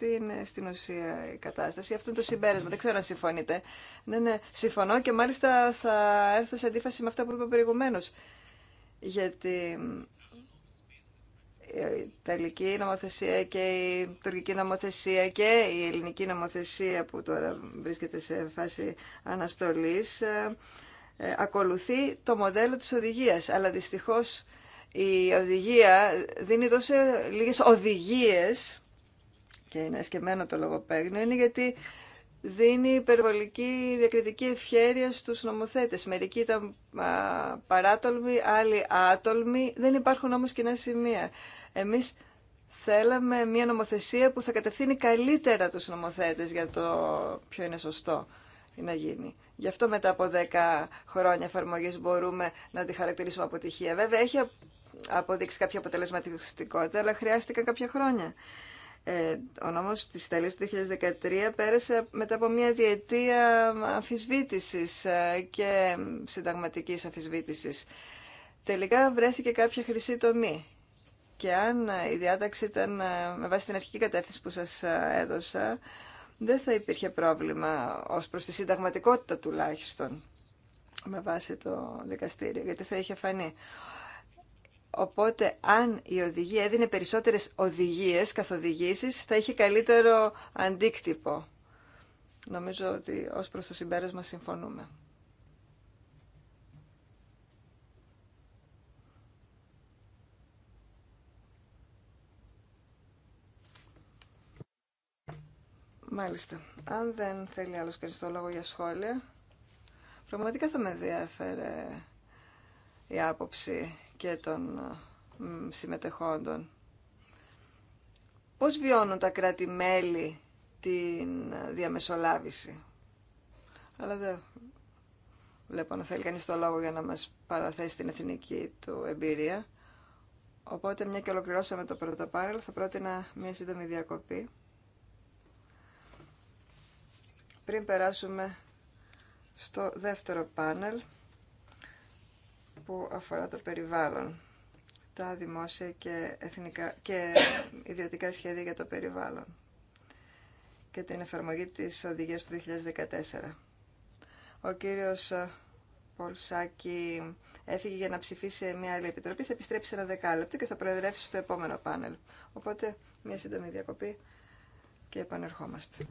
είναι στην ουσία η κατάσταση. Αυτό είναι το συμπέρασμα. Δεν ξέρω αν συμφωνείτε. Ναι, ναι, συμφωνώ και μάλιστα θα έρθω σε αντίφαση με αυτά που είπα προηγουμένω. Γιατί ε, η Ιταλική νομοθεσία και η τουρκική νομοθεσία και η ελληνική νομοθεσία που τώρα βρίσκεται σε φάση αναστολής ε, ε, ακολουθεί το μοντέλο της οδηγίας. Αλλά δυστυχώς η οδηγία δίνει τόσο λίγες οδηγίες και είναι ασκεμένο το λογοπαίγνιο, είναι γιατί δίνει υπερβολική διακριτική ευχέρεια στους νομοθέτες. Μερικοί ήταν παράτολμοι, άλλοι άτολμοι. Δεν υπάρχουν όμως κοινά σημεία. Εμείς θέλαμε μια νομοθεσία που θα κατευθύνει καλύτερα τους νομοθέτες για το ποιο είναι σωστό να γίνει. Γι' αυτό μετά από 10 χρόνια εφαρμογή μπορούμε να τη χαρακτηρίσουμε αποτυχία. Βέβαια έχει αποδείξει κάποια αποτελεσματικότητα, αλλά χρειάστηκαν κάποια χρόνια. Ε, ο νόμος της τέλης του 2013 πέρασε μετά από μια διετία αμφισβήτησης ε, και συνταγματικής αμφισβήτησης. Τελικά βρέθηκε κάποια χρυσή τομή. Και αν ε, η διάταξη ήταν ε, με βάση την αρχική κατεύθυνση που σας έδωσα, δεν θα υπήρχε πρόβλημα ως προς τη συνταγματικότητα τουλάχιστον με βάση το δικαστήριο, γιατί θα είχε φανεί. Οπότε, αν η οδηγία έδινε περισσότερες οδηγίες, καθοδηγήσεις, θα είχε καλύτερο αντίκτυπο. Νομίζω ότι ως προς το συμπέρασμα συμφωνούμε. Μάλιστα. Αν δεν θέλει άλλος κανείς το λόγο για σχόλια, πραγματικά θα με ενδιαφέρε η άποψη και των ε, συμμετεχόντων. Πώς βιώνουν τα κράτη-μέλη την ε, διαμεσολάβηση. Αλλά δεν βλέπω να θέλει κανείς το λόγο για να μας παραθέσει την εθνική του εμπειρία. Οπότε, μια και ολοκληρώσαμε το πρώτο πάρελ, θα πρότεινα μια σύντομη διακοπή πριν περάσουμε στο δεύτερο πάνελ που αφορά το περιβάλλον, τα δημόσια και, εθνικά, και ιδιωτικά σχέδια για το περιβάλλον και την εφαρμογή της οδηγίας του 2014. Ο κύριος ε, Πολσάκη έφυγε για να ψηφίσει σε μια άλλη επιτροπή, θα επιστρέψει σε ένα δεκάλεπτο και θα προεδρεύσει στο επόμενο πάνελ. Οπότε μια σύντομη διακοπή και επανερχόμαστε.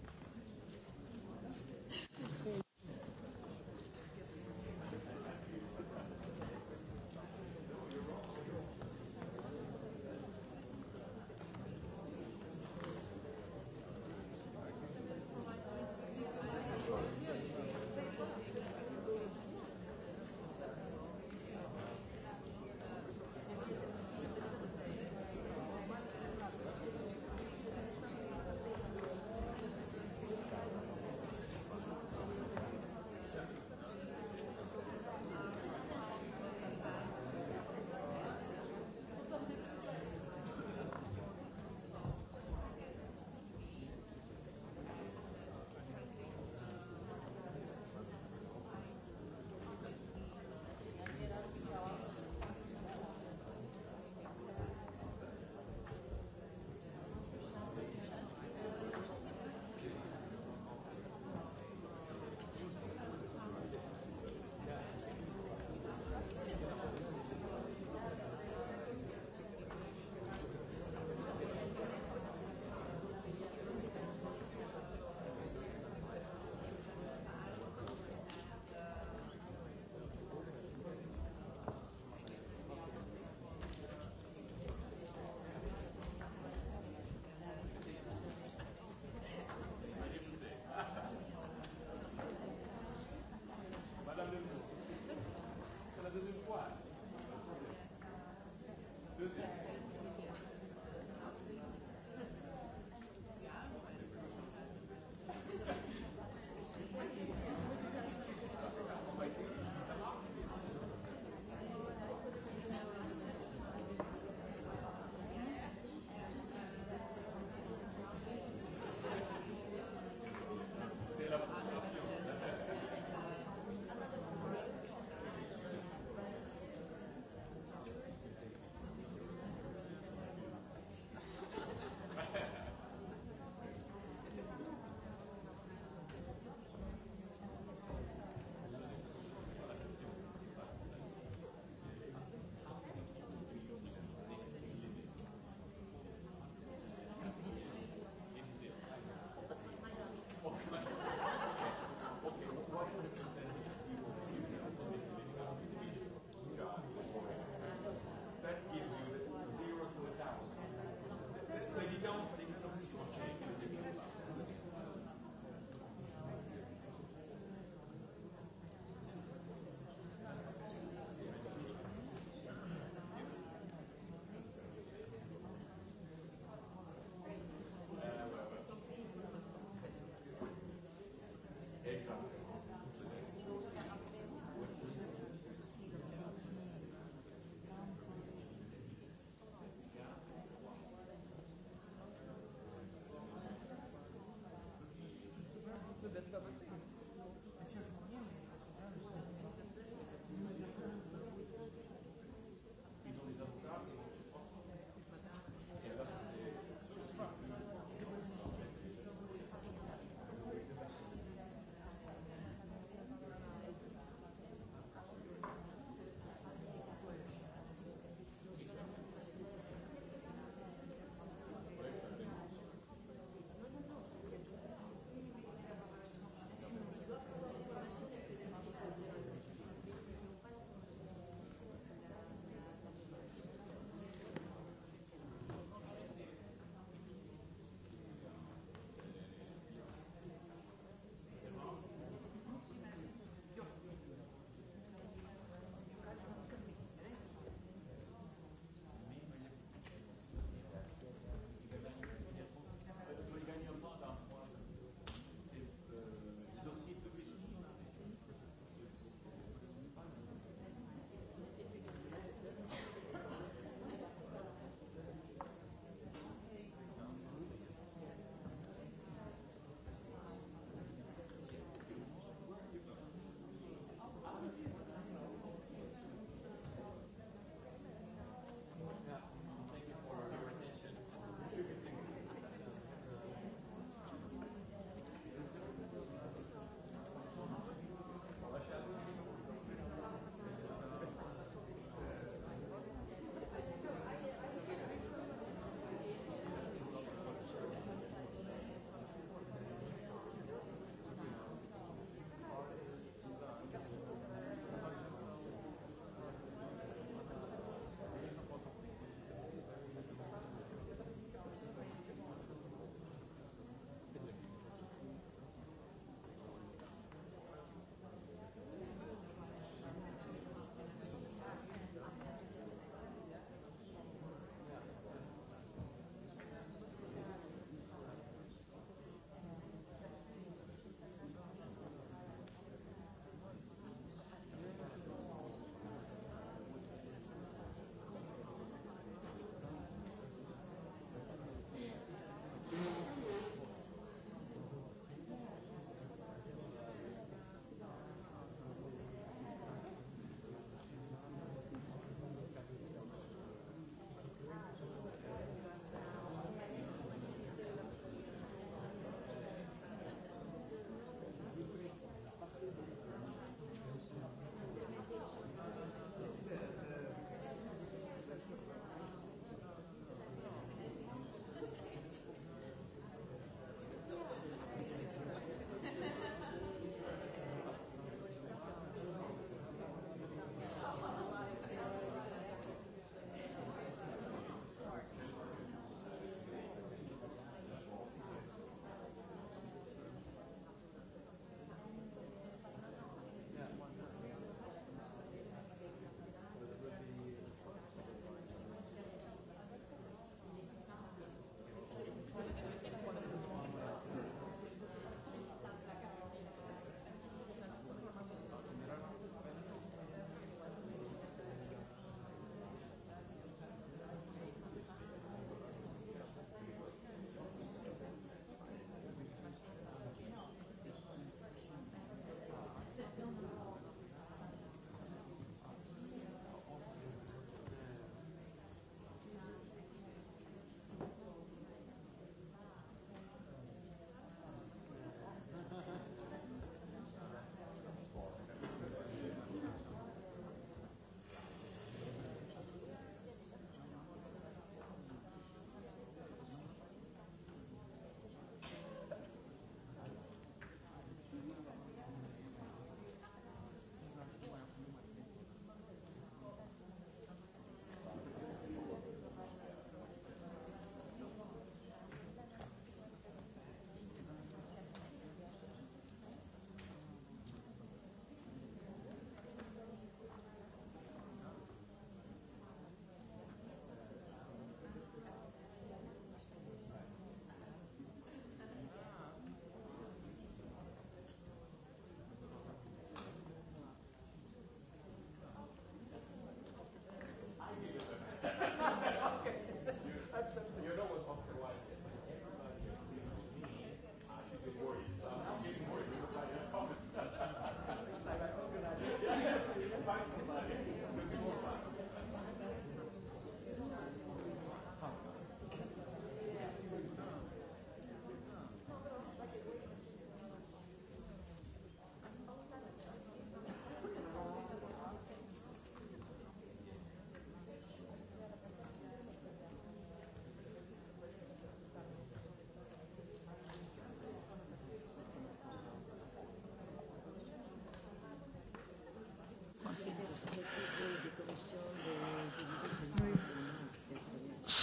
θα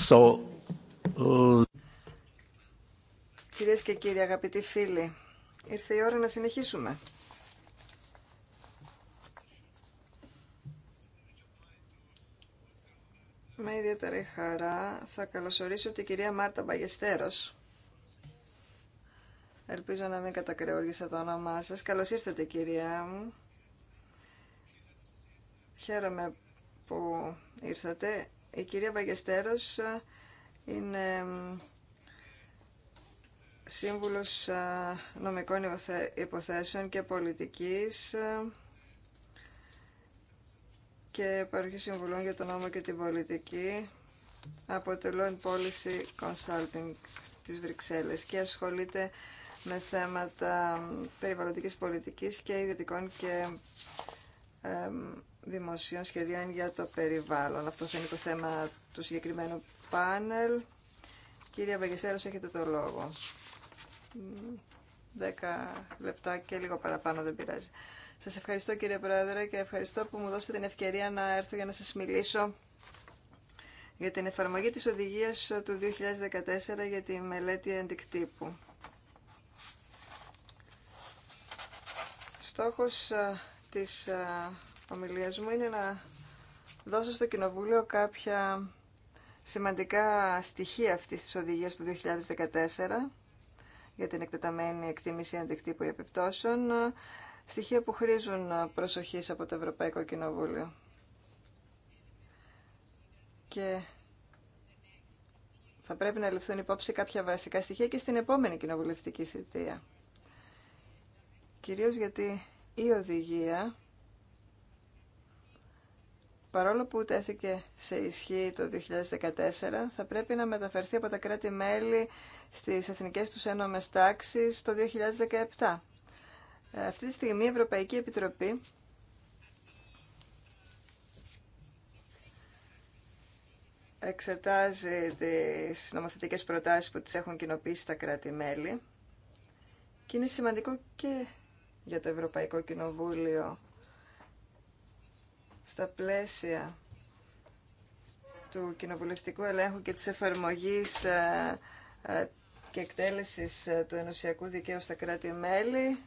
So, uh, Κυρίες και κύριοι, αγαπητοί φίλοι, ήρθε η ώρα να συνεχίσουμε. Με ιδιαίτερη χαρά θα καλωσορίσω την κυρία Μάρτα Μπαγεστέρος. Ελπίζω να μην κατακρεώργησα το όνομά σας. Καλώς ήρθατε κυρία μου. Χαίρομαι που ήρθατε. Η κυρία Βαγεστέρος ε, είναι σύμβουλος ε, νομικών υποθέσεων και πολιτικής ε, και παροχή συμβουλών για τον νόμο και την πολιτική από το Law Policy Consulting στις Βρυξέλλες και ασχολείται με θέματα περιβαλλοντικής πολιτικής και ιδιωτικών και δημοσίων σχεδίων για το περιβάλλον. Αυτό θα είναι το θέμα του συγκεκριμένου πάνελ. Κύριε Βαγιστέρος, έχετε το λόγο. Δέκα λεπτά και λίγο παραπάνω δεν πειράζει. Σας ευχαριστώ κύριε Πρόεδρε και ευχαριστώ που μου δώσετε την ευκαιρία να έρθω για να σας μιλήσω για την εφαρμογή της οδηγίας του 2014 για τη μελέτη αντικτύπου. Στόχος ε, της ε, ομιλία μου είναι να δώσω στο Κοινοβούλιο κάποια σημαντικά στοιχεία αυτής της οδηγίας του 2014 για την εκτεταμένη εκτίμηση αντικτύπου επιπτώσεων, στοιχεία που χρήζουν προσοχής από το Ευρωπαϊκό Κοινοβούλιο. Και θα πρέπει να ληφθούν υπόψη κάποια βασικά στοιχεία και στην επόμενη κοινοβουλευτική θητεία. Κυρίως γιατί η οδηγία παρόλο που τέθηκε σε ισχύ το 2014, θα πρέπει να μεταφερθεί από τα κράτη-μέλη στις εθνικές τους Ένωμες τάξεις το 2017. Ε, αυτή τη στιγμή η Ευρωπαϊκή Επιτροπή εξετάζει τις νομοθετικές προτάσεις που τις έχουν κοινοποιήσει τα κράτη-μέλη και είναι σημαντικό και για το Ευρωπαϊκό Κοινοβούλιο στα πλαίσια του κοινοβουλευτικού ελέγχου και της εφαρμογής ε, ε, και εκτέλεσης ε, του ενωσιακού δικαίου στα κράτη-μέλη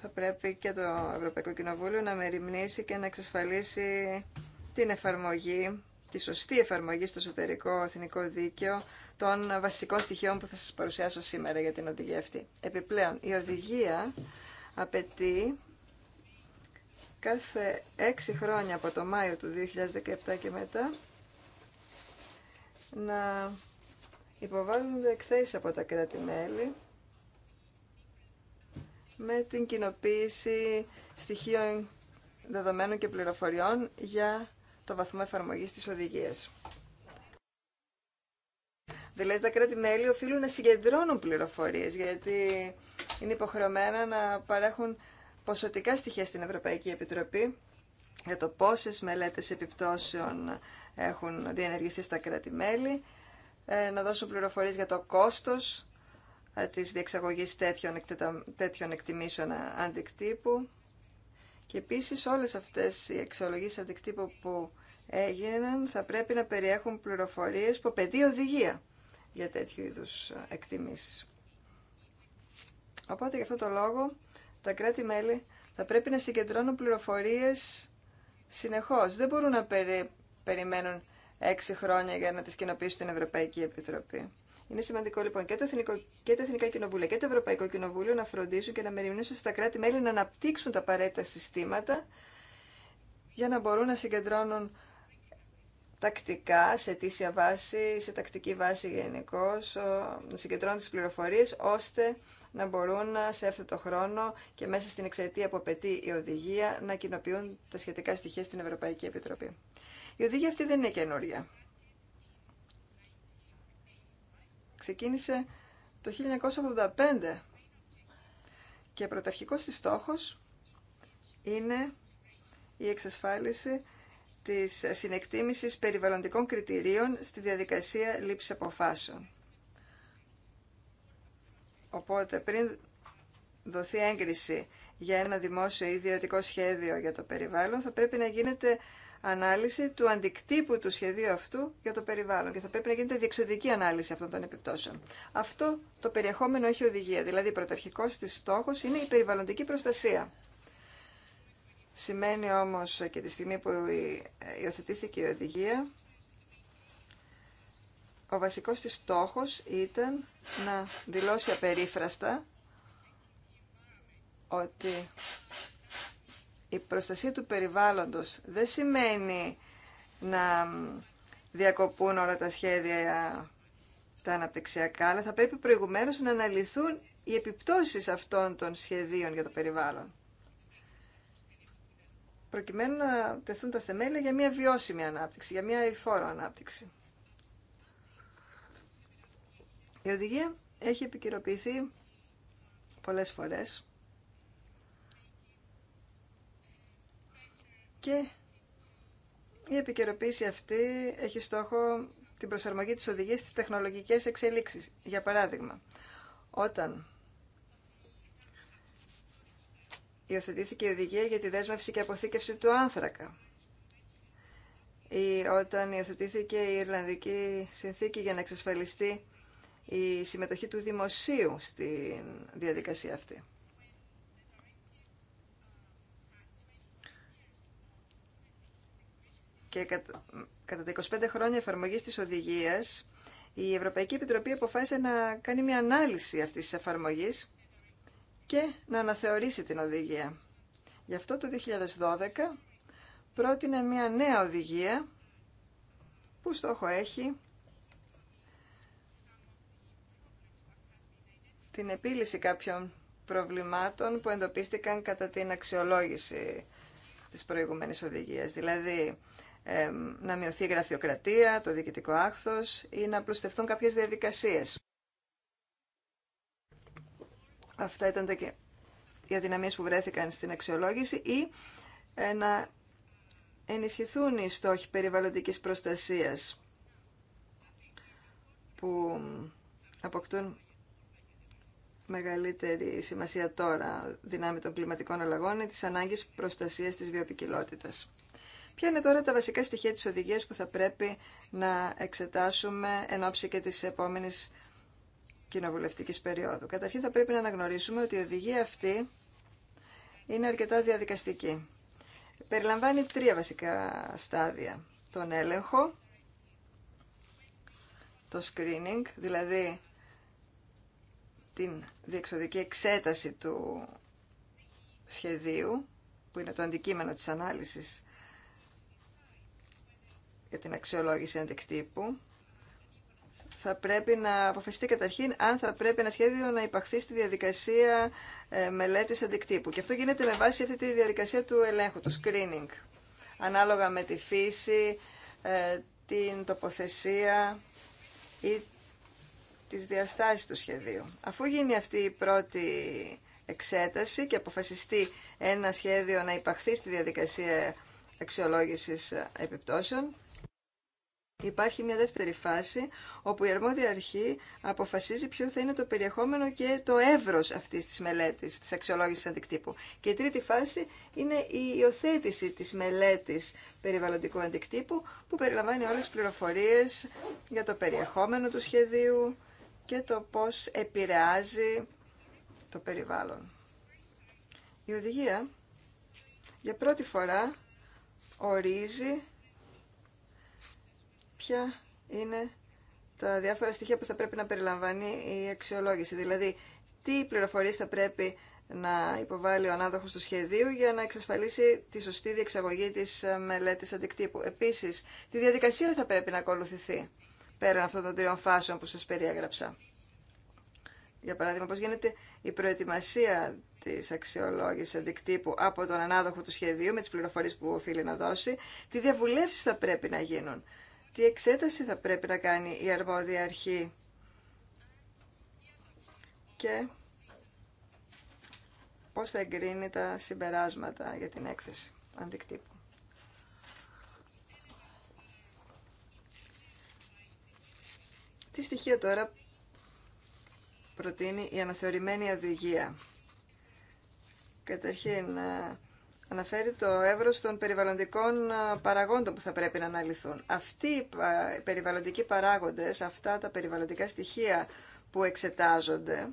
θα πρέπει και το Ευρωπαϊκό Κοινοβούλιο να μεριμνήσει και να εξασφαλίσει την εφαρμογή, τη σωστή εφαρμογή στο εσωτερικό εθνικό δίκαιο των βασικών στοιχείων που θα σας παρουσιάσω σήμερα για την οδηγία αυτή. Επιπλέον, η οδηγία απαιτεί κάθε έξι χρόνια από το Μάιο του 2017 και μετά να υποβάλλονται εκθέσεις από τα κράτη-μέλη με την κοινοποίηση στοιχείων δεδομένων και πληροφοριών για το βαθμό εφαρμογής της οδηγίας. Δηλαδή τα κράτη-μέλη οφείλουν να συγκεντρώνουν πληροφορίες γιατί είναι υποχρεωμένα να παρέχουν ποσοτικά στοιχεία στην Ευρωπαϊκή Επιτροπή για το πόσες μελέτες επιπτώσεων έχουν διενεργηθεί στα κράτη-μέλη, ε, να δώσουν πληροφορίες για το κόστος ε, της διεξαγωγής τέτοιων, τέτοιων εκτιμήσεων αντικτύπου και επίσης όλες αυτές οι εξολογήσεις αντικτύπου που έγιναν θα πρέπει να περιέχουν πληροφορίες που απαιτεί οδηγία για τέτοιου είδους εκτιμήσεις. Οπότε γι' αυτό το λόγο τα κράτη-μέλη θα πρέπει να συγκεντρώνουν πληροφορίες συνεχώς. Δεν μπορούν να περιμένουν έξι χρόνια για να τις κοινοποιήσουν την Ευρωπαϊκή Επιτροπή. Είναι σημαντικό λοιπόν και, το Εθνικό, και τα Εθνικά Κοινοβούλια και το Ευρωπαϊκό Κοινοβούλιο να φροντίσουν και να μεριμνήσουν στα κράτη-μέλη να αναπτύξουν τα απαραίτητα συστήματα για να μπορούν να συγκεντρώνουν τακτικά, σε αιτήσια βάση, σε τακτική βάση γενικώ, να συγκεντρώνουν τις πληροφορίες, ώστε να μπορούν σε αυτό το χρόνο και μέσα στην εξαιτία που απαιτεί η οδηγία να κοινοποιούν τα σχετικά στοιχεία στην Ευρωπαϊκή Επιτροπή. Η οδηγία αυτή δεν είναι καινούρια. Ξεκίνησε το 1985 και πρωταρχικός της στόχος είναι η εξασφάλιση της συνεκτίμησης περιβαλλοντικών κριτηρίων στη διαδικασία λήψης αποφάσεων. Οπότε πριν δοθεί έγκριση για ένα δημόσιο ή ιδιωτικό σχέδιο για το περιβάλλον, θα πρέπει να γίνεται ανάλυση του αντικτύπου του σχεδίου αυτού για το περιβάλλον και θα πρέπει να γίνεται διεξοδική ανάλυση αυτών των επιπτώσεων. Αυτό το περιεχόμενο έχει οδηγία, δηλαδή πρωταρχικό τη στόχο είναι η περιβαλλοντική προστασία. Σημαίνει όμως και τη στιγμή που υιοθετήθηκε η οδηγία ο βασικός της στόχος ήταν να δηλώσει απερίφραστα ότι η προστασία του περιβάλλοντος δεν σημαίνει να διακοπούν όλα τα σχέδια τα αναπτυξιακά, αλλά θα πρέπει προηγουμένως να αναλυθούν οι επιπτώσεις αυτών των σχεδίων για το περιβάλλον. Προκειμένου να τεθούν τα θεμέλια για μια βιώσιμη ανάπτυξη, για μια υφόρο ανάπτυξη. Η οδηγία έχει επικυρωποιηθεί πολλές φορές και η επικαιροποίηση αυτή έχει στόχο την προσαρμογή της οδηγίας στις τεχνολογικές εξελίξεις. Για παράδειγμα, όταν υιοθετήθηκε η οδηγία για τη δέσμευση και αποθήκευση του άνθρακα ή όταν υιοθετήθηκε η Ιρλανδική συνθήκη για να εξασφαλιστεί η συμμετοχή του δημοσίου στη διαδικασία αυτή. Και κατά τα 25 χρόνια εφαρμογής της οδηγίας, η Ευρωπαϊκή Επιτροπή αποφάσισε να κάνει μια ανάλυση αυτής της εφαρμογής και να αναθεωρήσει την οδηγία. Γι' αυτό το 2012 πρότεινε μια νέα οδηγία που στόχο έχει την επίλυση κάποιων προβλημάτων που εντοπίστηκαν κατά την αξιολόγηση της προηγούμενης οδηγίας. Δηλαδή, να μειωθεί η γραφειοκρατία, το διοικητικό άχθος ή να απλουστευτούν κάποιες διαδικασίες. Αυτά ήταν τα και οι αδυναμίες που βρέθηκαν στην αξιολόγηση ή ε, να ενισχυθούν οι στόχοι περιβαλλοντικής προστασίας που αποκτούν μεγαλύτερη σημασία τώρα δυνάμει των κλιματικών αλλαγών είναι της ανάγκης προστασίας της βιοπικιλότητας. Ποια είναι τώρα τα βασικά στοιχεία της οδηγίας που θα πρέπει να εξετάσουμε εν ώψη και της επόμενης κοινοβουλευτικής περίοδου. Καταρχήν θα πρέπει να αναγνωρίσουμε ότι η οδηγία αυτή είναι αρκετά διαδικαστική. Περιλαμβάνει τρία βασικά στάδια. Τον έλεγχο, το screening, δηλαδή την διεξοδική εξέταση του σχεδίου, που είναι το αντικείμενο της ανάλυσης για την αξιολόγηση αντικτύπου, θα πρέπει να αποφασιστεί καταρχήν αν θα πρέπει ένα σχέδιο να υπαχθεί στη διαδικασία ε, μελέτης αντικτύπου. Και αυτό γίνεται με βάση αυτή τη διαδικασία του ελέγχου, του screening, ανάλογα με τη φύση, ε, την τοποθεσία ή τις διαστάσεις του σχεδίου. Αφού γίνει αυτή η πρώτη εξέταση και αποφασιστεί ένα σχέδιο να υπαχθεί στη διαδικασία αξιολόγησης επιπτώσεων, υπάρχει μια δεύτερη φάση όπου η αρμόδια αρχή αποφασίζει ποιο θα είναι το περιεχόμενο και το εύρος αυτής της μελέτης, της αξιολόγησης αντικτύπου. Και η τρίτη φάση είναι η υιοθέτηση της μελέτης περιβαλλοντικού αντικτύπου που περιλαμβάνει όλες τις πληροφορίες για το περιεχόμενο του σχεδίου, και το πώς επηρεάζει το περιβάλλον. Η οδηγία για πρώτη φορά ορίζει ποια είναι τα διάφορα στοιχεία που θα πρέπει να περιλαμβάνει η αξιολόγηση. Δηλαδή, τι πληροφορίες θα πρέπει να υποβάλει ο ανάδοχος του σχεδίου για να εξασφαλίσει τη σωστή διεξαγωγή της μελέτης αντικτύπου. Επίσης, τη διαδικασία θα πρέπει να ακολουθηθεί πέραν αυτών των τριών φάσεων που σας περιέγραψα. Για παράδειγμα, πώς γίνεται η προετοιμασία της αξιολόγησης αντικτύπου από τον ανάδοχο του σχεδίου με τις πληροφορίες που οφείλει να δώσει, τι διαβουλεύσεις θα πρέπει να γίνουν, τι εξέταση θα πρέπει να κάνει η αρμόδια αρχή και πώς θα εγκρίνει τα συμπεράσματα για την έκθεση αντικτύπου. Τι στοιχεία τώρα προτείνει η αναθεωρημένη οδηγία. Καταρχήν, ε, αναφέρει το εύρος των περιβαλλοντικών ε, παραγόντων που θα πρέπει να αναλυθούν. Αυτοί οι περιβαλλοντικοί παράγοντες, αυτά τα περιβαλλοντικά στοιχεία που εξετάζονται,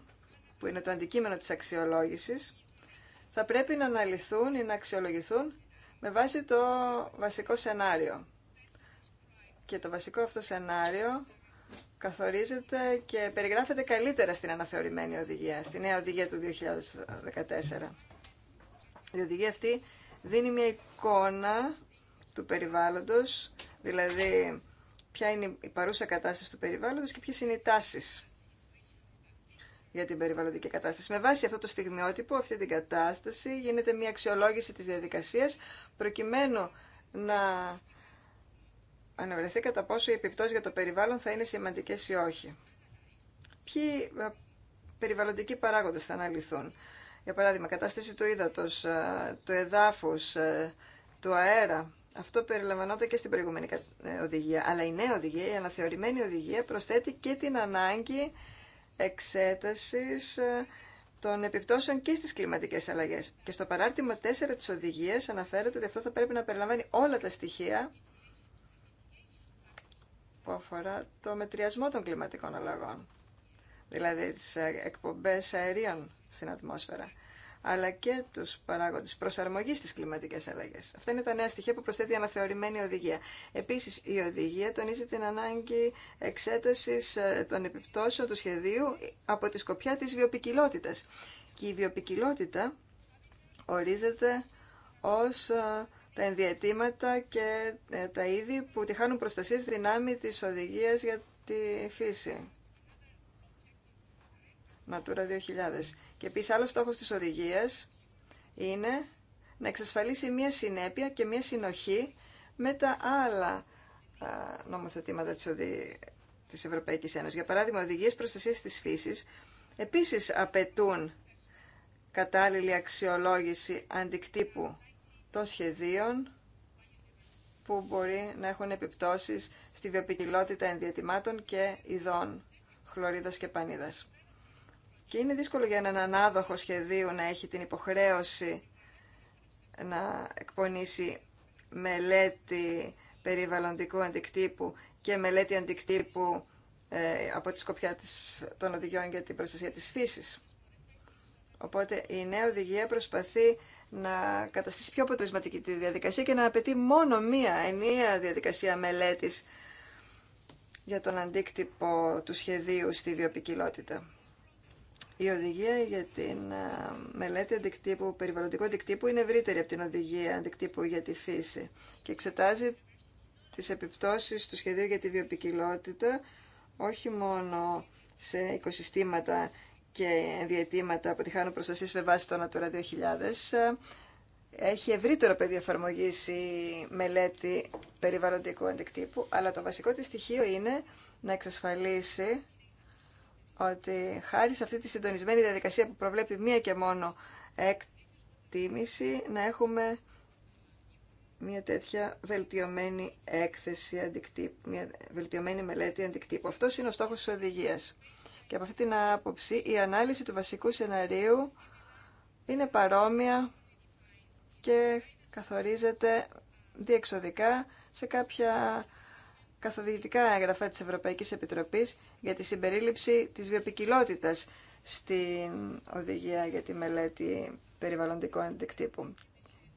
που είναι το αντικείμενο της αξιολόγησης, θα πρέπει να αναλυθούν ή να αξιολογηθούν με βάση το βασικό σενάριο. Και το βασικό αυτό σενάριο καθορίζεται και περιγράφεται καλύτερα στην αναθεωρημένη οδηγία, στη νέα οδηγία του 2014. Η οδηγία αυτή δίνει μια εικόνα του περιβάλλοντος, δηλαδή ποια είναι η παρούσα κατάσταση του περιβάλλοντος και ποιες είναι οι τάσεις για την περιβαλλοντική κατάσταση. Με βάση αυτό το στιγμιότυπο, αυτή την κατάσταση, γίνεται μια αξιολόγηση της διαδικασίας προκειμένου να αναβρεθεί κατά πόσο οι επιπτώσει για το περιβάλλον θα είναι περιβαλλοντικοί παράγοντε θα αναλυθούν, για παράδειγμα, ή όχι. Ποιοι ε, περιβαλλοντικοί παραγοντε θα αναλυθούν. Για παράδειγμα, κατάσταση του ύδατο, ε, του εδάφους, ε, του αέρα. Αυτό περιλαμβανόταν και στην προηγούμενη οδηγία. Αλλά η νέα οδηγία, η αναθεωρημένη οδηγία, προσθέτει και την ανάγκη εξέτασης των επιπτώσεων και στις κλιματικές αλλαγές. Και στο παράρτημα 4 της οδηγίας αναφέρεται ότι αυτό θα πρέπει να περιλαμβάνει όλα τα στοιχεία που αφορά το μετριασμό των κλιματικών αλλαγών, δηλαδή τις ε, εκπομπές αερίων στην ατμόσφαιρα, αλλά και τους παράγοντες προσαρμογής στις κλιματικές αλλαγές. Αυτά είναι τα νέα στοιχεία που προσθέτει η αναθεωρημένη οδηγία. Επίσης, η οδηγία τονίζει την ανάγκη εξέτασης ε, των επιπτώσεων του σχεδίου από τη σκοπιά της βιοπικιλότητας. Και η βιοπικιλότητα ορίζεται ως ε, τα ενδιατήματα και ε, τα είδη που τη χάνουν προστασίες δυνάμει της οδηγίας για τη φύση. Natura 2000. Και επίσης άλλος στόχος της οδηγίας είναι να εξασφαλίσει μία συνέπεια και μία συνοχή με τα άλλα νομοθετήματα της, οδη... της Ευρωπαϊκής Ένωσης. Για παράδειγμα, οδηγίες προστασίας της φύσης επίσης απαιτούν κατάλληλη αξιολόγηση αντικτύπου των σχεδίων που μπορεί να έχουν επιπτώσεις στη βιοπικιλότητα ενδιατημάτων και ειδών χλωρίδας και πανίδας. Και είναι δύσκολο για έναν ανάδοχο σχεδίου να έχει την υποχρέωση να εκπονήσει μελέτη περιβαλλοντικού αντικτύπου και μελέτη αντικτύπου ε, από τη σκοπιά των οδηγιών για την προστασία της φύσης. Οπότε η νέα οδηγία προσπαθεί να καταστήσει πιο αποτελεσματική τη διαδικασία και να απαιτεί μόνο μία ενιαία διαδικασία μελέτης για τον αντίκτυπο του σχεδίου στη βιοπικιλότητα. Η οδηγία για την μελέτη αντικτύπου, περιβαλλοντικού αντικτύπου είναι ευρύτερη από την οδηγία αντικτύπου για τη φύση και εξετάζει τις επιπτώσεις του σχεδίου για τη βιοπικιλότητα όχι μόνο σε οικοσυστήματα και διαιτήματα που τη χάνουν προστασίες με βάση το Natura 2000, έχει ευρύτερο πεδίο εφαρμογή η μελέτη περιβαλλοντικού αντικτύπου, αλλά το βασικό της στοιχείο είναι να εξασφαλίσει ότι χάρη σε αυτή τη συντονισμένη διαδικασία που προβλέπει μία και μόνο εκτίμηση, να έχουμε μια τέτοια βελτιωμένη έκθεση αντικτύπου, μια βελτιωμένη μελέτη αντικτύπου. Αυτός είναι ο στόχος της οδηγίας. Και από αυτή την άποψη η ανάλυση του βασικού σεναρίου είναι παρόμοια και καθορίζεται διεξοδικά σε κάποια καθοδηγητικά έγγραφα της Ευρωπαϊκής Επιτροπής για τη συμπερίληψη της βιοπικιλότητας στην οδηγία για τη μελέτη περιβαλλοντικού αντικτύπου.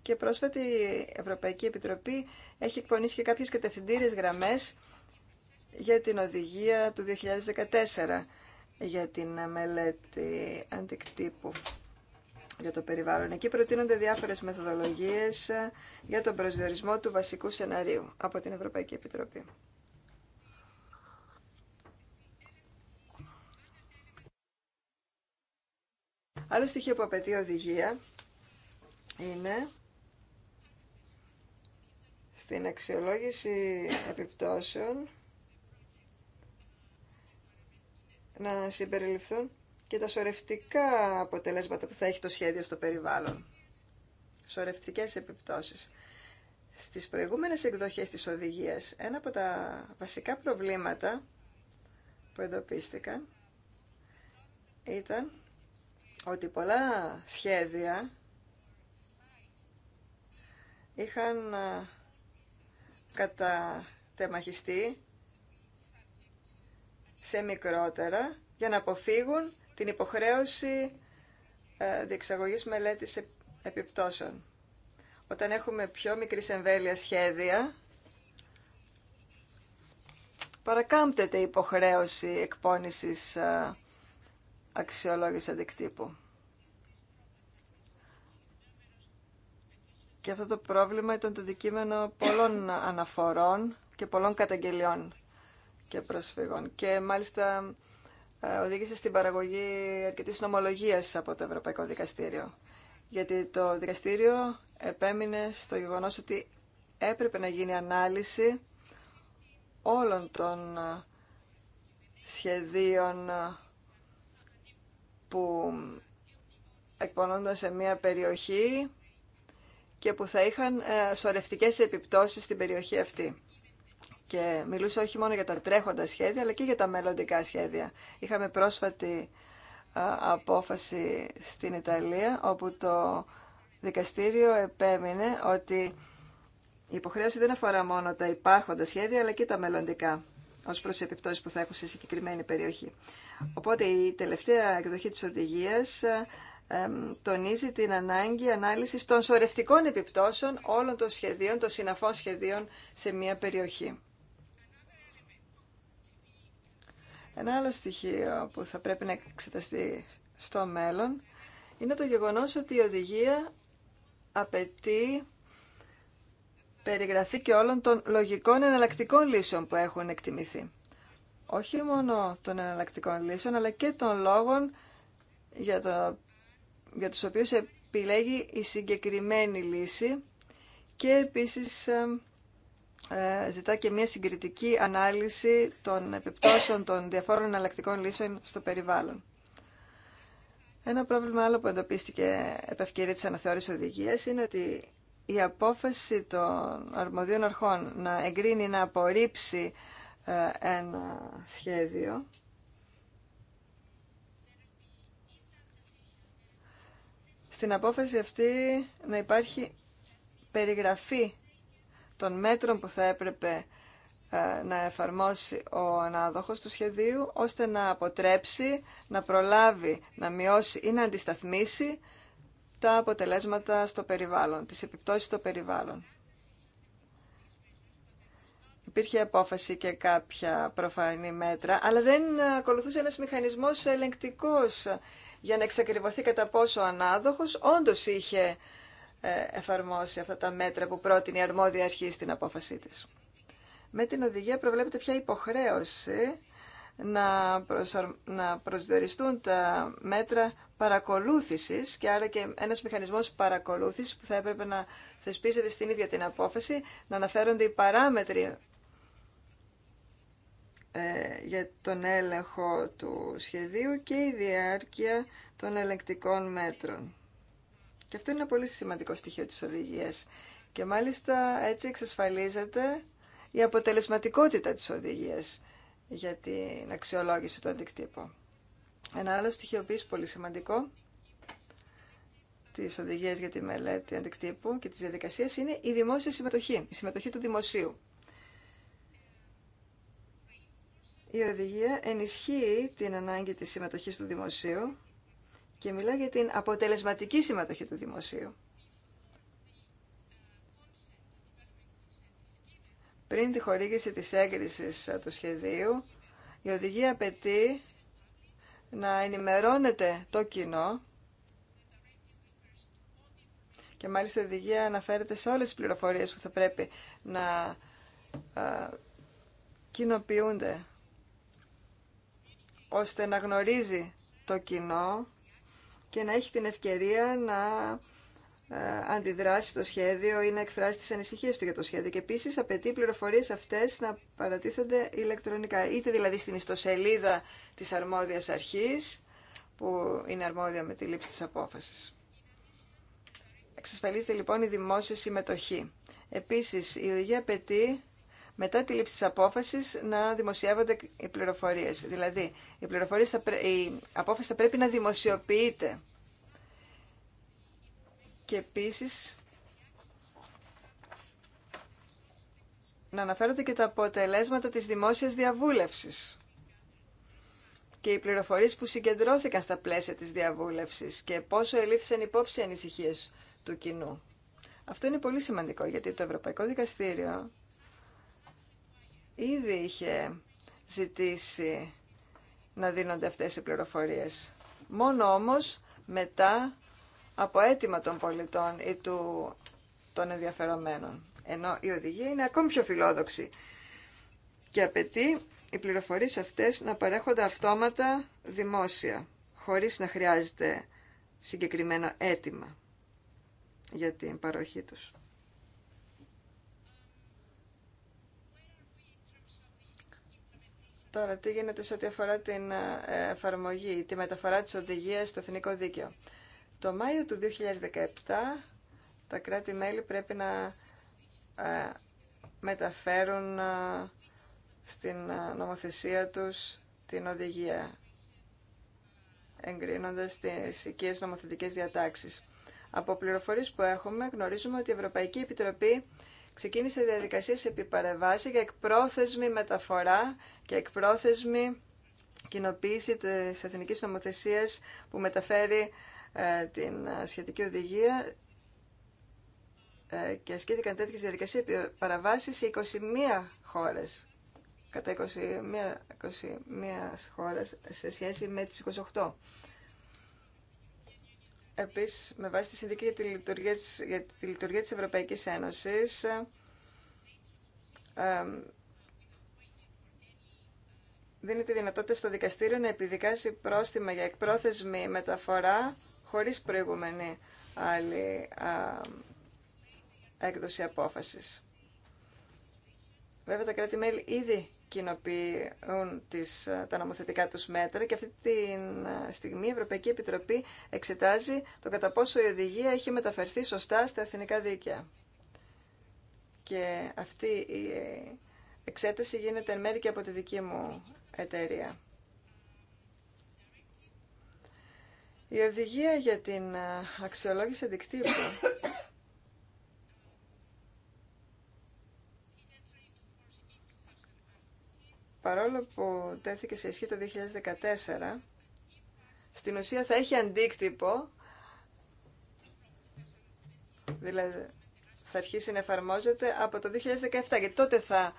Και πρόσφατη η Ευρωπαϊκή Επιτροπή έχει εκπονήσει και κάποιες κατευθυντήρες γραμμές για την οδηγία του 2014 για την μελέτη αντικτύπου για το περιβάλλον. Εκεί προτείνονται διάφορες μεθοδολογίες για τον προσδιορισμό του βασικού σεναρίου από την Ευρωπαϊκή Επιτροπή. Άλλο στοιχείο που απαιτεί οδηγία είναι στην αξιολόγηση επιπτώσεων να συμπεριληφθούν και τα σορευτικά αποτελέσματα που θα έχει το σχέδιο στο περιβάλλον. Σορευτικές επιπτώσεις. Στις προηγούμενες εκδοχές της οδηγίας, ένα από τα βασικά προβλήματα που εντοπίστηκαν ήταν ότι πολλά σχέδια είχαν ε, κατατεμαχιστεί σε μικρότερα για να αποφύγουν την υποχρέωση ε, διεξαγωγής μελέτης επιπτώσεων. Όταν έχουμε πιο μικρή εμβέλεια σχέδια, παρακάμπτεται η υποχρέωση εκπόνησης ε, αξιολόγηση αντικτύπου. Και αυτό το πρόβλημα ήταν το δικείμενο πολλών αναφορών και πολλών καταγγελιών και και μάλιστα ε, οδήγησε στην παραγωγή αρκετής νομολογίας από το Ευρωπαϊκό Δικαστήριο. Γιατί το δικαστήριο επέμεινε στο γεγονός ότι έπρεπε να γίνει ανάλυση όλων των ε, σχεδίων ε, που εκπονώνταν σε μια περιοχή και που θα είχαν σορευτικές επιπτώσεις στην περιοχή αυτή και μιλούσε όχι μόνο για τα τρέχοντα σχέδια αλλά και για τα μελλοντικά σχέδια. Είχαμε πρόσφατη απόφαση στην Ιταλία όπου το δικαστήριο επέμεινε ότι η υποχρέωση δεν αφορά μόνο τα υπάρχοντα σχέδια αλλά και τα μελλοντικά ως προς τις επιπτώσεις που θα έχουν σε συγκεκριμένη περιοχή. Οπότε η τελευταία εκδοχή της οδηγίας τονίζει την ανάγκη ανάλυσης των σωρευτικών επιπτώσεων όλων των σχεδίων, των συναφών σχεδίων σε μια περιοχή. Ένα άλλο στοιχείο που θα πρέπει να εξεταστεί στο μέλλον είναι το γεγονός ότι η οδηγία απαιτεί περιγραφή και όλων των λογικών εναλλακτικών λύσεων που έχουν εκτιμηθεί. Όχι μόνο των εναλλακτικών λύσεων, αλλά και των λόγων για, το, για τους οποίους επιλέγει η συγκεκριμένη λύση και επίσης ε, ζητά και μια συγκριτική ανάλυση των επιπτώσεων των διαφόρων εναλλακτικών λύσεων στο περιβάλλον. Ένα πρόβλημα άλλο που εντοπίστηκε επ' ευκαιρία της αναθεώρησης οδηγίας είναι ότι η απόφαση των αρμοδίων αρχών να εγκρίνει να απορρίψει ε, ένα σχέδιο στην απόφαση αυτή να υπάρχει περιγραφή των μέτρων που θα έπρεπε ε, να εφαρμόσει ο ανάδοχος του σχεδίου, ώστε να αποτρέψει, να προλάβει, να μειώσει ή να αντισταθμίσει τα αποτελέσματα στο περιβάλλον, τις επιπτώσεις στο περιβάλλον. Υπήρχε απόφαση και κάποια προφανή μέτρα, αλλά δεν ακολουθούσε ένας μηχανισμός ελεγκτικός για να εξακριβωθεί κατά πόσο ο ανάδοχος όντως είχε ε, εφαρμόσει αυτά τα μέτρα που πρότεινε η αρμόδια αρχή στην απόφασή της. Με την οδηγία προβλέπεται πια υποχρέωση να, προσδιοριστούν τα μέτρα παρακολούθησης και άρα και ένας μηχανισμός παρακολούθησης που θα έπρεπε να θεσπίζεται στην ίδια την απόφαση, να αναφέρονται οι παράμετροι ε, για τον έλεγχο του σχεδίου και η διάρκεια των ελεγκτικών μέτρων. Και αυτό είναι ένα πολύ σημαντικό στοιχείο της οδηγίας. Και μάλιστα έτσι εξασφαλίζεται η αποτελεσματικότητα της οδηγίας για την αξιολόγηση του αντικτύπου. Ένα άλλο στοιχείο επίση πολύ σημαντικό της οδηγίας για τη μελέτη αντικτύπου και της διαδικασία είναι η δημόσια συμμετοχή, η συμμετοχή του δημοσίου. Η οδηγία ενισχύει την ανάγκη της συμμετοχής του δημοσίου και μιλά για την αποτελεσματική συμμετοχή του δημοσίου. Πριν τη χορήγηση της έγκρισης του σχεδίου, η οδηγία απαιτεί να ενημερώνεται το κοινό και μάλιστα η οδηγία αναφέρεται σε όλες τις πληροφορίες που θα πρέπει να κοινοποιούνται ώστε να γνωρίζει το κοινό και να έχει την ευκαιρία να ε, αντιδράσει το σχέδιο ή να εκφράσει τις ανησυχίες του για το σχέδιο. Και επίσης απαιτεί πληροφορίες αυτές να παρατίθενται ηλεκτρονικά, είτε δηλαδή στην ιστοσελίδα της αρμόδιας αρχής, που είναι αρμόδια με τη λήψη της απόφασης. Εξασφαλίζεται λοιπόν η δημόσια συμμετοχή. Επίσης, η οδηγία απαιτεί μετά τη λήψη της απόφασης να δημοσιεύονται οι πληροφορίες. Δηλαδή, οι πληροφορίες η απόφαση θα πρέπει να δημοσιοποιείται. Και επίσης, να αναφέρονται και τα αποτελέσματα της δημόσιας διαβούλευσης και οι πληροφορίες που συγκεντρώθηκαν στα πλαίσια της διαβούλευσης και πόσο ελήφθησαν υπόψη ανησυχίες του κοινού. Αυτό είναι πολύ σημαντικό γιατί το Ευρωπαϊκό Δικαστήριο ήδη είχε ζητήσει να δίνονται αυτές οι πληροφορίες. Μόνο όμως μετά από αίτημα των πολιτών ή του, των ενδιαφερομένων. Ενώ η οδηγία είναι ακόμη πιο φιλόδοξη και απαιτεί οι πληροφορίες αυτές να παρέχονται αυτόματα δημόσια, χωρίς να χρειάζεται συγκεκριμένο αίτημα για την παροχή τους. Τώρα, τι γίνεται σε ό,τι αφορά την ε, εφαρμογή, τη μεταφορά της οδηγίας στο εθνικό δίκαιο. Το Μάιο του 2017 τα κράτη-μέλη πρέπει να ε, μεταφέρουν ε, στην νομοθεσία τους την οδηγία, εγκρίνοντας τις οικίες νομοθετικές διατάξεις. Από πληροφορίες που έχουμε γνωρίζουμε ότι η Ευρωπαϊκή Επιτροπή ξεκίνησε διαδικασία σε επιπαρεβάση για εκπρόθεσμη μεταφορά και εκπρόθεσμη κοινοποίηση της εθνικής νομοθεσίας που μεταφέρει ε, την ε, σχετική οδηγία ε, και ασκήθηκαν τέτοιε διαδικασίε επί σε 21 χώρε. Κατά 21, 21 χώρε σε σχέση με τι 28 Επίσης, με βάση τη Συνδική για τη Λειτουργία για τη λειτουργία της Ευρωπαϊκής Ένωσης, ε, ε, δίνεται δυνατότητα στο δικαστήριο να επιδικάσει πρόστιμα για εκπρόθεσμη μεταφορά χωρίς προηγούμενη άλλη ε, έκδοση απόφασης. Βέβαια τα κράτη-μέλη ήδη κοινοποιούν τις, τα νομοθετικά τους μέτρα και αυτή τη στιγμή η Ευρωπαϊκή Επιτροπή εξετάζει το κατά πόσο η οδηγία έχει μεταφερθεί σωστά στα εθνικά δίκαια. Και αυτή η εξέταση γίνεται εν μέρει και από τη δική μου εταιρεία. Η οδηγία για την αξιολόγηση αντικτύπου παρόλο που τέθηκε σε ισχύ το 2014, στην ουσία θα έχει αντίκτυπο, δηλαδή θα αρχίσει να εφαρμόζεται από το 2017, γιατί τότε θα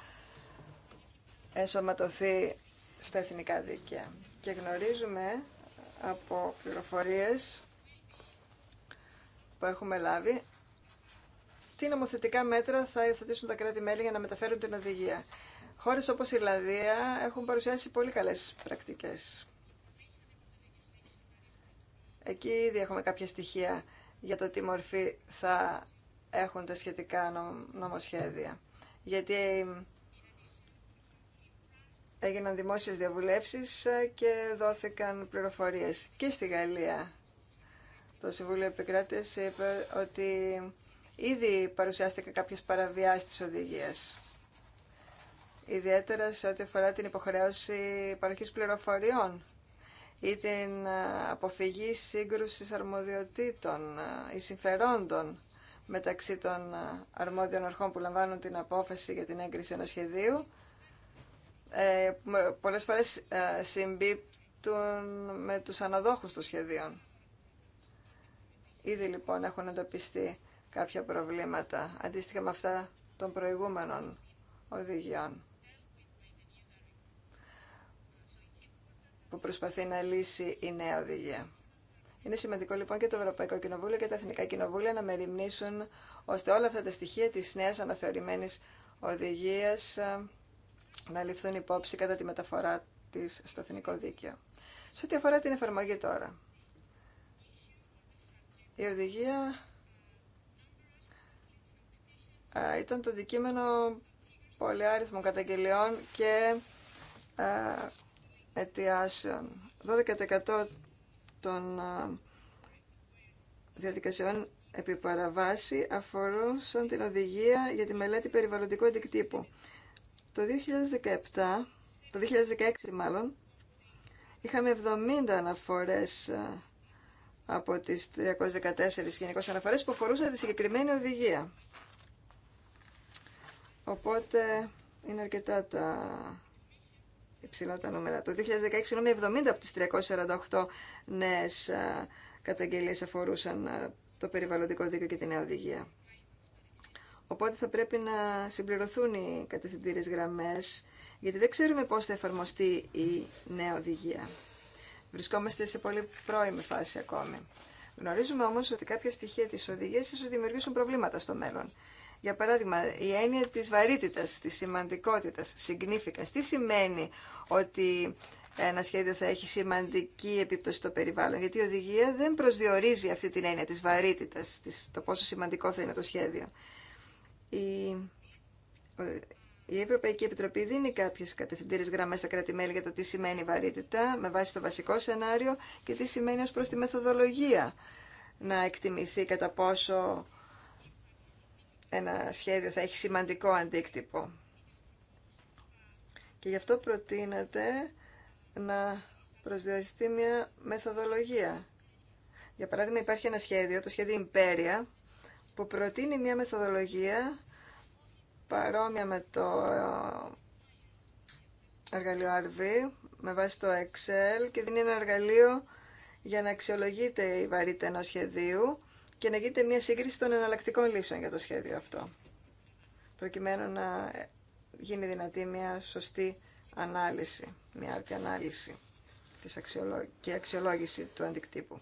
ενσωματωθεί στα εθνικά δίκαια. Και γνωρίζουμε από πληροφορίες που έχουμε λάβει τι νομοθετικά μέτρα θα υιοθετήσουν τα κράτη-μέλη για να μεταφέρουν την οδηγία. Χώρες όπως η Ιρλανδία έχουν παρουσιάσει πολύ καλές πρακτικές. Εκεί ήδη έχουμε κάποια στοιχεία για το τι μορφή θα έχουν τα σχετικά νομοσχέδια. Γιατί ε, έγιναν δημόσιες διαβουλεύσεις ε, και δόθηκαν πληροφορίες. Και στη Γαλλία το Συμβούλιο Επικράτης είπε ότι ήδη παρουσιάστηκαν κάποιες παραβιάσεις της οδηγίας ιδιαίτερα σε ό,τι αφορά την υποχρέωση παροχής πληροφοριών ή την ε, αποφυγή σύγκρουσης αρμοδιοτήτων ε, ή συμφερόντων μεταξύ των ε, αρμόδιων αρχών που λαμβάνουν την απόφαση για την έγκριση ενός σχεδίου. Ε, πολλές φορές συμπίπτουν με τους αναδόχους των σχεδίων. Ήδη λοιπόν έχουν εντοπιστεί κάποια προβλήματα αντίστοιχα με αυτά των προηγούμενων οδηγιών. που προσπαθεί να λύσει η νέα οδηγία. Είναι σημαντικό λοιπόν και το Ευρωπαϊκό Κοινοβούλιο και τα Εθνικά Κοινοβούλια να μεριμνήσουν ώστε όλα αυτά τα στοιχεία της νέας αναθεωρημένης οδηγίας ε, να ληφθούν υπόψη κατά τη μεταφορά της στο εθνικό δίκαιο. Σε ό,τι αφορά την εφαρμογή τώρα. Η οδηγία ε, ήταν το δικείμενο αριθμών καταγγελιών και ε, αιτιάσεων. 12% των διαδικασιών επί παραβάση αφορούσαν την οδηγία για τη μελέτη περιβαλλοντικού αντικτύπου. Το 2017, το 2016 μάλλον, είχαμε 70 αναφορές από τις 314 γενικώ αναφορές που αφορούσαν τη συγκεκριμένη οδηγία. Οπότε είναι αρκετά τα υψηλά τα Το 2016, συγγνώμη, 70 από τις 348 νέες ε, καταγγελίες αφορούσαν ε, το περιβαλλοντικό δίκαιο και τη νέα οδηγία. Οπότε θα πρέπει να συμπληρωθούν οι κατευθυντήρε γραμμές, γιατί δεν ξέρουμε πώς θα εφαρμοστεί η νέα οδηγία. Βρισκόμαστε σε πολύ πρώιμη φάση ακόμη. Γνωρίζουμε όμως ότι κάποια στοιχεία της οδηγίας ίσως δημιουργήσουν προβλήματα στο μέλλον. Για παράδειγμα, η έννοια της βαρύτητας, της σημαντικότητας, συγκνήφικας. τι σημαίνει ότι ένα σχέδιο θα έχει σημαντική επίπτωση στο περιβάλλον, γιατί η οδηγία δεν προσδιορίζει αυτή την έννοια της βαρύτητας, το πόσο σημαντικό θα είναι το σχέδιο. Η, η Ευρωπαϊκή Επιτροπή δίνει κάποιες κατευθυντήρες γραμμές στα κράτη-μέλη για το τι σημαίνει βαρύτητα, με βάση το βασικό σενάριο και τι σημαίνει ως προς τη μεθοδολογία να εκτιμηθεί κατά πόσο ένα σχέδιο θα έχει σημαντικό αντίκτυπο. Και γι' αυτό προτείνεται να προσδιοριστεί μια μεθοδολογία. Για παράδειγμα υπάρχει ένα σχέδιο, το σχέδιο Imperia, που προτείνει μια μεθοδολογία παρόμοια με το εργαλείο RV, με βάση το Excel και δίνει ένα εργαλείο για να αξιολογείται η βαρύτητα ενός σχεδίου και να γίνεται μια σύγκριση των εναλλακτικών λύσεων για το σχέδιο αυτό, προκειμένου να γίνει δυνατή μια σωστή ανάλυση, μια άρτη ανάλυση και αξιολόγηση του αντικτύπου.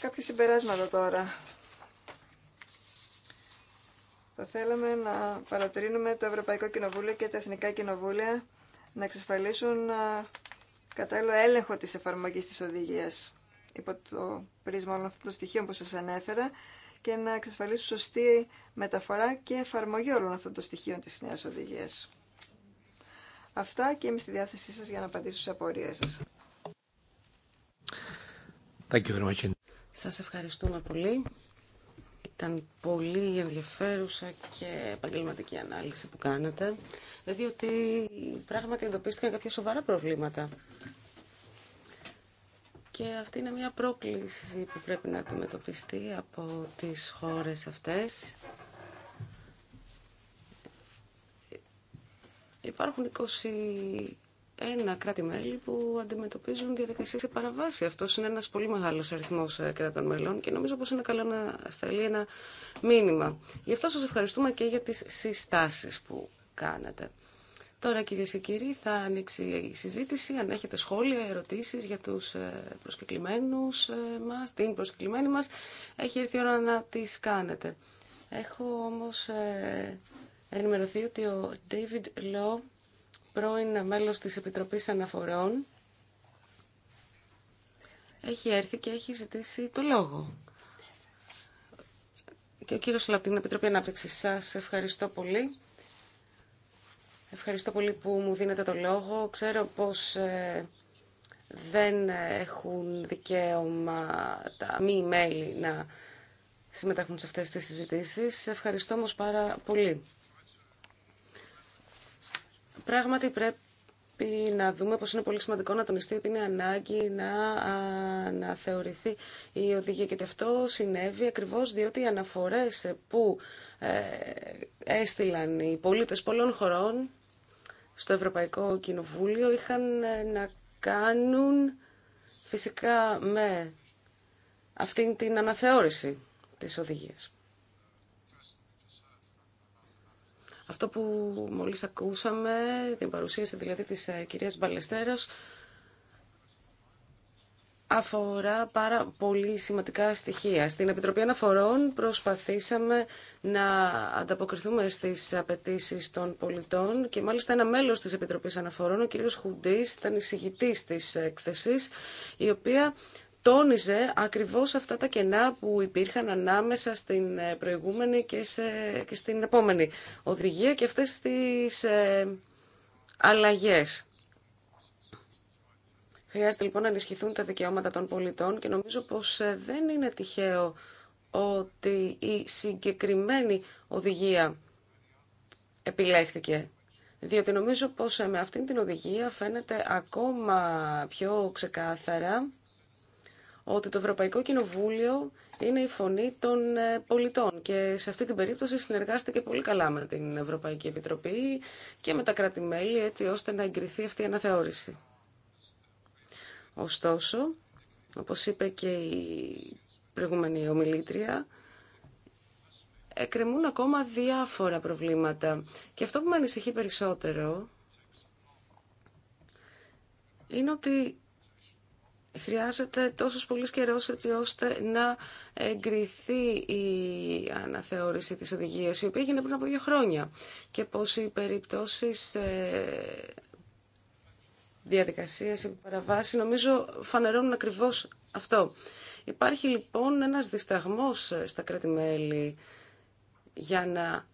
Κάποια συμπεράσματα τώρα. Θα θέλαμε να παρατηρήσουμε το Ευρωπαϊκό Κοινοβούλιο και τα Εθνικά Κοινοβούλια να εξασφαλίσουν ε, κατάλληλο έλεγχο της εφαρμογής της οδηγίας υπό το πρίσμα όλων αυτών των στοιχείων που σας ανέφερα και να εξασφαλίσουν σωστή μεταφορά και εφαρμογή όλων αυτών των στοιχείων της νέας οδηγίας. Αυτά και είμαι στη διάθεσή σας για να απαντήσω στις απορίες σας. Thank you very much. Σας ευχαριστούμε πολύ. Ήταν πολύ ενδιαφέρουσα και επαγγελματική ανάλυση που κάνατε, διότι πράγματι εντοπίστηκαν κάποια σοβαρά προβλήματα και αυτή είναι μια πρόκληση που πρέπει να αντιμετωπιστεί από τις χώρες αυτές. Υπάρχουν 21 κράτη-μέλη που αντιμετωπίζουν διαδικασίες σε παραβάση. Αυτό είναι ένας πολύ μεγάλος αριθμός ε, κρατών μελών και νομίζω πως είναι καλό να σταλεί ένα μήνυμα. Γι' αυτό σας ευχαριστούμε και για τις συστάσεις που κάνατε. Τώρα κυρίες και κύριοι θα ανοίξει η συζήτηση, αν έχετε σχόλια, ερωτήσεις για τους ε, προσκεκλημένους ε, μας, την προσκεκλημένη μας, έχει έρθει η ώρα να τις κάνετε. Έχω όμως ε, ενημερωθεί ότι ο David Law, πρώην μέλος της Επιτροπής Αναφορών, έχει έρθει και έχει ζητήσει το λόγο. Και ο κύριος Λαπτή, την Επιτροπή ανάπτυξη, σας ευχαριστώ πολύ. Ευχαριστώ πολύ που μου δίνετε το λόγο. Ξέρω πως ε, δεν έχουν δικαίωμα τα μη μέλη να συμμετέχουν σε αυτές τις συζητήσεις. Ευχαριστώ όμως πάρα πολύ. Πράγματι πρέπει να δούμε πως είναι πολύ σημαντικό να τονιστεί ότι είναι ανάγκη να θεωρηθεί η οδηγία και αυτό συνέβη ακριβώς διότι οι αναφορές που ε, έστειλαν οι πολίτες πολλών χωρών στο Ευρωπαϊκό Κοινοβούλιο είχαν ε, να κάνουν φυσικά με αυτήν την αναθεώρηση της οδηγίας. Αυτό που μόλις ακούσαμε, την παρουσίαση δηλαδή της ε, κυρίας Μπαλεστέρας, αφορά πάρα πολύ σημαντικά στοιχεία. Στην Επιτροπή Αναφορών προσπαθήσαμε να ανταποκριθούμε στις απαιτήσει των πολιτών και μάλιστα ένα μέλος της Επιτροπής Αναφορών, ο κύριος Χουντής, ήταν εισηγητή της έκθεσης, η οποία τόνιζε ακριβώς αυτά τα κενά που υπήρχαν ανάμεσα στην προηγούμενη και, σε, στην επόμενη οδηγία και αυτές τις ε, αλλαγέ. Χρειάζεται λοιπόν να ενισχυθούν τα δικαιώματα των πολιτών και νομίζω πως ε, δεν είναι τυχαίο ότι η συγκεκριμένη οδηγία επιλέχθηκε. Διότι νομίζω πως ε, με αυτήν την οδηγία φαίνεται ακόμα πιο ξεκάθαρα ότι το Ευρωπαϊκό Κοινοβούλιο είναι η φωνή των ε, πολιτών και σε αυτή την περίπτωση συνεργάστηκε πολύ καλά με την Ευρωπαϊκή Επιτροπή και με τα κράτη-μέλη έτσι ώστε να εγκριθεί αυτή η αναθεώρηση. Ωστόσο, όπως είπε και η προηγούμενη ομιλήτρια, εκκρεμούν ακόμα διάφορα προβλήματα. Και αυτό που με ανησυχεί περισσότερο είναι ότι χρειάζεται τόσο πολύ καιρό έτσι ώστε να εγκριθεί η αναθεώρηση της οδηγίας, η οποία έγινε πριν από δύο χρόνια. Και πως οι περιπτώσεις ε, διαδικασίες παραβάσεις νομίζω φανερώνουν ακριβώς αυτό. Υπάρχει λοιπόν ένας δισταγμός ε, στα κράτη-μέλη για να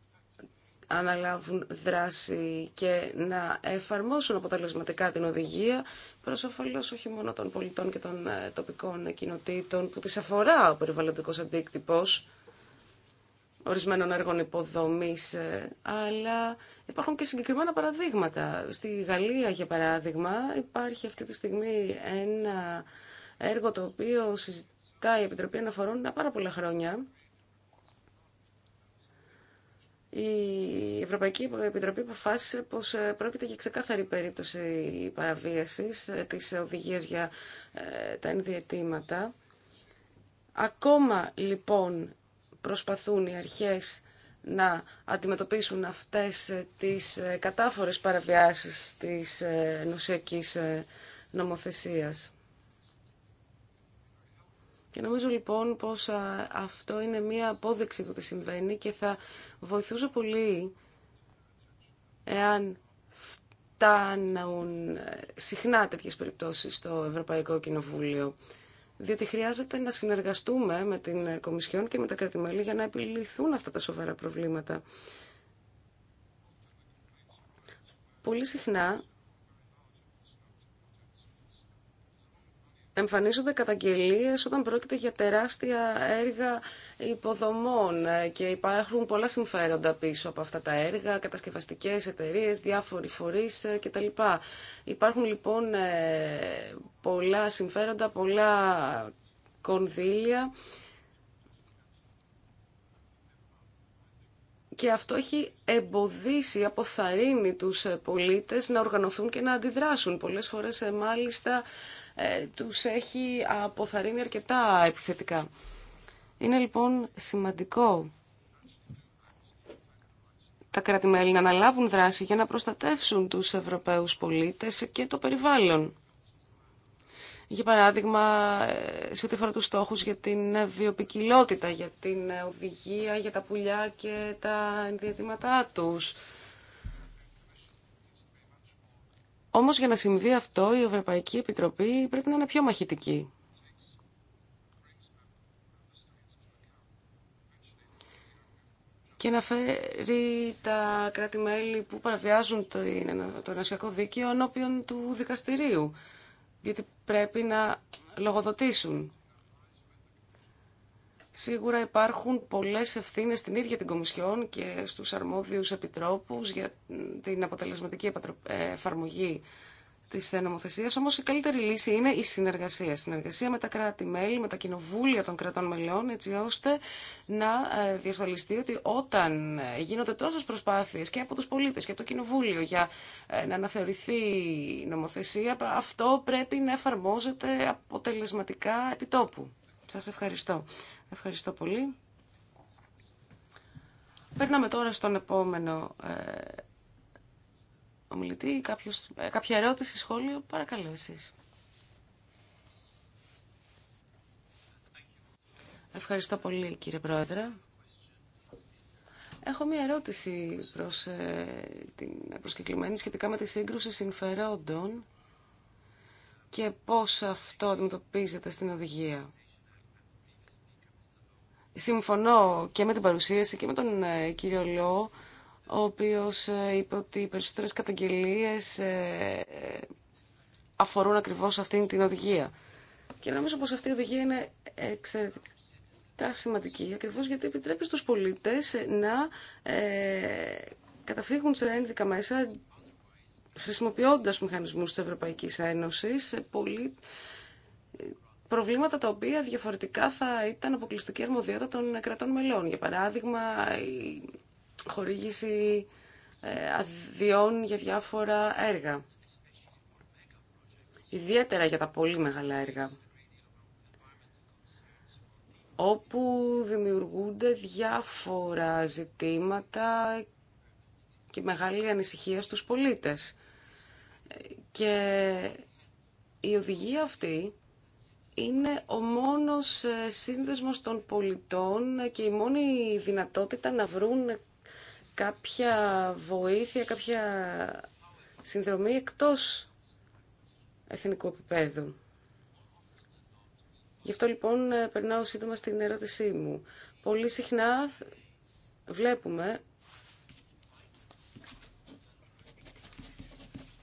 αναλάβουν δράση και να εφαρμόσουν αποτελεσματικά την οδηγία προς όφελος όχι μόνο των πολιτών και των ε, τοπικών κοινοτήτων που τις αφορά ο περιβαλλοντικός αντίκτυπος ορισμένων έργων υποδομής, ε, αλλά υπάρχουν και συγκεκριμένα παραδείγματα. Στη Γαλλία, για παράδειγμα, υπάρχει αυτή τη στιγμή ένα έργο το οποίο συζητάει η Επιτροπή Αναφορών πάρα πολλά χρόνια. Η Ευρωπαϊκή Επιτροπή αποφάσισε πως ε, πρόκειται για ξεκάθαρη περίπτωση παραβίασης ε, της οδηγίας για τα ενδιαιτήματα. Ακόμα λοιπόν προσπαθούν οι αρχές να αντιμετωπίσουν αυτές τις ε, κατάφορες παραβιάσεις της ε, νοσιακής ε, νομοθεσίας. Και νομίζω λοιπόν πως αυτό είναι μία απόδειξη του τι συμβαίνει και θα βοηθούσε πολύ εάν φτάνουν συχνά τέτοιες περιπτώσεις στο Ευρωπαϊκό Κοινοβούλιο διότι χρειάζεται να συνεργαστούμε με την Κομισιόν και με τα κρατημέλη για να επιληθούν αυτά τα σοβαρά προβλήματα. Πολύ συχνά εμφανίζονται καταγγελίες όταν πρόκειται για τεράστια έργα υποδομών ε, και υπάρχουν πολλά συμφέροντα πίσω από αυτά τα έργα, κατασκευαστικές εταιρείες, διάφοροι φορείς ε, κτλ. Υπάρχουν λοιπόν ε, πολλά συμφέροντα, πολλά κονδύλια και αυτό έχει εμποδίσει, αποθαρρύνει τους πολίτες να οργανωθούν και να αντιδράσουν. Πολλές φορές μάλιστα ε, τους έχει αποθαρρύνει αρκετά επιθετικά. Είναι λοιπόν σημαντικό τα κράτη-μέλη να αναλάβουν δράση για να προστατεύσουν τους Ευρωπαίους πολίτες και το περιβάλλον. Για παράδειγμα, ε, σε ό,τι αφορά τους στόχους για την βιοπικιλότητα, για την ε, οδηγία, για τα πουλιά και τα ενδιατήματά τους, Όμως για να συμβεί αυτό η Ευρωπαϊκή Επιτροπή πρέπει να είναι πιο μαχητική. και να φέρει τα κράτη-μέλη που παραβιάζουν το, το ενωσιακό δίκαιο ενώπιον του δικαστηρίου, γιατί πρέπει να λογοδοτήσουν. Σίγουρα υπάρχουν πολλές ευθύνες στην ίδια την Κομισιόν και στους αρμόδιους επιτρόπους για την αποτελεσματική ε, εφαρμογή τη νομοθεσία. Όμω η καλύτερη λύση είναι η συνεργασία. Συνεργασία με τα κράτη-μέλη, με τα κοινοβούλια των κρατών μελών, έτσι ώστε να ε, διασφαλιστεί ότι όταν ε, γίνονται τόσε προσπάθειε και από του πολίτε και από το κοινοβούλιο για να αναθεωρηθεί η νομοθεσία, αυτό πρέπει να εφαρμόζεται αποτελεσματικά επιτόπου. Σα ευχαριστώ. Ευχαριστώ πολύ. Περνάμε τώρα στον επόμενο ε, ομιλητή. Κάποιος, ε, κάποια ερώτηση, σχόλιο, παρακαλώ εσείς. Ευχαριστώ πολύ κύριε Πρόεδρε. Έχω μία ερώτηση προς ε, την προσκεκλημένη σχετικά με τη σύγκρουση συμφερόντων και πώς αυτό αντιμετωπίζεται στην οδηγία συμφωνώ και με την παρουσίαση και με τον ε, κύριο Λό, ο οποίος ε, είπε ότι οι περισσότερες καταγγελίες ε, αφορούν ακριβώς αυτήν την οδηγία. Και νομίζω πως αυτή η οδηγία είναι εξαιρετικά σημαντική, ακριβώς γιατί επιτρέπει στους πολίτες να καταφύγουν σε ένδυκα μέσα χρησιμοποιώντας μηχανισμούς της Ευρωπαϊκής Ένωσης, πολύ προβλήματα τα οποία διαφορετικά θα ήταν αποκλειστική αρμοδιότητα των κρατών μελών. Για παράδειγμα, η χορήγηση ε, αδειών για διάφορα έργα. Ιδιαίτερα για τα πολύ μεγάλα έργα όπου δημιουργούνται διάφορα ζητήματα και μεγάλη ανησυχία στους πολίτες. Και η οδηγία αυτή είναι ο μόνος ε, σύνδεσμος των πολιτών και η μόνη δυνατότητα να βρουν κάποια βοήθεια, κάποια συνδρομή εκτός εθνικού επίπεδου. Γι' αυτό λοιπόν ε, περνάω σύντομα στην ερώτησή μου. Πολύ συχνά βλέπουμε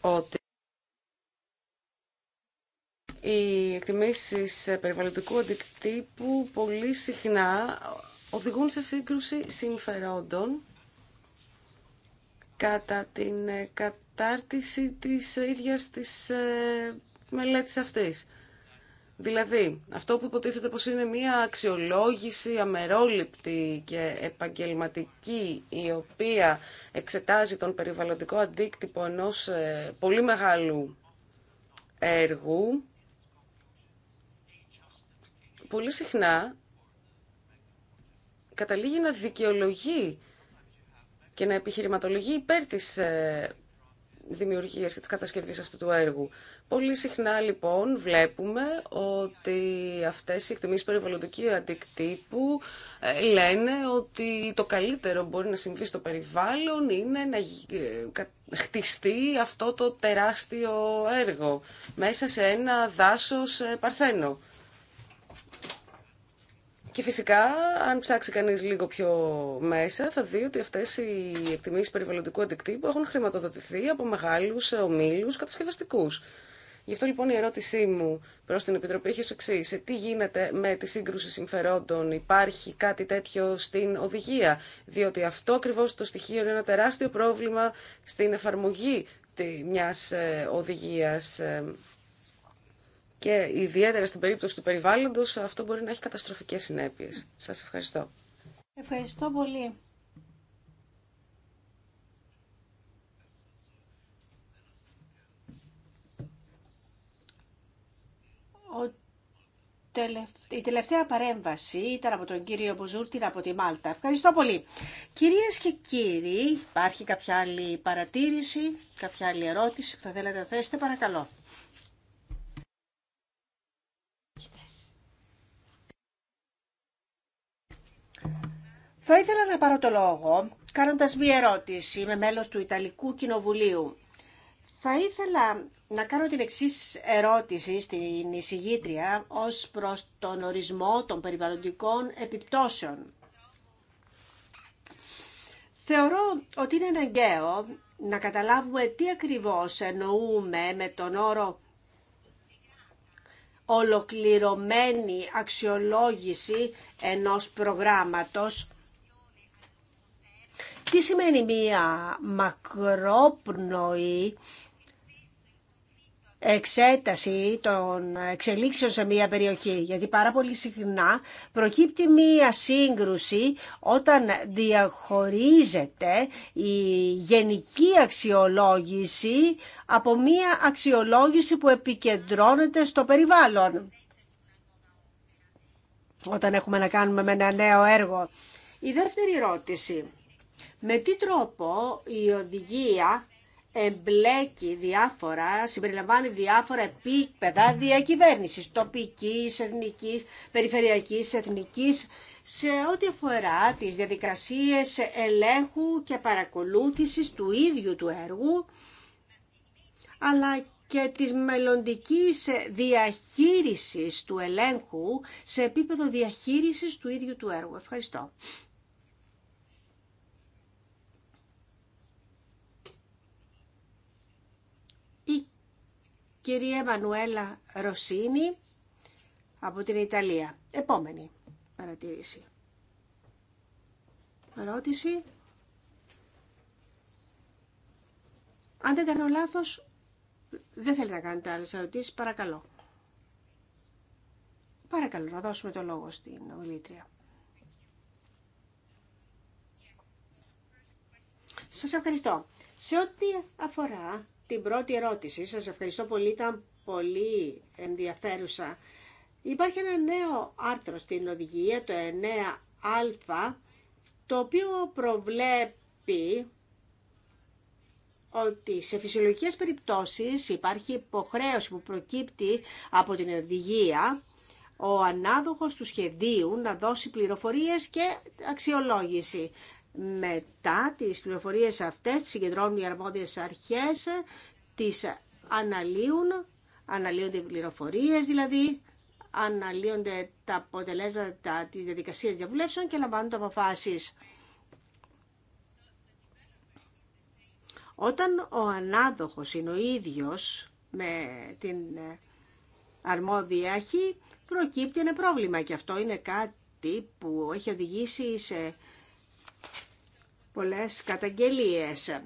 ότι οι εκτιμήσεις περιβαλλοντικού αντικτύπου πολύ συχνά οδηγούν σε σύγκρουση συμφερόντων κατά την ε, κατάρτιση της ίδιας της ε, μελέτης αυτής. Δηλαδή, αυτό που υποτίθεται πως είναι μία αξιολόγηση αμερόληπτη και επαγγελματική η οποία εξετάζει τον περιβαλλοντικό αντίκτυπο ενός ε, πολύ μεγάλου έργου πολύ συχνά καταλήγει να δικαιολογεί και να επιχειρηματολογεί υπέρ της ε, δημιουργίας και της κατασκευής αυτού του έργου. Πολύ συχνά λοιπόν βλέπουμε ότι αυτές οι εκτιμήσεις περιβαλλοντικού αντικτύπου ε, λένε ότι το καλύτερο μπορεί να συμβεί στο περιβάλλον είναι να ε, χτιστεί αυτό το τεράστιο έργο μέσα σε ένα δάσος παρθένο. Και φυσικά, αν ψάξει κανείς λίγο πιο μέσα, θα δει ότι αυτές οι εκτιμήσεις περιβαλλοντικού αντικτύπου έχουν χρηματοδοτηθεί από μεγάλους ομίλους κατασκευαστικούς. Γι' αυτό λοιπόν η ερώτησή μου προς την Επιτροπή έχει ω εξή. Τι γίνεται με τη σύγκρουση συμφερόντων, υπάρχει κάτι τέτοιο στην οδηγία, διότι αυτό ακριβώ το στοιχείο είναι ένα τεράστιο πρόβλημα στην εφαρμογή μια ε, οδηγίας ε, και ιδιαίτερα στην περίπτωση του περιβάλλοντος αυτό μπορεί να έχει καταστροφικές συνέπειες. Σας ευχαριστώ. Ευχαριστώ πολύ. Ο η τελευταία παρέμβαση ήταν από τον κύριο Μποζούρτη από τη Μάλτα. Ευχαριστώ πολύ. Κυρίες και κύριοι, υπάρχει κάποια άλλη παρατήρηση, κάποια άλλη ερώτηση που θα θέλετε να θέσετε, παρακαλώ. Θα ήθελα να πάρω το λόγο κάνοντας μία ερώτηση. με μέλος του Ιταλικού Κοινοβουλίου. Θα ήθελα να κάνω την εξής ερώτηση στην εισηγήτρια ως προς τον ορισμό των περιβαλλοντικών επιπτώσεων. Θεωρώ ότι είναι αναγκαίο να καταλάβουμε τι ακριβώς εννοούμε με τον όρο ολοκληρωμένη αξιολόγηση ενός προγράμματος τι σημαίνει μία μακρόπνοη εξέταση των εξελίξεων σε μια περιοχή. Γιατί πάρα πολύ συχνά προκύπτει μια σύγκρουση όταν διαχωρίζεται η γενική αξιολόγηση από μια αξιολόγηση που επικεντρώνεται στο περιβάλλον. Όταν έχουμε να κάνουμε με ένα νέο έργο. Η δεύτερη ερώτηση. Με τι τρόπο η οδηγία εμπλέκει διάφορα, συμπεριλαμβάνει διάφορα επίπεδα διακυβέρνησης, τοπικής, εθνικής, περιφερειακής, εθνικής, σε ό,τι αφορά τι διαδικασίε ελέγχου και παρακολούθησης του ίδιου του έργου, αλλά και της μελλοντικής διαχείρισης του ελέγχου σε επίπεδο διαχείρισης του ίδιου του έργου. Ευχαριστώ. κυρία Μανουέλα Ρωσίνη από την Ιταλία. Επόμενη παρατήρηση. Ερώτηση. Αν δεν κάνω λάθος, δεν θέλετε να κάνετε άλλες ερωτήσεις, παρακαλώ. Παρακαλώ, να δώσουμε το λόγο στην ομιλήτρια. Σας ευχαριστώ. Σε ό,τι αφορά την πρώτη ερώτηση. Σας ευχαριστώ πολύ, ήταν πολύ ενδιαφέρουσα. Υπάρχει ένα νέο άρθρο στην οδηγία, το 9α, το οποίο προβλέπει ότι σε φυσιολογικές περιπτώσεις υπάρχει υποχρέωση που προκύπτει από την οδηγία ο ανάδοχος του σχεδίου να δώσει πληροφορίες και αξιολόγηση. Μετά τις πληροφορίες αυτές τις συγκεντρώνουν οι αρμόδιες αρχές, τις αναλύουν, αναλύονται οι πληροφορίες δηλαδή, αναλύονται τα αποτελέσματα της διαδικασίας διαβουλεύσεων και λαμβάνουν αποφάσεις. Όταν ο ανάδοχος είναι ο ίδιος με την αρμόδια αρχή, προκύπτει ένα πρόβλημα και αυτό είναι κάτι που έχει οδηγήσει σε πολλές καταγγελίες.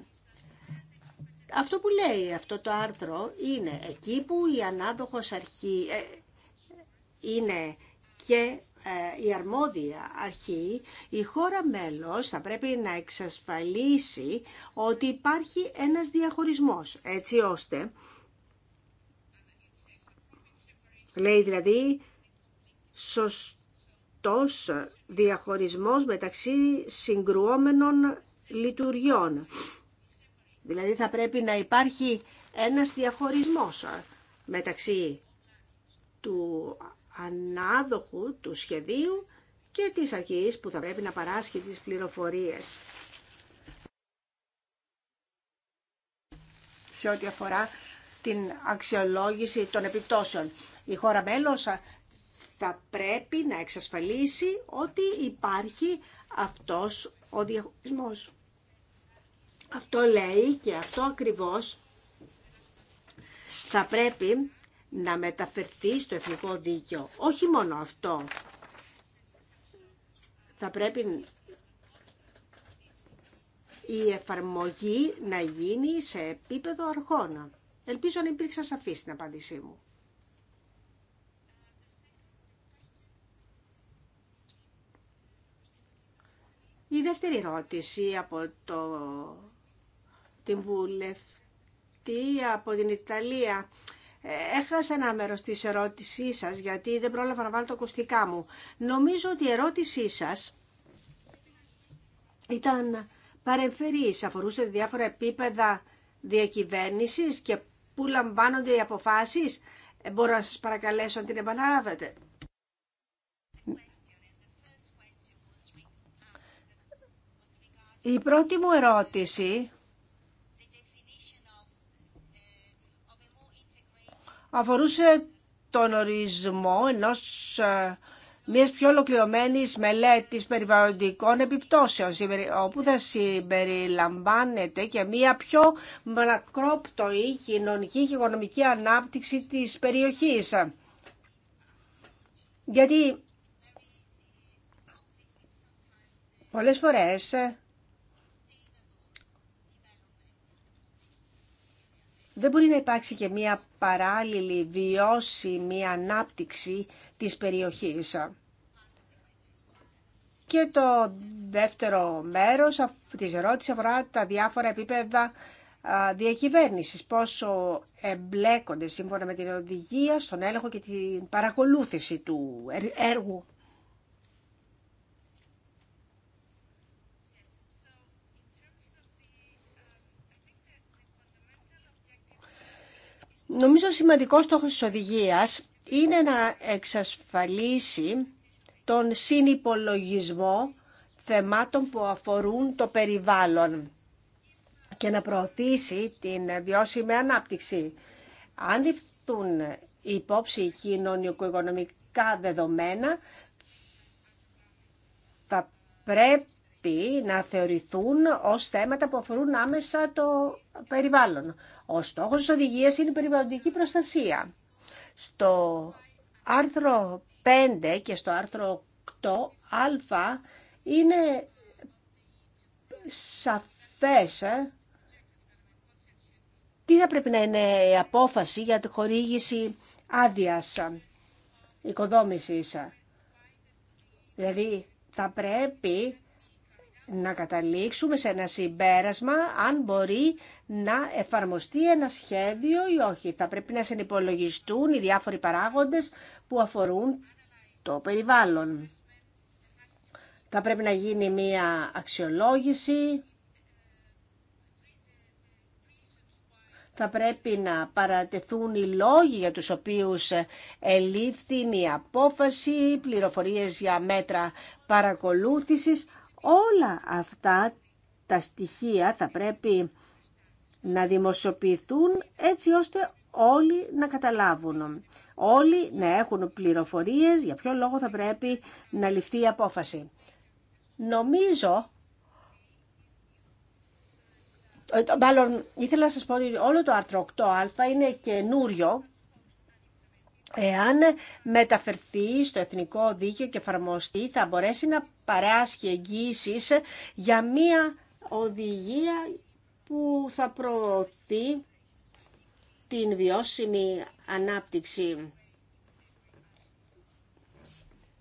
Αυτό που λέει αυτό το άρθρο είναι εκεί που η ανάδοχος αρχή ε, είναι και ε, η αρμόδια αρχή, η χώρα μέλος θα πρέπει να εξασφαλίσει ότι υπάρχει ένας διαχωρισμός, έτσι ώστε, λέει δηλαδή, σωστός διαχωρισμός μεταξύ συγκρουόμενων λειτουργιών. Δηλαδή θα πρέπει να υπάρχει ένας διαχωρισμός μεταξύ του ανάδοχου του σχεδίου και της αρχής που θα πρέπει να παράσχει τις πληροφορίες. Σε ό,τι αφορά την αξιολόγηση των επιπτώσεων. Η χώρα μέλος θα πρέπει να εξασφαλίσει ότι υπάρχει αυτός ο διαχωρισμός. Αυτό λέει και αυτό ακριβώς θα πρέπει να μεταφερθεί στο εθνικό δίκαιο. Όχι μόνο αυτό. Θα πρέπει η εφαρμογή να γίνει σε επίπεδο αρχών. Ελπίζω να υπήρξα σαφή στην απάντησή μου. Η δεύτερη ερώτηση από το την βουλευτή από την Ιταλία. Ε, έχασα ένα μέρος της ερώτησής σας γιατί δεν πρόλαβα να βάλω το ακουστικά μου. Νομίζω ότι η ερώτησή σας ήταν παρεμφερής, αφορούσε διάφορα επίπεδα διακυβέρνηση και πού λαμβάνονται οι αποφάσεις. Ε, μπορώ να σα παρακαλέσω να την επαναλάβετε. Η πρώτη μου ερώτηση αφορούσε τον ορισμό ενός ε, μιας πιο ολοκληρωμένη μελέτης περιβαλλοντικών επιπτώσεων, όπου θα συμπεριλαμβάνεται και μια πιο μακρόπτωη κοινωνική και οικονομική ανάπτυξη της περιοχής. Γιατί πολλές φορές ε, δεν μπορεί να υπάρξει και μία παράλληλη βιώσιμη ανάπτυξη της περιοχής. Και το δεύτερο μέρος της ερώτησης αφορά τα διάφορα επίπεδα διακυβέρνησης, πόσο εμπλέκονται σύμφωνα με την οδηγία στον έλεγχο και την παρακολούθηση του ε, έργου Νομίζω σημαντικό στόχος της οδηγίας είναι να εξασφαλίσει τον συνυπολογισμό θεμάτων που αφορούν το περιβάλλον και να προωθήσει την βιώσιμη ανάπτυξη. Αν ληφθούν υπόψη κοινωνικο-οικονομικά δεδομένα, θα πρέπει να θεωρηθούν ως θέματα που αφορούν άμεσα το περιβάλλον. Ο στόχος της οδηγίας είναι η περιβαλλοντική προστασία. Στο άρθρο 5 και στο άρθρο 8α είναι σαφές ε, τι θα πρέπει να είναι η απόφαση για τη χορήγηση άδειας οικοδόμησης. Δηλαδή θα πρέπει να καταλήξουμε σε ένα συμπέρασμα αν μπορεί να εφαρμοστεί ένα σχέδιο ή όχι. Θα πρέπει να συνυπολογιστούν οι διάφοροι παράγοντες που αφορούν το περιβάλλον. Θα πρέπει να γίνει μία αξιολόγηση. Θα πρέπει να παρατεθούν οι λόγοι για τους οποίους ελήφθη μία απόφαση, πληροφορίες για μέτρα παρακολούθησης. Όλα αυτά τα στοιχεία θα πρέπει να δημοσιοποιηθούν έτσι ώστε όλοι να καταλάβουν. Όλοι να έχουν πληροφορίες για ποιο λόγο θα πρέπει να ληφθεί η απόφαση. Νομίζω, ε, μάλλον ήθελα να σας πω ότι όλο το άρθρο 8α είναι καινούριο Εάν μεταφερθεί στο εθνικό δίκαιο και εφαρμοστεί, θα μπορέσει να παράσχει εγγύησης για μία οδηγία που θα προωθεί την βιώσιμη ανάπτυξη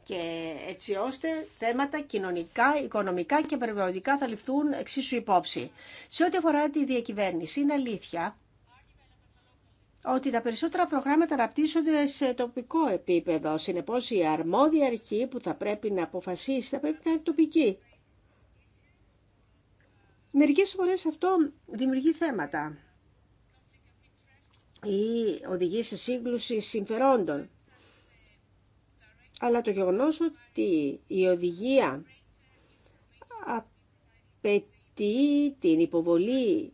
και έτσι ώστε θέματα κοινωνικά, οικονομικά και περιβαλλοντικά θα ληφθούν εξίσου υπόψη. Σε ό,τι αφορά τη διακυβέρνηση, είναι αλήθεια ότι τα περισσότερα προγράμματα αναπτύσσονται σε τοπικό επίπεδο. Συνεπώς η αρμόδια αρχή που θα πρέπει να αποφασίσει θα πρέπει να είναι τοπική. Μερικές φορές αυτό δημιουργεί θέματα ή οδηγεί σε σύγκρουση συμφερόντων. Αλλά το γεγονός ότι η οδηγία απαιτεί την υποβολή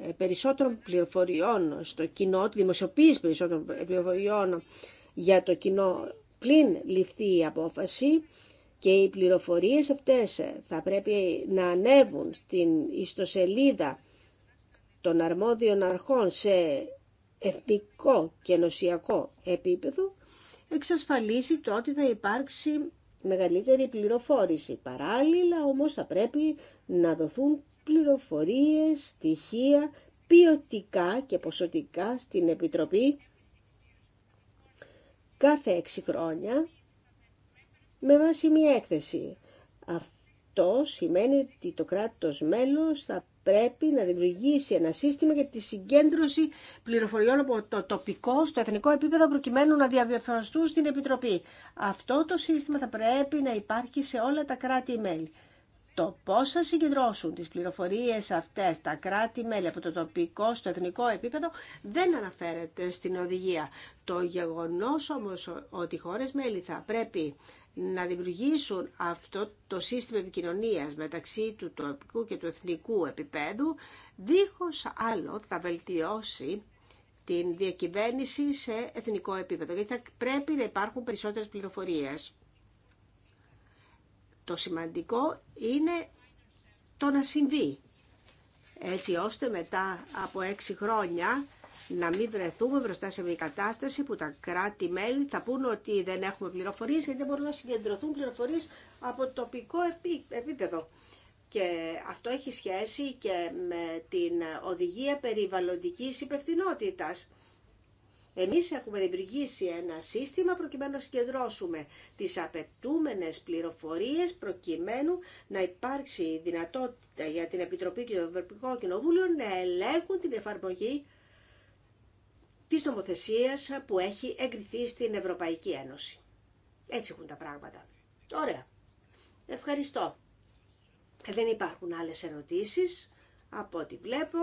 ε, περισσότερων πληροφοριών στο κοινό, τη δημοσιοποίηση περισσότερων πληροφοριών για το κοινό πλην ληφθεί η απόφαση και οι πληροφορίες αυτές θα πρέπει να ανέβουν στην ιστοσελίδα των αρμόδιων αρχών σε εθνικό και ενωσιακό επίπεδο εξασφαλίσει το ότι θα υπάρξει μεγαλύτερη πληροφόρηση. Παράλληλα όμως θα πρέπει να δοθούν πληροφορίες, στοιχεία, ποιοτικά και ποσοτικά στην Επιτροπή κάθε έξι χρόνια με βάση μια έκθεση. Αυτό σημαίνει ότι το κράτος μέλος θα πρέπει να δημιουργήσει ένα σύστημα για τη συγκέντρωση πληροφοριών από το τοπικό στο εθνικό επίπεδο προκειμένου να διαβιβαστούν στην Επιτροπή. Αυτό το σύστημα θα πρέπει να υπάρχει σε όλα τα κράτη-μέλη το πώς θα συγκεντρώσουν τις πληροφορίες αυτές τα κράτη-μέλη από το τοπικό στο εθνικό επίπεδο δεν αναφέρεται στην οδηγία. Το γεγονός όμως ότι οι χώρες μέλη θα πρέπει να δημιουργήσουν αυτό το σύστημα επικοινωνίας μεταξύ του τοπικού και του εθνικού επίπεδου δίχως άλλο θα βελτιώσει την διακυβέρνηση σε εθνικό επίπεδο γιατί θα πρέπει να υπάρχουν περισσότερες πληροφορίες. Το σημαντικό είναι το να συμβεί, έτσι ώστε μετά από έξι χρόνια να μην βρεθούμε μπροστά σε μια κατάσταση που τα κράτη-μέλη θα πούν ότι δεν έχουμε πληροφορίες γιατί δεν μπορούν να συγκεντρωθούν πληροφορίες από τοπικό επίπεδο. Και αυτό έχει σχέση και με την οδηγία περιβαλλοντικής υπευθυνότητας εμείς έχουμε δημιουργήσει ένα σύστημα προκειμένου να συγκεντρώσουμε τις απαιτούμενες πληροφορίες προκειμένου να υπάρξει δυνατότητα για την Επιτροπή και το Ευρωπαϊκό Κοινοβούλιο να ελέγχουν την εφαρμογή της νομοθεσίας που έχει εγκριθεί στην Ευρωπαϊκή Ένωση. Έτσι έχουν τα πράγματα. Ωραία. Ευχαριστώ. Ε, δεν υπάρχουν άλλες ερωτήσεις. Από ό,τι βλέπω,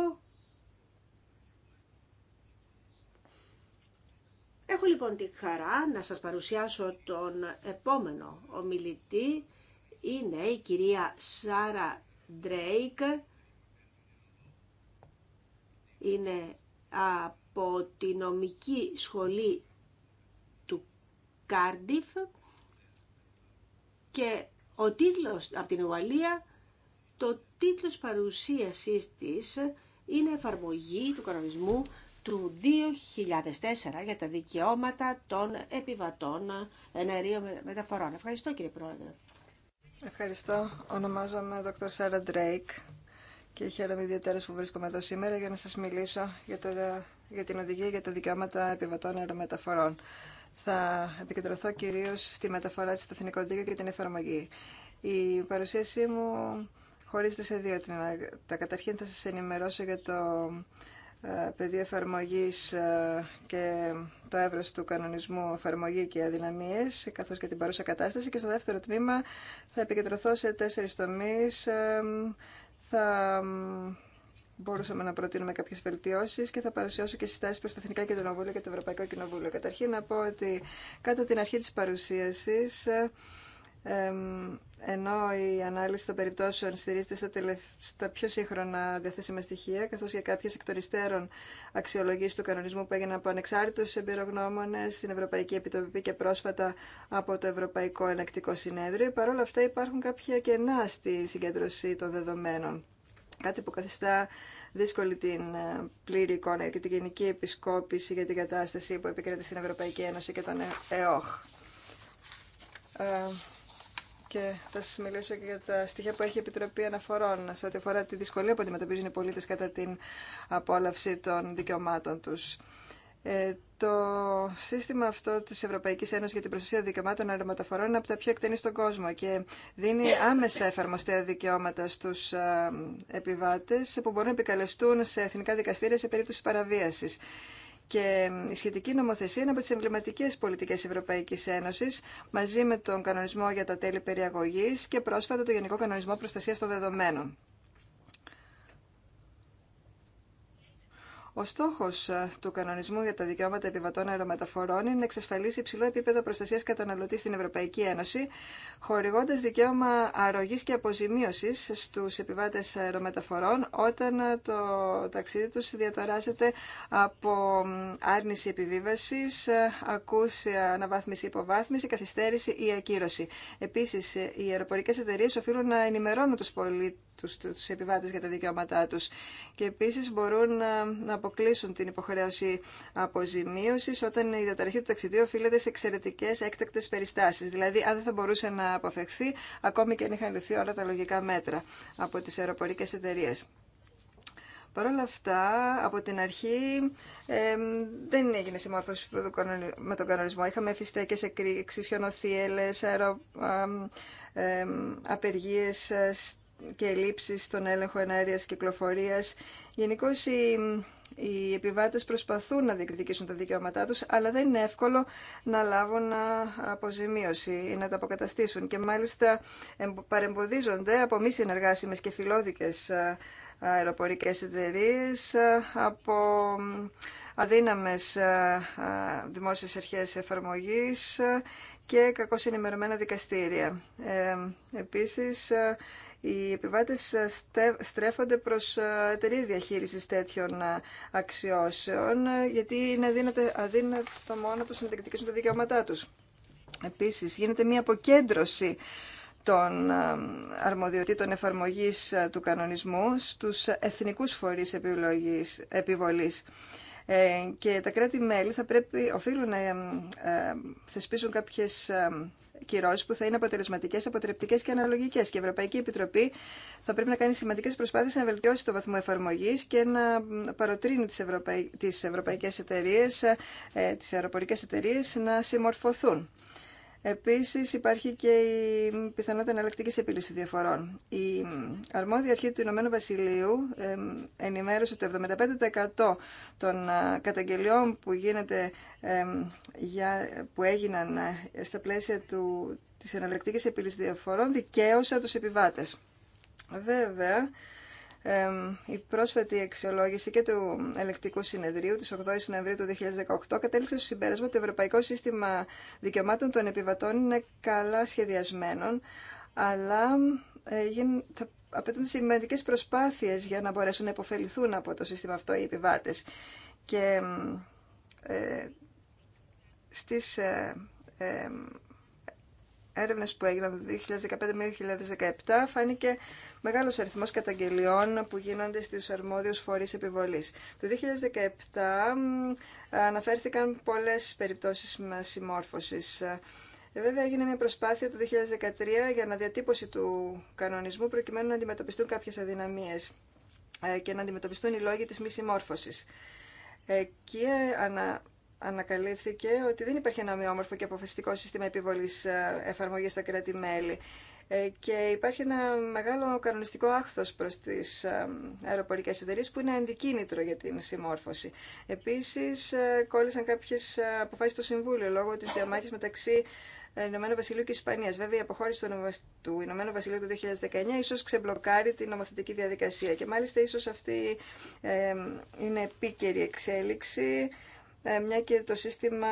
Έχω λοιπόν τη χαρά να σας παρουσιάσω τον επόμενο ομιλητή. Είναι η κυρία Σάρα Ντρέικ. Είναι από τη νομική σχολή του Κάρντιφ και ο τίτλος από την Ουαλία, το τίτλος παρουσίασής της είναι εφαρμογή του κανονισμού του 2004 για τα δικαιώματα των επιβατών εναερίων μεταφορών. Ευχαριστώ κύριε Πρόεδρε. Ευχαριστώ. Ονομάζομαι Δ. Σάρα Ντρέικ και χαίρομαι ιδιαίτερα που βρίσκομαι εδώ σήμερα για να σας μιλήσω για, για την οδηγία για τα δικαιώματα επιβατών αερομεταφορών. Θα επικεντρωθώ κυρίως στη μεταφορά της Εθνικό και την εφαρμογή. Η παρουσίασή μου χωρίζεται σε δύο τρίνα. Τα καταρχήν θα σας ενημερώσω για το ε, πεδίο εφαρμογή ε, και το έβρος του κανονισμού εφαρμογή και αδυναμίες, καθώς και την παρούσα κατάσταση. Και στο δεύτερο τμήμα θα επικεντρωθώ σε τέσσερις τομείς. Ε, θα μπορούσαμε να προτείνουμε κάποιες βελτιώσεις και θα παρουσιάσω και συστάσεις προς τα Εθνικά Κοινοβούλια και το Ευρωπαϊκό Κοινοβούλιο. Καταρχήν να πω ότι κατά την αρχή της παρουσίασης ενώ η ανάλυση των περιπτώσεων στηρίζεται στα, πιο σύγχρονα διαθέσιμα στοιχεία, καθώ και κάποιες εκ των υστέρων του κανονισμού που έγιναν από ανεξάρτητους εμπειρογνώμονε στην Ευρωπαϊκή Επιτροπή και πρόσφατα από το Ευρωπαϊκό Ελεκτικό Συνέδριο, όλα αυτά υπάρχουν κάποια κενά στη συγκέντρωση των δεδομένων. Κάτι που καθιστά δύσκολη την ε, πλήρη εικόνα και την γενική επισκόπηση για την κατάσταση που επικρατεί στην Ευρωπαϊκή Ένωση και τον ε-, ΕΟΧ. Ε, και θα σα μιλήσω και για τα στοιχεία που έχει η Επιτροπή Αναφορών σε ό,τι αφορά τη δυσκολία που αντιμετωπίζουν οι πολίτε κατά την απόλαυση των δικαιωμάτων του. Ε, το σύστημα αυτό της Ευρωπαϊκής Ένωσης για την προστασία δικαιωμάτων αερομεταφορών είναι από τα πιο εκτενή στον κόσμο και δίνει άμεσα εφαρμοστέα δικαιώματα στους ε, επιβάτες που μπορούν να επικαλεστούν σε εθνικά δικαστήρια σε περίπτωση παραβίασης. Και η σχετική νομοθεσία είναι από τι εμβληματικέ πολιτικέ Ευρωπαϊκή Ένωση, μαζί με τον κανονισμό για τα τέλη περιαγωγή και πρόσφατα το Γενικό Κανονισμό Προστασία των Δεδομένων. Ο στόχο ε, του κανονισμού για τα δικαιώματα επιβατών αερομεταφορών είναι να εξασφαλίσει υψηλό επίπεδο προστασία καταναλωτή στην Ευρωπαϊκή Ένωση, χορηγώντα δικαίωμα αρρωγή και αποζημίωση στου επιβάτε αερομεταφορών όταν ε, το ταξίδι του διαταράσσεται από άρνηση επιβίβαση, ε, ακούσια αναβάθμιση υποβάθμιση, καθυστέρηση ή ακύρωση. Επίση, οι αεροπορικέ εταιρείε οφείλουν να ενημερώνουν του πολίτε τους, τους επιβάτες για τα δικαιώματά τους. Και επίσης μπορούν ε, να αποκλείσουν την υποχρέωση αποζημίωσης όταν η διαταραχή του ταξιδίου οφείλεται σε εξαιρετικές έκτακτες περιστάσεις. Δηλαδή, αν δεν θα μπορούσε να αποφευχθεί, ακόμη και αν είχαν λυθεί όλα τα λογικά μέτρα από τις αεροπορικές εταιρείε. Παρ' όλα αυτά, από την αρχή ε, δεν έγινε συμμόρφωση με τον κανονισμό. Είχαμε φυστέκες εκρήξεις, χιονοθύελες, αερο, ε, και ελλείψεις στον έλεγχο και κυκλοφορία. Γενικώ οι, οι επιβάτες προσπαθούν να διεκδικήσουν τα δικαιώματά τους, αλλά δεν είναι εύκολο να λάβουν αποζημίωση ή να τα αποκαταστήσουν. Και μάλιστα παρεμποδίζονται από μη συνεργάσιμε και φιλόδικε αεροπορικέ εταιρείε, από αδύναμες δημόσιες αρχές εφαρμογής και κακώς ενημερωμένα δικαστήρια. Ε, επίσης, οι επιβάτες ε, στρέφονται προς ε, εταιρείε διαχείρισης τέτοιων ε, αξιώσεων, γιατί είναι αδύνατο μόνο τους να διεκδικήσουν τα δικαιώματά τους. Επίσης, γίνεται μια αποκέντρωση των αρμοδιοτήτων εφαρμογής του κανονισμού στους εθνικούς φορείς επιλογής, επιβολής. και τα κράτη-μέλη θα πρέπει, οφείλουν να θεσπίσουν κάποιες κυρώσει που θα είναι αποτελεσματικέ, αποτρεπτικέ και αναλογικέ. Και η Ευρωπαϊκή Επιτροπή θα πρέπει να κάνει σημαντικέ προσπάθειε να βελτιώσει το βαθμό εφαρμογή και να παροτρύνει τι ευρωπαϊ... ευρωπαϊκέ εταιρείε, ε, τι αεροπορικέ εταιρείε να συμμορφωθούν. Επίση υπάρχει και η πιθανότητα εναλλακτική επίλυση διαφορών. Η αρμόδια αρχή του Ηνωμένου Βασιλείου ενημέρωσε το 75% των ε, καταγγελιών που, που έγιναν ε, στα πλαίσια του, της εναλλακτικής επίλυσης διαφορών δικαίωσα τους επιβάτες. Βέβαια, η πρόσφατη αξιολόγηση και του ελεκτικού συνεδρίου της 8 η Νοεμβρίου του 2018 κατέληξε στο συμπέρασμα ότι το Ευρωπαϊκό Σύστημα Δικαιωμάτων των Επιβατών είναι καλά σχεδιασμένο, αλλά ε, θα απαιτούν σημαντικές προσπάθειες για να μπορέσουν να υποφεληθούν από το σύστημα αυτό οι επιβάτες. Και ε, στις ε, έρευνες που έγιναν το 2015 με 2017 φάνηκε μεγάλο αριθμό καταγγελιών που γίνονται στου αρμόδιου φορείς επιβολή. Το 2017 αναφέρθηκαν πολλές περιπτώσεις συμμόρφωσης. Ε, βέβαια έγινε μια προσπάθεια το 2013 για αναδιατύπωση του κανονισμού προκειμένου να αντιμετωπιστούν κάποιε αδυναμίες ε, και να αντιμετωπιστούν οι λόγοι τη μη συμμόρφωση. Εκεί ε, ανα, ανακαλύφθηκε ότι δεν υπάρχει ένα ομοιόμορφο και αποφασιστικό σύστημα επιβολής ε, εφαρμογής στα κράτη-μέλη ε, και υπάρχει ένα μεγάλο κανονιστικό άχθος προς τις ε, αεροπορικές εταιρείες που είναι αντικίνητρο για την συμμόρφωση. Επίσης, κόλλησαν κάποιες αποφάσεις στο Συμβούλιο λόγω της διαμάχης μεταξύ Ηνωμένου Βασιλείου και Ισπανία. Βέβαια, η αποχώρηση του Ηνωμένου Βασιλείου το 2019 ίσω ξεμπλοκάρει την νομοθετική διαδικασία. Και μάλιστα, ίσω αυτή είναι επίκαιρη εξέλιξη ε, μια και το σύστημα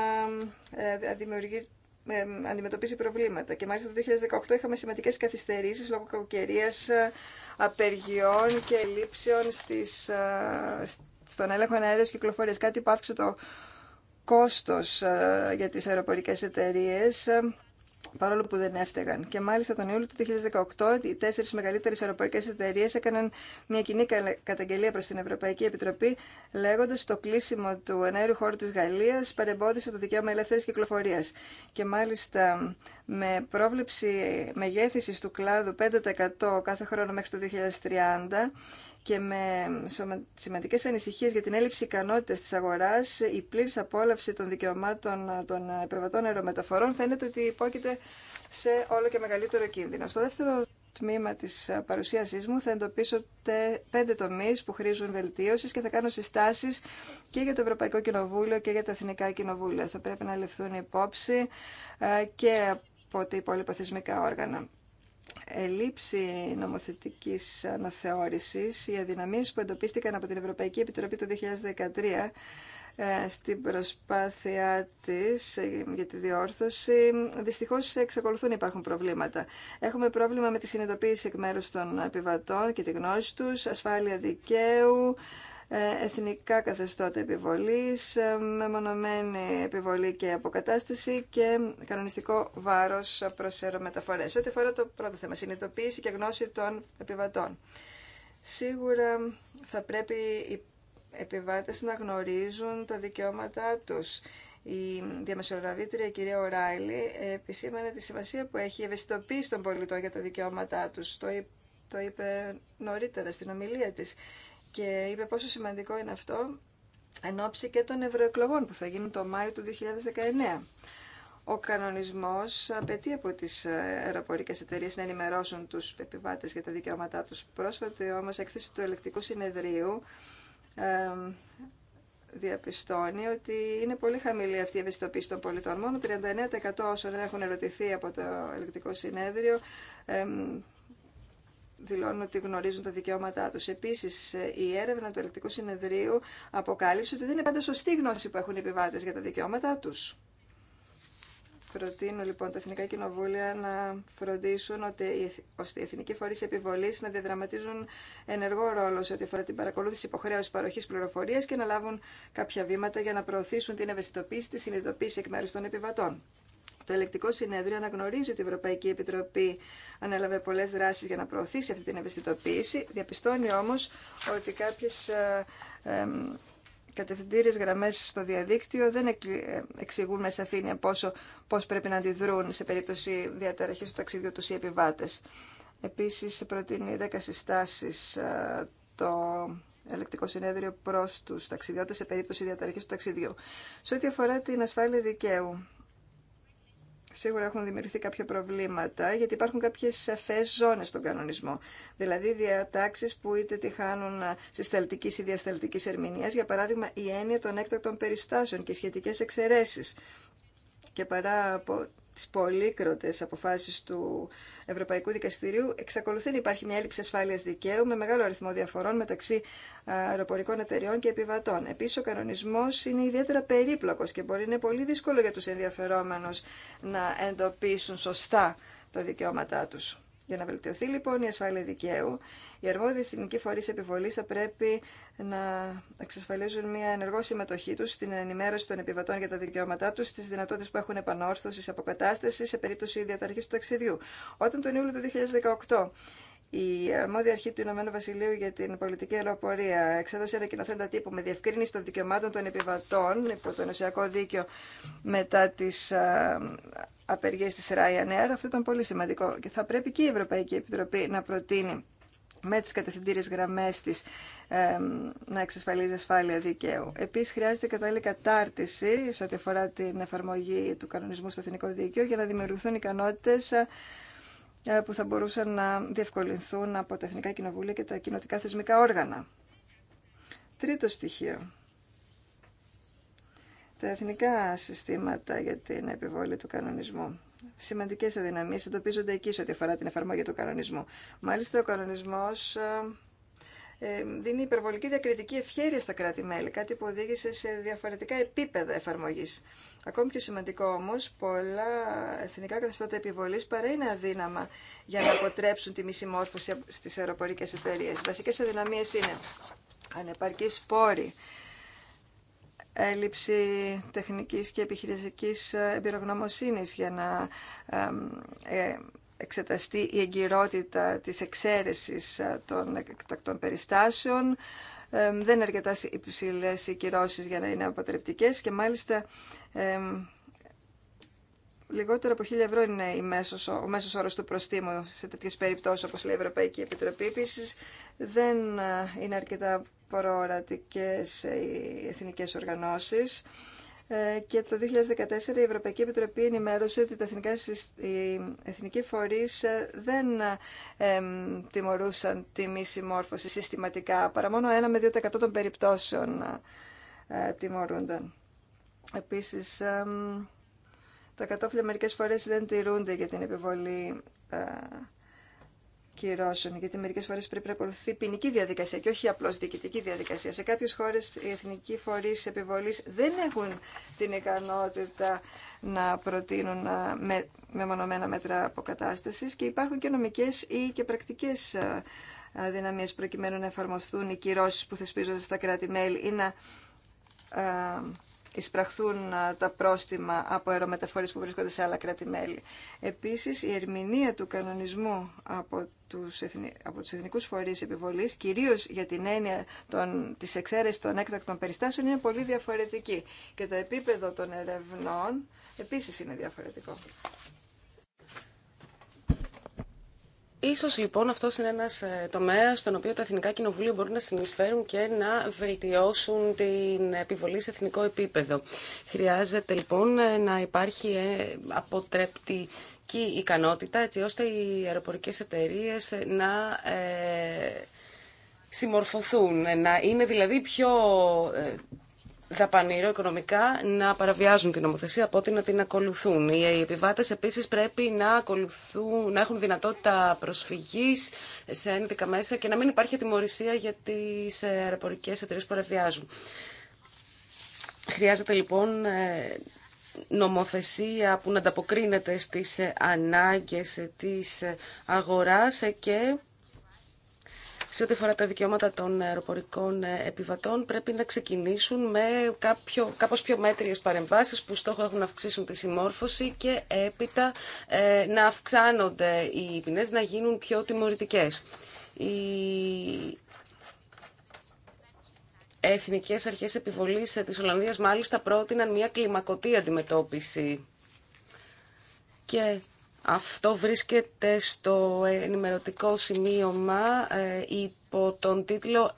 ε, ε, αντιμετωπίζει προβλήματα. Και μάλιστα το 2018 είχαμε σημαντικές καθυστερήσεις λόγω κακοκαιρίας, απεργιών και λήψεων στις, στον έλεγχο αέριο κυκλοφορίας. Κάτι που το κόστος για τις αεροπορικές εταιρείες παρόλο που δεν έφταιγαν. Και μάλιστα τον Ιούλιο του 2018 οι τέσσερι μεγαλύτερε αεροπορικέ εταιρείε έκαναν μια κοινή καταγγελία προ την Ευρωπαϊκή Επιτροπή, λέγοντα το κλείσιμο του ενέργειου χώρου τη Γαλλία παρεμπόδισε το δικαίωμα ελεύθερη κυκλοφορία. Και μάλιστα με πρόβλεψη μεγέθυνση του κλάδου 5% κάθε χρόνο μέχρι το 2030 και με σημαντικέ ανησυχίε για την έλλειψη ικανότητα τη αγορά, η πλήρης απόλαυση των δικαιωμάτων των επιβατών αερομεταφορών φαίνεται ότι υπόκειται σε όλο και μεγαλύτερο κίνδυνο. Στο δεύτερο τμήμα τη παρουσίασή μου θα εντοπίσω πέντε τομεί που χρήζουν βελτίωσης και θα κάνω συστάσει και για το Ευρωπαϊκό Κοινοβούλιο και για τα Εθνικά Κοινοβούλια. Θα πρέπει να ληφθούν υπόψη ε, και από τα υπόλοιπα θεσμικά όργανα. Ελήψη νομοθετικής αναθεώρησης, οι αδυναμίες που εντοπίστηκαν από την Ευρωπαϊκή Επιτροπή το 2013 ε, στην προσπάθειά της ε, για τη διόρθωση, δυστυχώς εξακολουθούν να υπάρχουν προβλήματα. Έχουμε πρόβλημα με τη συνειδητοποίηση εκ μέρους των επιβατών και τη γνώση τους, ασφάλεια δικαίου, ε, εθνικά καθεστώτα επιβολής, ε, μονομένη επιβολή και αποκατάσταση και κανονιστικό βάρος προς αερομεταφορές. Ό,τι αφορά το πρώτο θέμα, συνειδητοποίηση και γνώση των επιβατών. Σίγουρα θα πρέπει οι επιβάτες να γνωρίζουν τα δικαιώματά τους. Η διαμεσολαβήτρια κυρία Οράιλη επισήμανε τη σημασία που έχει η ευαισθητοποίηση των πολιτών για τα δικαιώματά τους. Το, το είπε νωρίτερα στην ομιλία της και είπε πόσο σημαντικό είναι αυτό εν ώψη και των ευρωεκλογών που θα γίνουν το Μάιο του 2019. Ο κανονισμός απαιτεί από τις αεροπορικές εταιρείες να ενημερώσουν τους επιβάτες για τα δικαιώματά τους. Πρόσφατη όμως έκθεση του ελεκτικού συνεδρίου ε, διαπιστώνει ότι είναι πολύ χαμηλή αυτή η ευαισθητοποίηση των πολιτών. Μόνο 39% όσων έχουν ερωτηθεί από το ελεκτικό συνέδριο δηλώνουν ότι γνωρίζουν τα δικαιώματά του. Επίση, η έρευνα του Ελεκτικού Συνεδρίου αποκάλυψε ότι δεν είναι πάντα σωστή γνώση που έχουν οι επιβάτες για τα δικαιώματά του. Προτείνω λοιπόν τα Εθνικά Κοινοβούλια να φροντίσουν ότι, ώστε οι εθνικοί φορεί επιβολή να διαδραματίζουν ενεργό ρόλο σε ό,τι αφορά την παρακολούθηση υποχρέωση παροχή πληροφορία και να λάβουν κάποια βήματα για να προωθήσουν την ευαισθητοποίηση, τη συνειδητοποίηση εκ μέρου των επιβατών. Το Ελεκτικό Συνέδριο αναγνωρίζει ότι η Ευρωπαϊκή Επιτροπή ανέλαβε πολλέ δράσει για να προωθήσει αυτή την ευαισθητοποίηση. Διαπιστώνει όμω ότι κάποιε ε, κατευθυντήριε γραμμέ στο διαδίκτυο δεν ε, εξηγούν με σαφήνεια πόσο, πώς πρέπει να αντιδρούν σε περίπτωση διαταραχή του ταξιδιού του οι επιβάτε. Επίση, προτείνει 10 συστάσεις ε, το ελεκτικό συνέδριο προ του Ταξιδιώτε σε περίπτωση διαταραχή του ταξιδιού. Σε ό,τι αφορά την ασφάλεια δικαίου, σίγουρα έχουν δημιουργηθεί κάποια προβλήματα, γιατί υπάρχουν κάποιες σαφέ ζώνε στον κανονισμό. Δηλαδή διατάξεις που είτε τη χάνουν συσταλτικής ή διασταλτικής ερμηνείας, για παράδειγμα η διασταλτικης ερμηνεια για παραδειγμα η εννοια των έκτακτων περιστάσεων και σχετικές εξαιρεσει. Και παρά τις πολύκροτες αποφάσεις του Ευρωπαϊκού Δικαστηρίου εξακολουθεί να υπάρχει μια έλλειψη ασφάλειας δικαίου με μεγάλο αριθμό διαφορών μεταξύ αεροπορικών εταιριών και επιβατών. Επίσης ο κανονισμός είναι ιδιαίτερα περίπλοκος και μπορεί να είναι πολύ δύσκολο για τους ενδιαφερόμενους να εντοπίσουν σωστά τα δικαιώματά τους. Για να βελτιωθεί λοιπόν η ασφάλεια δικαίου, οι αρμόδιοι εθνικοί φορεί επιβολή θα πρέπει να εξασφαλίζουν μια ενεργό συμμετοχή του στην ενημέρωση των επιβατών για τα δικαιώματά του, στι δυνατότητε που έχουν επανόρθωση, αποκατάσταση σε περίπτωση διαταρχή του ταξιδιού. Όταν τον Ιούλιο του 2018 η αρμόδια αρχή του Ηνωμένου Βασιλείου για την πολιτική αεροπορία εξέδωσε κοινοθέντα τύπου με διευκρίνηση των δικαιωμάτων των επιβατών υπό το ενωσιακό δίκαιο μετά τι απεργίε τη Ryanair. Αυτό ήταν πολύ σημαντικό και θα πρέπει και η Ευρωπαϊκή Επιτροπή να προτείνει με τις κατευθυντήριες γραμμές της ε, να εξασφαλίζει ασφάλεια δικαίου. Επίσης, χρειάζεται κατάλληλη κατάρτιση σε ό,τι αφορά την εφαρμογή του κανονισμού στο εθνικό δίκαιο για να δημιουργηθούν ικανότητες ε, που θα μπορούσαν να διευκολυνθούν από τα Εθνικά Κοινοβούλια και τα κοινοτικά θεσμικά όργανα. Τρίτο στοιχείο. Τα εθνικά συστήματα για την επιβόλη του κανονισμού. Σημαντικές αδυναμίες εντοπίζονται εκεί σε ό,τι αφορά την εφαρμογή του κανονισμού. Μάλιστα, ο κανονισμός... Ε, δίνει υπερβολική διακριτική ευχέρεια στα κράτη-μέλη, κάτι που οδήγησε σε διαφορετικά επίπεδα εφαρμογής. Ακόμη πιο σημαντικό όμως, πολλά εθνικά καθεστώτα επιβολής παρά είναι αδύναμα για να αποτρέψουν τη μη συμμόρφωση στις αεροπορικές εταιρείες. Βασικές αδυναμίες είναι ανεπαρκής πόροι, έλλειψη τεχνικής και επιχειρησικής εμπειρογνωμοσύνης για να ε, εξεταστεί η εγκυρότητα της εξαίρεσης των εκτακτών περιστάσεων. Δεν είναι αρκετά υψηλέ οι κυρώσεις για να είναι αποτρεπτικές και μάλιστα λιγότερο από 1000 ευρώ είναι η μέσος, ο μέσος όρος του προστήμου σε τέτοιες περιπτώσεις όπως λέει η Ευρωπαϊκή Επιτροπή. Επίση, δεν είναι αρκετά προορατικές οι εθνικές οργανώσεις. Ε, και το 2014 η Ευρωπαϊκή Επιτροπή ενημέρωσε ότι τα εθνικά, οι εθνικοί φορείς ε, δεν τιμωρούσαν τη μη συμμόρφωση συστηματικά, παρά μόνο 1 με 2% των περιπτώσεων ε, τιμωρούνταν. Επίσης, τα κατόφλια μερικές φορές δεν τηρούνται για την επιβολή ε, κυρώσεων, γιατί μερικές φορές πρέπει να ακολουθεί ποινική διαδικασία και όχι απλώς διοικητική διαδικασία. Σε κάποιες χώρες οι εθνικοί φορείς επιβολής δεν έχουν την ικανότητα να προτείνουν με, μεμονωμένα μέτρα αποκατάστασης και υπάρχουν και νομικές ή και πρακτικές ε, δυναμίες προκειμένου να εφαρμοστούν οι κυρώσεις που θεσπίζονται στα κράτη-μέλη ή να ε, εισπραχθούν τα πρόστιμα από αερομεταφορές που βρίσκονται σε άλλα κράτη-μέλη. Επίσης, η ερμηνεία του κανονισμού από τους, εθνι... από τους εθνικούς φορείς επιβολής, κυρίως για την έννοια των... της εξαίρεσης των έκτακτων περιστάσεων, είναι πολύ διαφορετική. Και το επίπεδο των ερευνών επίσης είναι διαφορετικό. Ίσως λοιπόν αυτό είναι ένας ε, τομέας στον οποίο τα Εθνικά Κοινοβούλια μπορούν να συνεισφέρουν και να βελτιώσουν την επιβολή σε εθνικό επίπεδο. Χρειάζεται λοιπόν ε, να υπάρχει ε, αποτρεπτική ικανότητα έτσι ώστε οι αεροπορικές εταιρείες να συμμορφωθούν, να είναι δηλαδή πιο δαπανηρό οικονομικά να παραβιάζουν την νομοθεσία από ότι να την ακολουθούν. Οι επιβάτες επίσης πρέπει να, ακολουθούν, να έχουν δυνατότητα προσφυγής σε ένδικα μέσα και να μην υπάρχει ατιμορρησία για τις αεροπορικές εταιρείες που παραβιάζουν. Χρειάζεται λοιπόν ε, νομοθεσία που να ανταποκρίνεται στις ανάγκες της αγοράς και σε ό,τι αφορά τα δικαιώματα των αεροπορικών ε, επιβατών πρέπει να ξεκινήσουν με κάποιο, κάπως πιο μέτριες παρεμβάσεις που στόχο έχουν να αυξήσουν τη συμμόρφωση και έπειτα ε, να αυξάνονται οι ποινές, να γίνουν πιο τιμωρητικέ. Οι εθνικές αρχές επιβολής της Ολλανδίας μάλιστα πρότειναν μια κλιμακωτή αντιμετώπιση και αυτό βρίσκεται στο ενημερωτικό σημείωμα ε, υπό τον τίτλο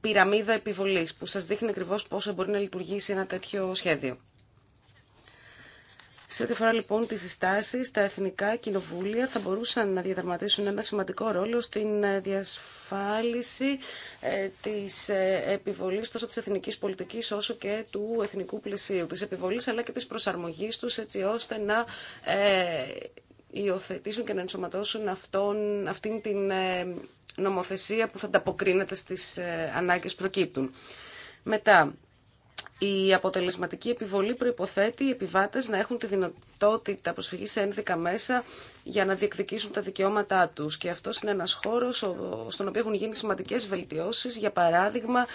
«Πυραμίδα επιβολής» που σας δείχνει ακριβώς πόσο μπορεί να λειτουργήσει ένα τέτοιο σχέδιο. Σε ό,τι αφορά λοιπόν τι συστάσεις, τα εθνικά κοινοβούλια θα μπορούσαν να διαδραματίσουν ένα σημαντικό ρόλο στην ε, διασφάλιση ε, της ε, επιβολής τόσο της εθνικής πολιτικής όσο και του εθνικού πλαισίου, της επιβολής αλλά και της προσαρμογής τους έτσι ώστε να υιοθετήσουν και να ενσωματώσουν αυτόν, αυτήν την νομοθεσία που θα ανταποκρίνεται στις ανάγκες προκύπτουν. Μετά, η αποτελεσματική επιβολή προϋποθέτει οι επιβάτες να έχουν τη δυνατότητα προσφυγή σε ένδικα μέσα για να διεκδικήσουν τα δικαιώματά τους. Και αυτός είναι ένας χώρος στον οποίο έχουν γίνει σημαντικές βελτιώσεις, για παράδειγμα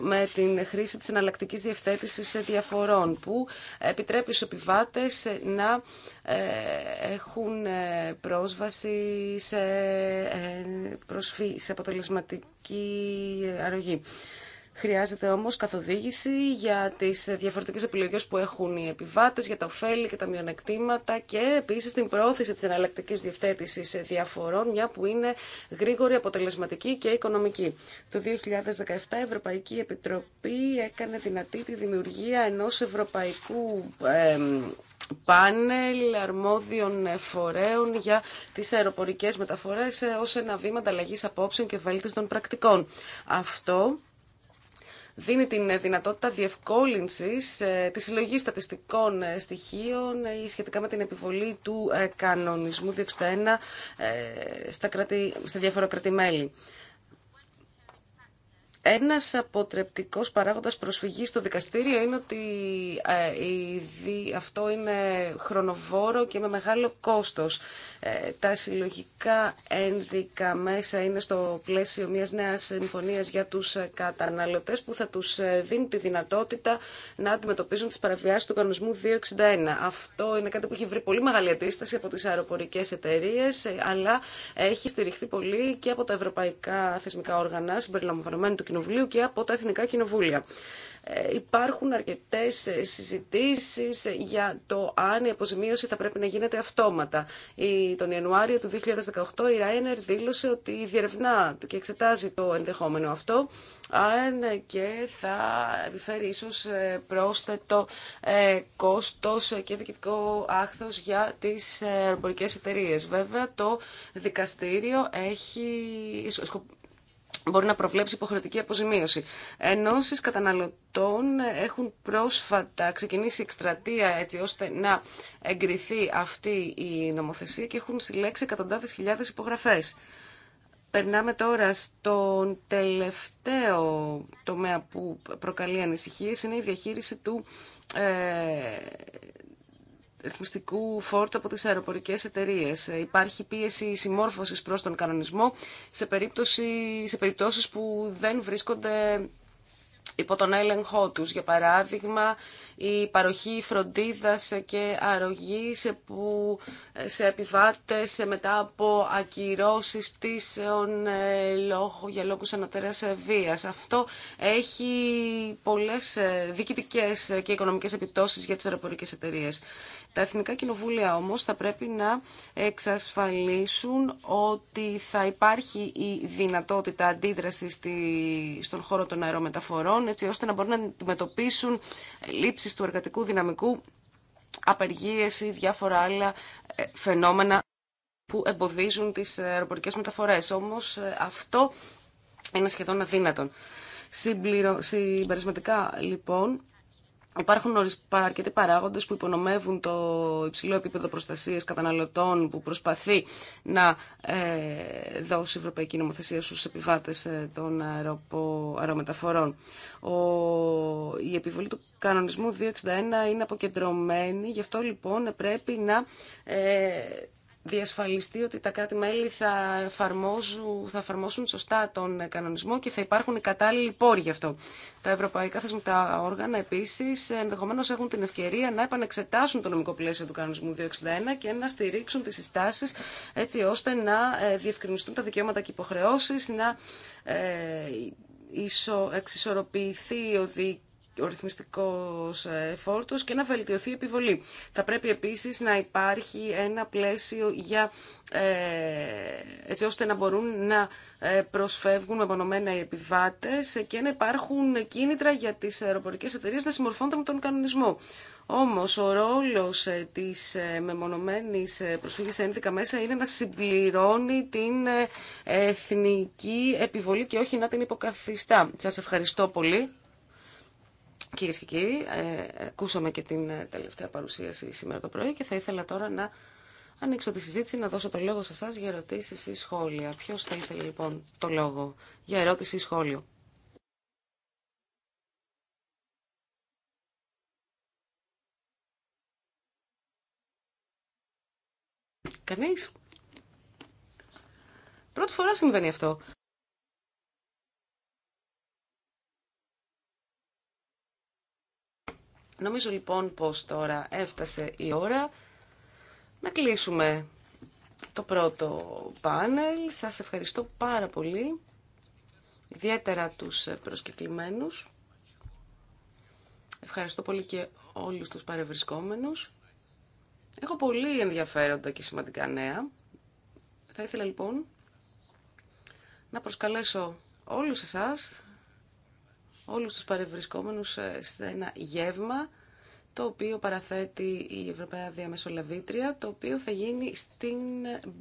με την χρήση της εναλλακτικής διευθέτησης διαφορών, που επιτρέπει στους επιβάτες να ε, έχουν ε, πρόσβαση σε, ε, σε αποτελεσματική αρρωγή. Χρειάζεται όμως καθοδήγηση για τις διαφορετικές επιλογές που έχουν οι επιβάτες, για τα ωφέλη και τα μειονεκτήματα και επίση την προώθηση της εναλλακτική διευθέτησης διαφορών, μια που είναι γρήγορη, αποτελεσματική και οικονομική. Το 2017 η Ευρωπαϊκή Επιτροπή έκανε δυνατή τη δημιουργία ενός ευρωπαϊκού πάνελ αρμόδιων φορέων για τις αεροπορικές μεταφορές ως ένα βήμα ανταλλαγής απόψεων και των πρακτικών. Αυτό δίνει την δυνατότητα διευκόλυνσης ε, της συλλογής στατιστικών ε, στοιχείων ε, σχετικά με την επιβολή του κανονισμού 261 στα, κράτη, στα διάφορα κρατημέλη. Ένα αποτρεπτικό παράγοντα προσφυγή στο δικαστήριο είναι ότι ε, αυτό είναι χρονοβόρο και με μεγάλο κόστος. Ε, τα συλλογικά ένδικα μέσα είναι στο πλαίσιο μια νέα συμφωνία για του καταναλωτέ που θα του ε, δίνουν τη δυνατότητα να αντιμετωπίζουν τι παραβιάσεις του κανονισμού 261. Αυτό είναι κάτι που έχει βρει πολύ μεγάλη αντίσταση από τι αεροπορικέ εταιρείε, αλλά έχει στηριχθεί πολύ και από τα ευρωπαϊκά θεσμικά όργανα συμπεριλαμβανομένου του Κοινοβουλίου και από τα Εθνικά Κοινοβούλια. Ε, υπάρχουν αρκετέ ε, συζητήσει ε, για το αν η αποζημίωση θα πρέπει να γίνεται αυτόματα. Τον Ιανουάριο του 2018 η Ράινερ δήλωσε ότι διερευνά και εξετάζει το ενδεχόμενο αυτό, αν και θα επιφέρει ίσω πρόσθετο κόστο και διοικητικό άχθο για τι αεροπορικέ εταιρείε. Βέβαια, το δικαστήριο έχει μπορεί να προβλέψει υποχρεωτική αποζημίωση. Ενώσεις καταναλωτών έχουν πρόσφατα ξεκινήσει εκστρατεία έτσι ώστε να εγκριθεί αυτή η νομοθεσία και έχουν συλλέξει εκατοντάδες χιλιάδες υπογραφές. Περνάμε τώρα στον τελευταίο τομέα που προκαλεί ανησυχίες, είναι η διαχείριση του, ε, ρυθμιστικού φόρτου από τι αεροπορικέ εταιρείε. Ε, υπάρχει πίεση συμμόρφωση προ τον κανονισμό σε, περίπτωση, σε περιπτώσεις που δεν βρίσκονται υπό τον έλεγχό τους. Για παράδειγμα, η παροχή φροντίδας και σε που ε, σε επιβάτες ε, μετά από ακυρώσεις πτήσεων λόγω, για λόγους ανωτέρας βίας. Αυτό έχει πολλές διοικητικές και οικονομικές επιπτώσεις για τις αεροπορικές εταιρείε. Τα εθνικά κοινοβούλια όμως θα πρέπει να εξασφαλίσουν ότι θα υπάρχει η δυνατότητα αντίδραση στον χώρο των αερομεταφορών έτσι ώστε να μπορούν να αντιμετωπίσουν λήψεις του εργατικού δυναμικού, απεργίες ή διάφορα άλλα ε, φαινόμενα που εμποδίζουν τις αεροπορικές μεταφορές. Όμως ε, αυτό είναι σχεδόν αδύνατον. Συμπληρω... Συμπερισματικά λοιπόν Υπάρχουν αρκετοί παράγοντες που υπονομεύουν το υψηλό επίπεδο προστασίας καταναλωτών που προσπαθεί να ε, δώσει η Ευρωπαϊκή Νομοθεσία στου επιβάτε ε, των αερομεταφορών. Η επιβολή του κανονισμού 261 είναι αποκεντρωμένη, γι' αυτό λοιπόν πρέπει να ε, διασφαλιστεί ότι τα κράτη-μέλη θα, εφαρμόζουν, θα εφαρμόσουν σωστά τον κανονισμό και θα υπάρχουν οι κατάλληλοι πόροι γι' αυτό. Τα ευρωπαϊκά θεσμικά όργανα επίση ενδεχομένω έχουν την ευκαιρία να επανεξετάσουν το νομικό πλαίσιο του κανονισμού 261 και να στηρίξουν τι συστάσει έτσι ώστε να ε, διευκρινιστούν τα δικαιώματα και υποχρεώσει, να ε, εξισορροπηθεί ο ο ρυθμιστικός ε, φόρτος και να βελτιωθεί η επιβολή. Θα πρέπει επίσης να υπάρχει ένα πλαίσιο για, ε, έτσι ώστε να μπορούν να ε, προσφεύγουν μεμονωμένα οι επιβάτες και να υπάρχουν κίνητρα για τις αεροπορικές εταιρείες να συμμορφώνονται με τον κανονισμό. Όμως ο ρόλος της μεμονωμένης προσφυγής ένδικα μέσα είναι να συμπληρώνει την εθνική επιβολή και όχι να την υποκαθιστά. Σας ευχαριστώ πολύ. Κυρίε και κύριοι, ε, ε, ακούσαμε και την ε, τελευταία παρουσίαση σήμερα το πρωί και θα ήθελα τώρα να ανοίξω τη συζήτηση, να δώσω το λόγο σε εσά για ερωτήσει ή σχόλια. Ποιο θα ήθελε λοιπόν το λόγο για ερώτηση ή σχόλιο. Κανείς. Πρώτη φορά συμβαίνει αυτό. Νομίζω λοιπόν πως τώρα έφτασε η ώρα να κλείσουμε το πρώτο πάνελ. Σας ευχαριστώ πάρα πολύ, ιδιαίτερα τους προσκεκλημένους. Ευχαριστώ πολύ και όλους τους παρευρισκόμενους. Έχω πολύ ενδιαφέροντα και σημαντικά νέα. Θα ήθελα λοιπόν να προσκαλέσω όλους εσάς όλους τους παρευρισκόμενους ε, σε ένα γεύμα το οποίο παραθέτει η Ευρωπαϊκή Διαμεσολαβήτρια, το οποίο θα γίνει στην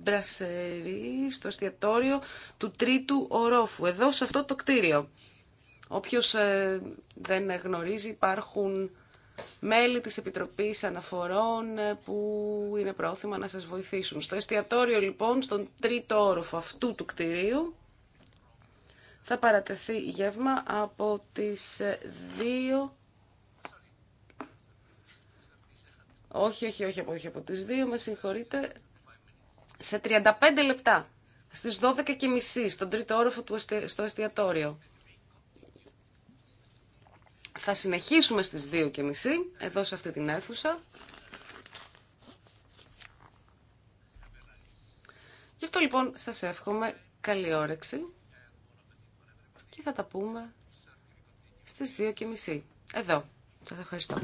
Μπρασερή, στο εστιατόριο του τρίτου ορόφου, εδώ σε αυτό το κτίριο. Όποιος ε, δεν γνωρίζει υπάρχουν μέλη της Επιτροπής Αναφορών ε, που είναι πρόθυμα να σας βοηθήσουν. Στο εστιατόριο λοιπόν, στον τρίτο όροφο αυτού του κτίριου, θα παρατεθεί γεύμα από τις 2... Όχι, όχι, όχι, όχι, από τις 2, με συγχωρείτε, σε 35 λεπτά, στις 12.30, στον τρίτο όροφο του στο εστιατόριο. Θα συνεχίσουμε στις 2.30, εδώ σε αυτή την αίθουσα. Γι' αυτό λοιπόν σας εύχομαι καλή όρεξη και θα τα πούμε στις 2.30. Εδώ. Σας ευχαριστώ.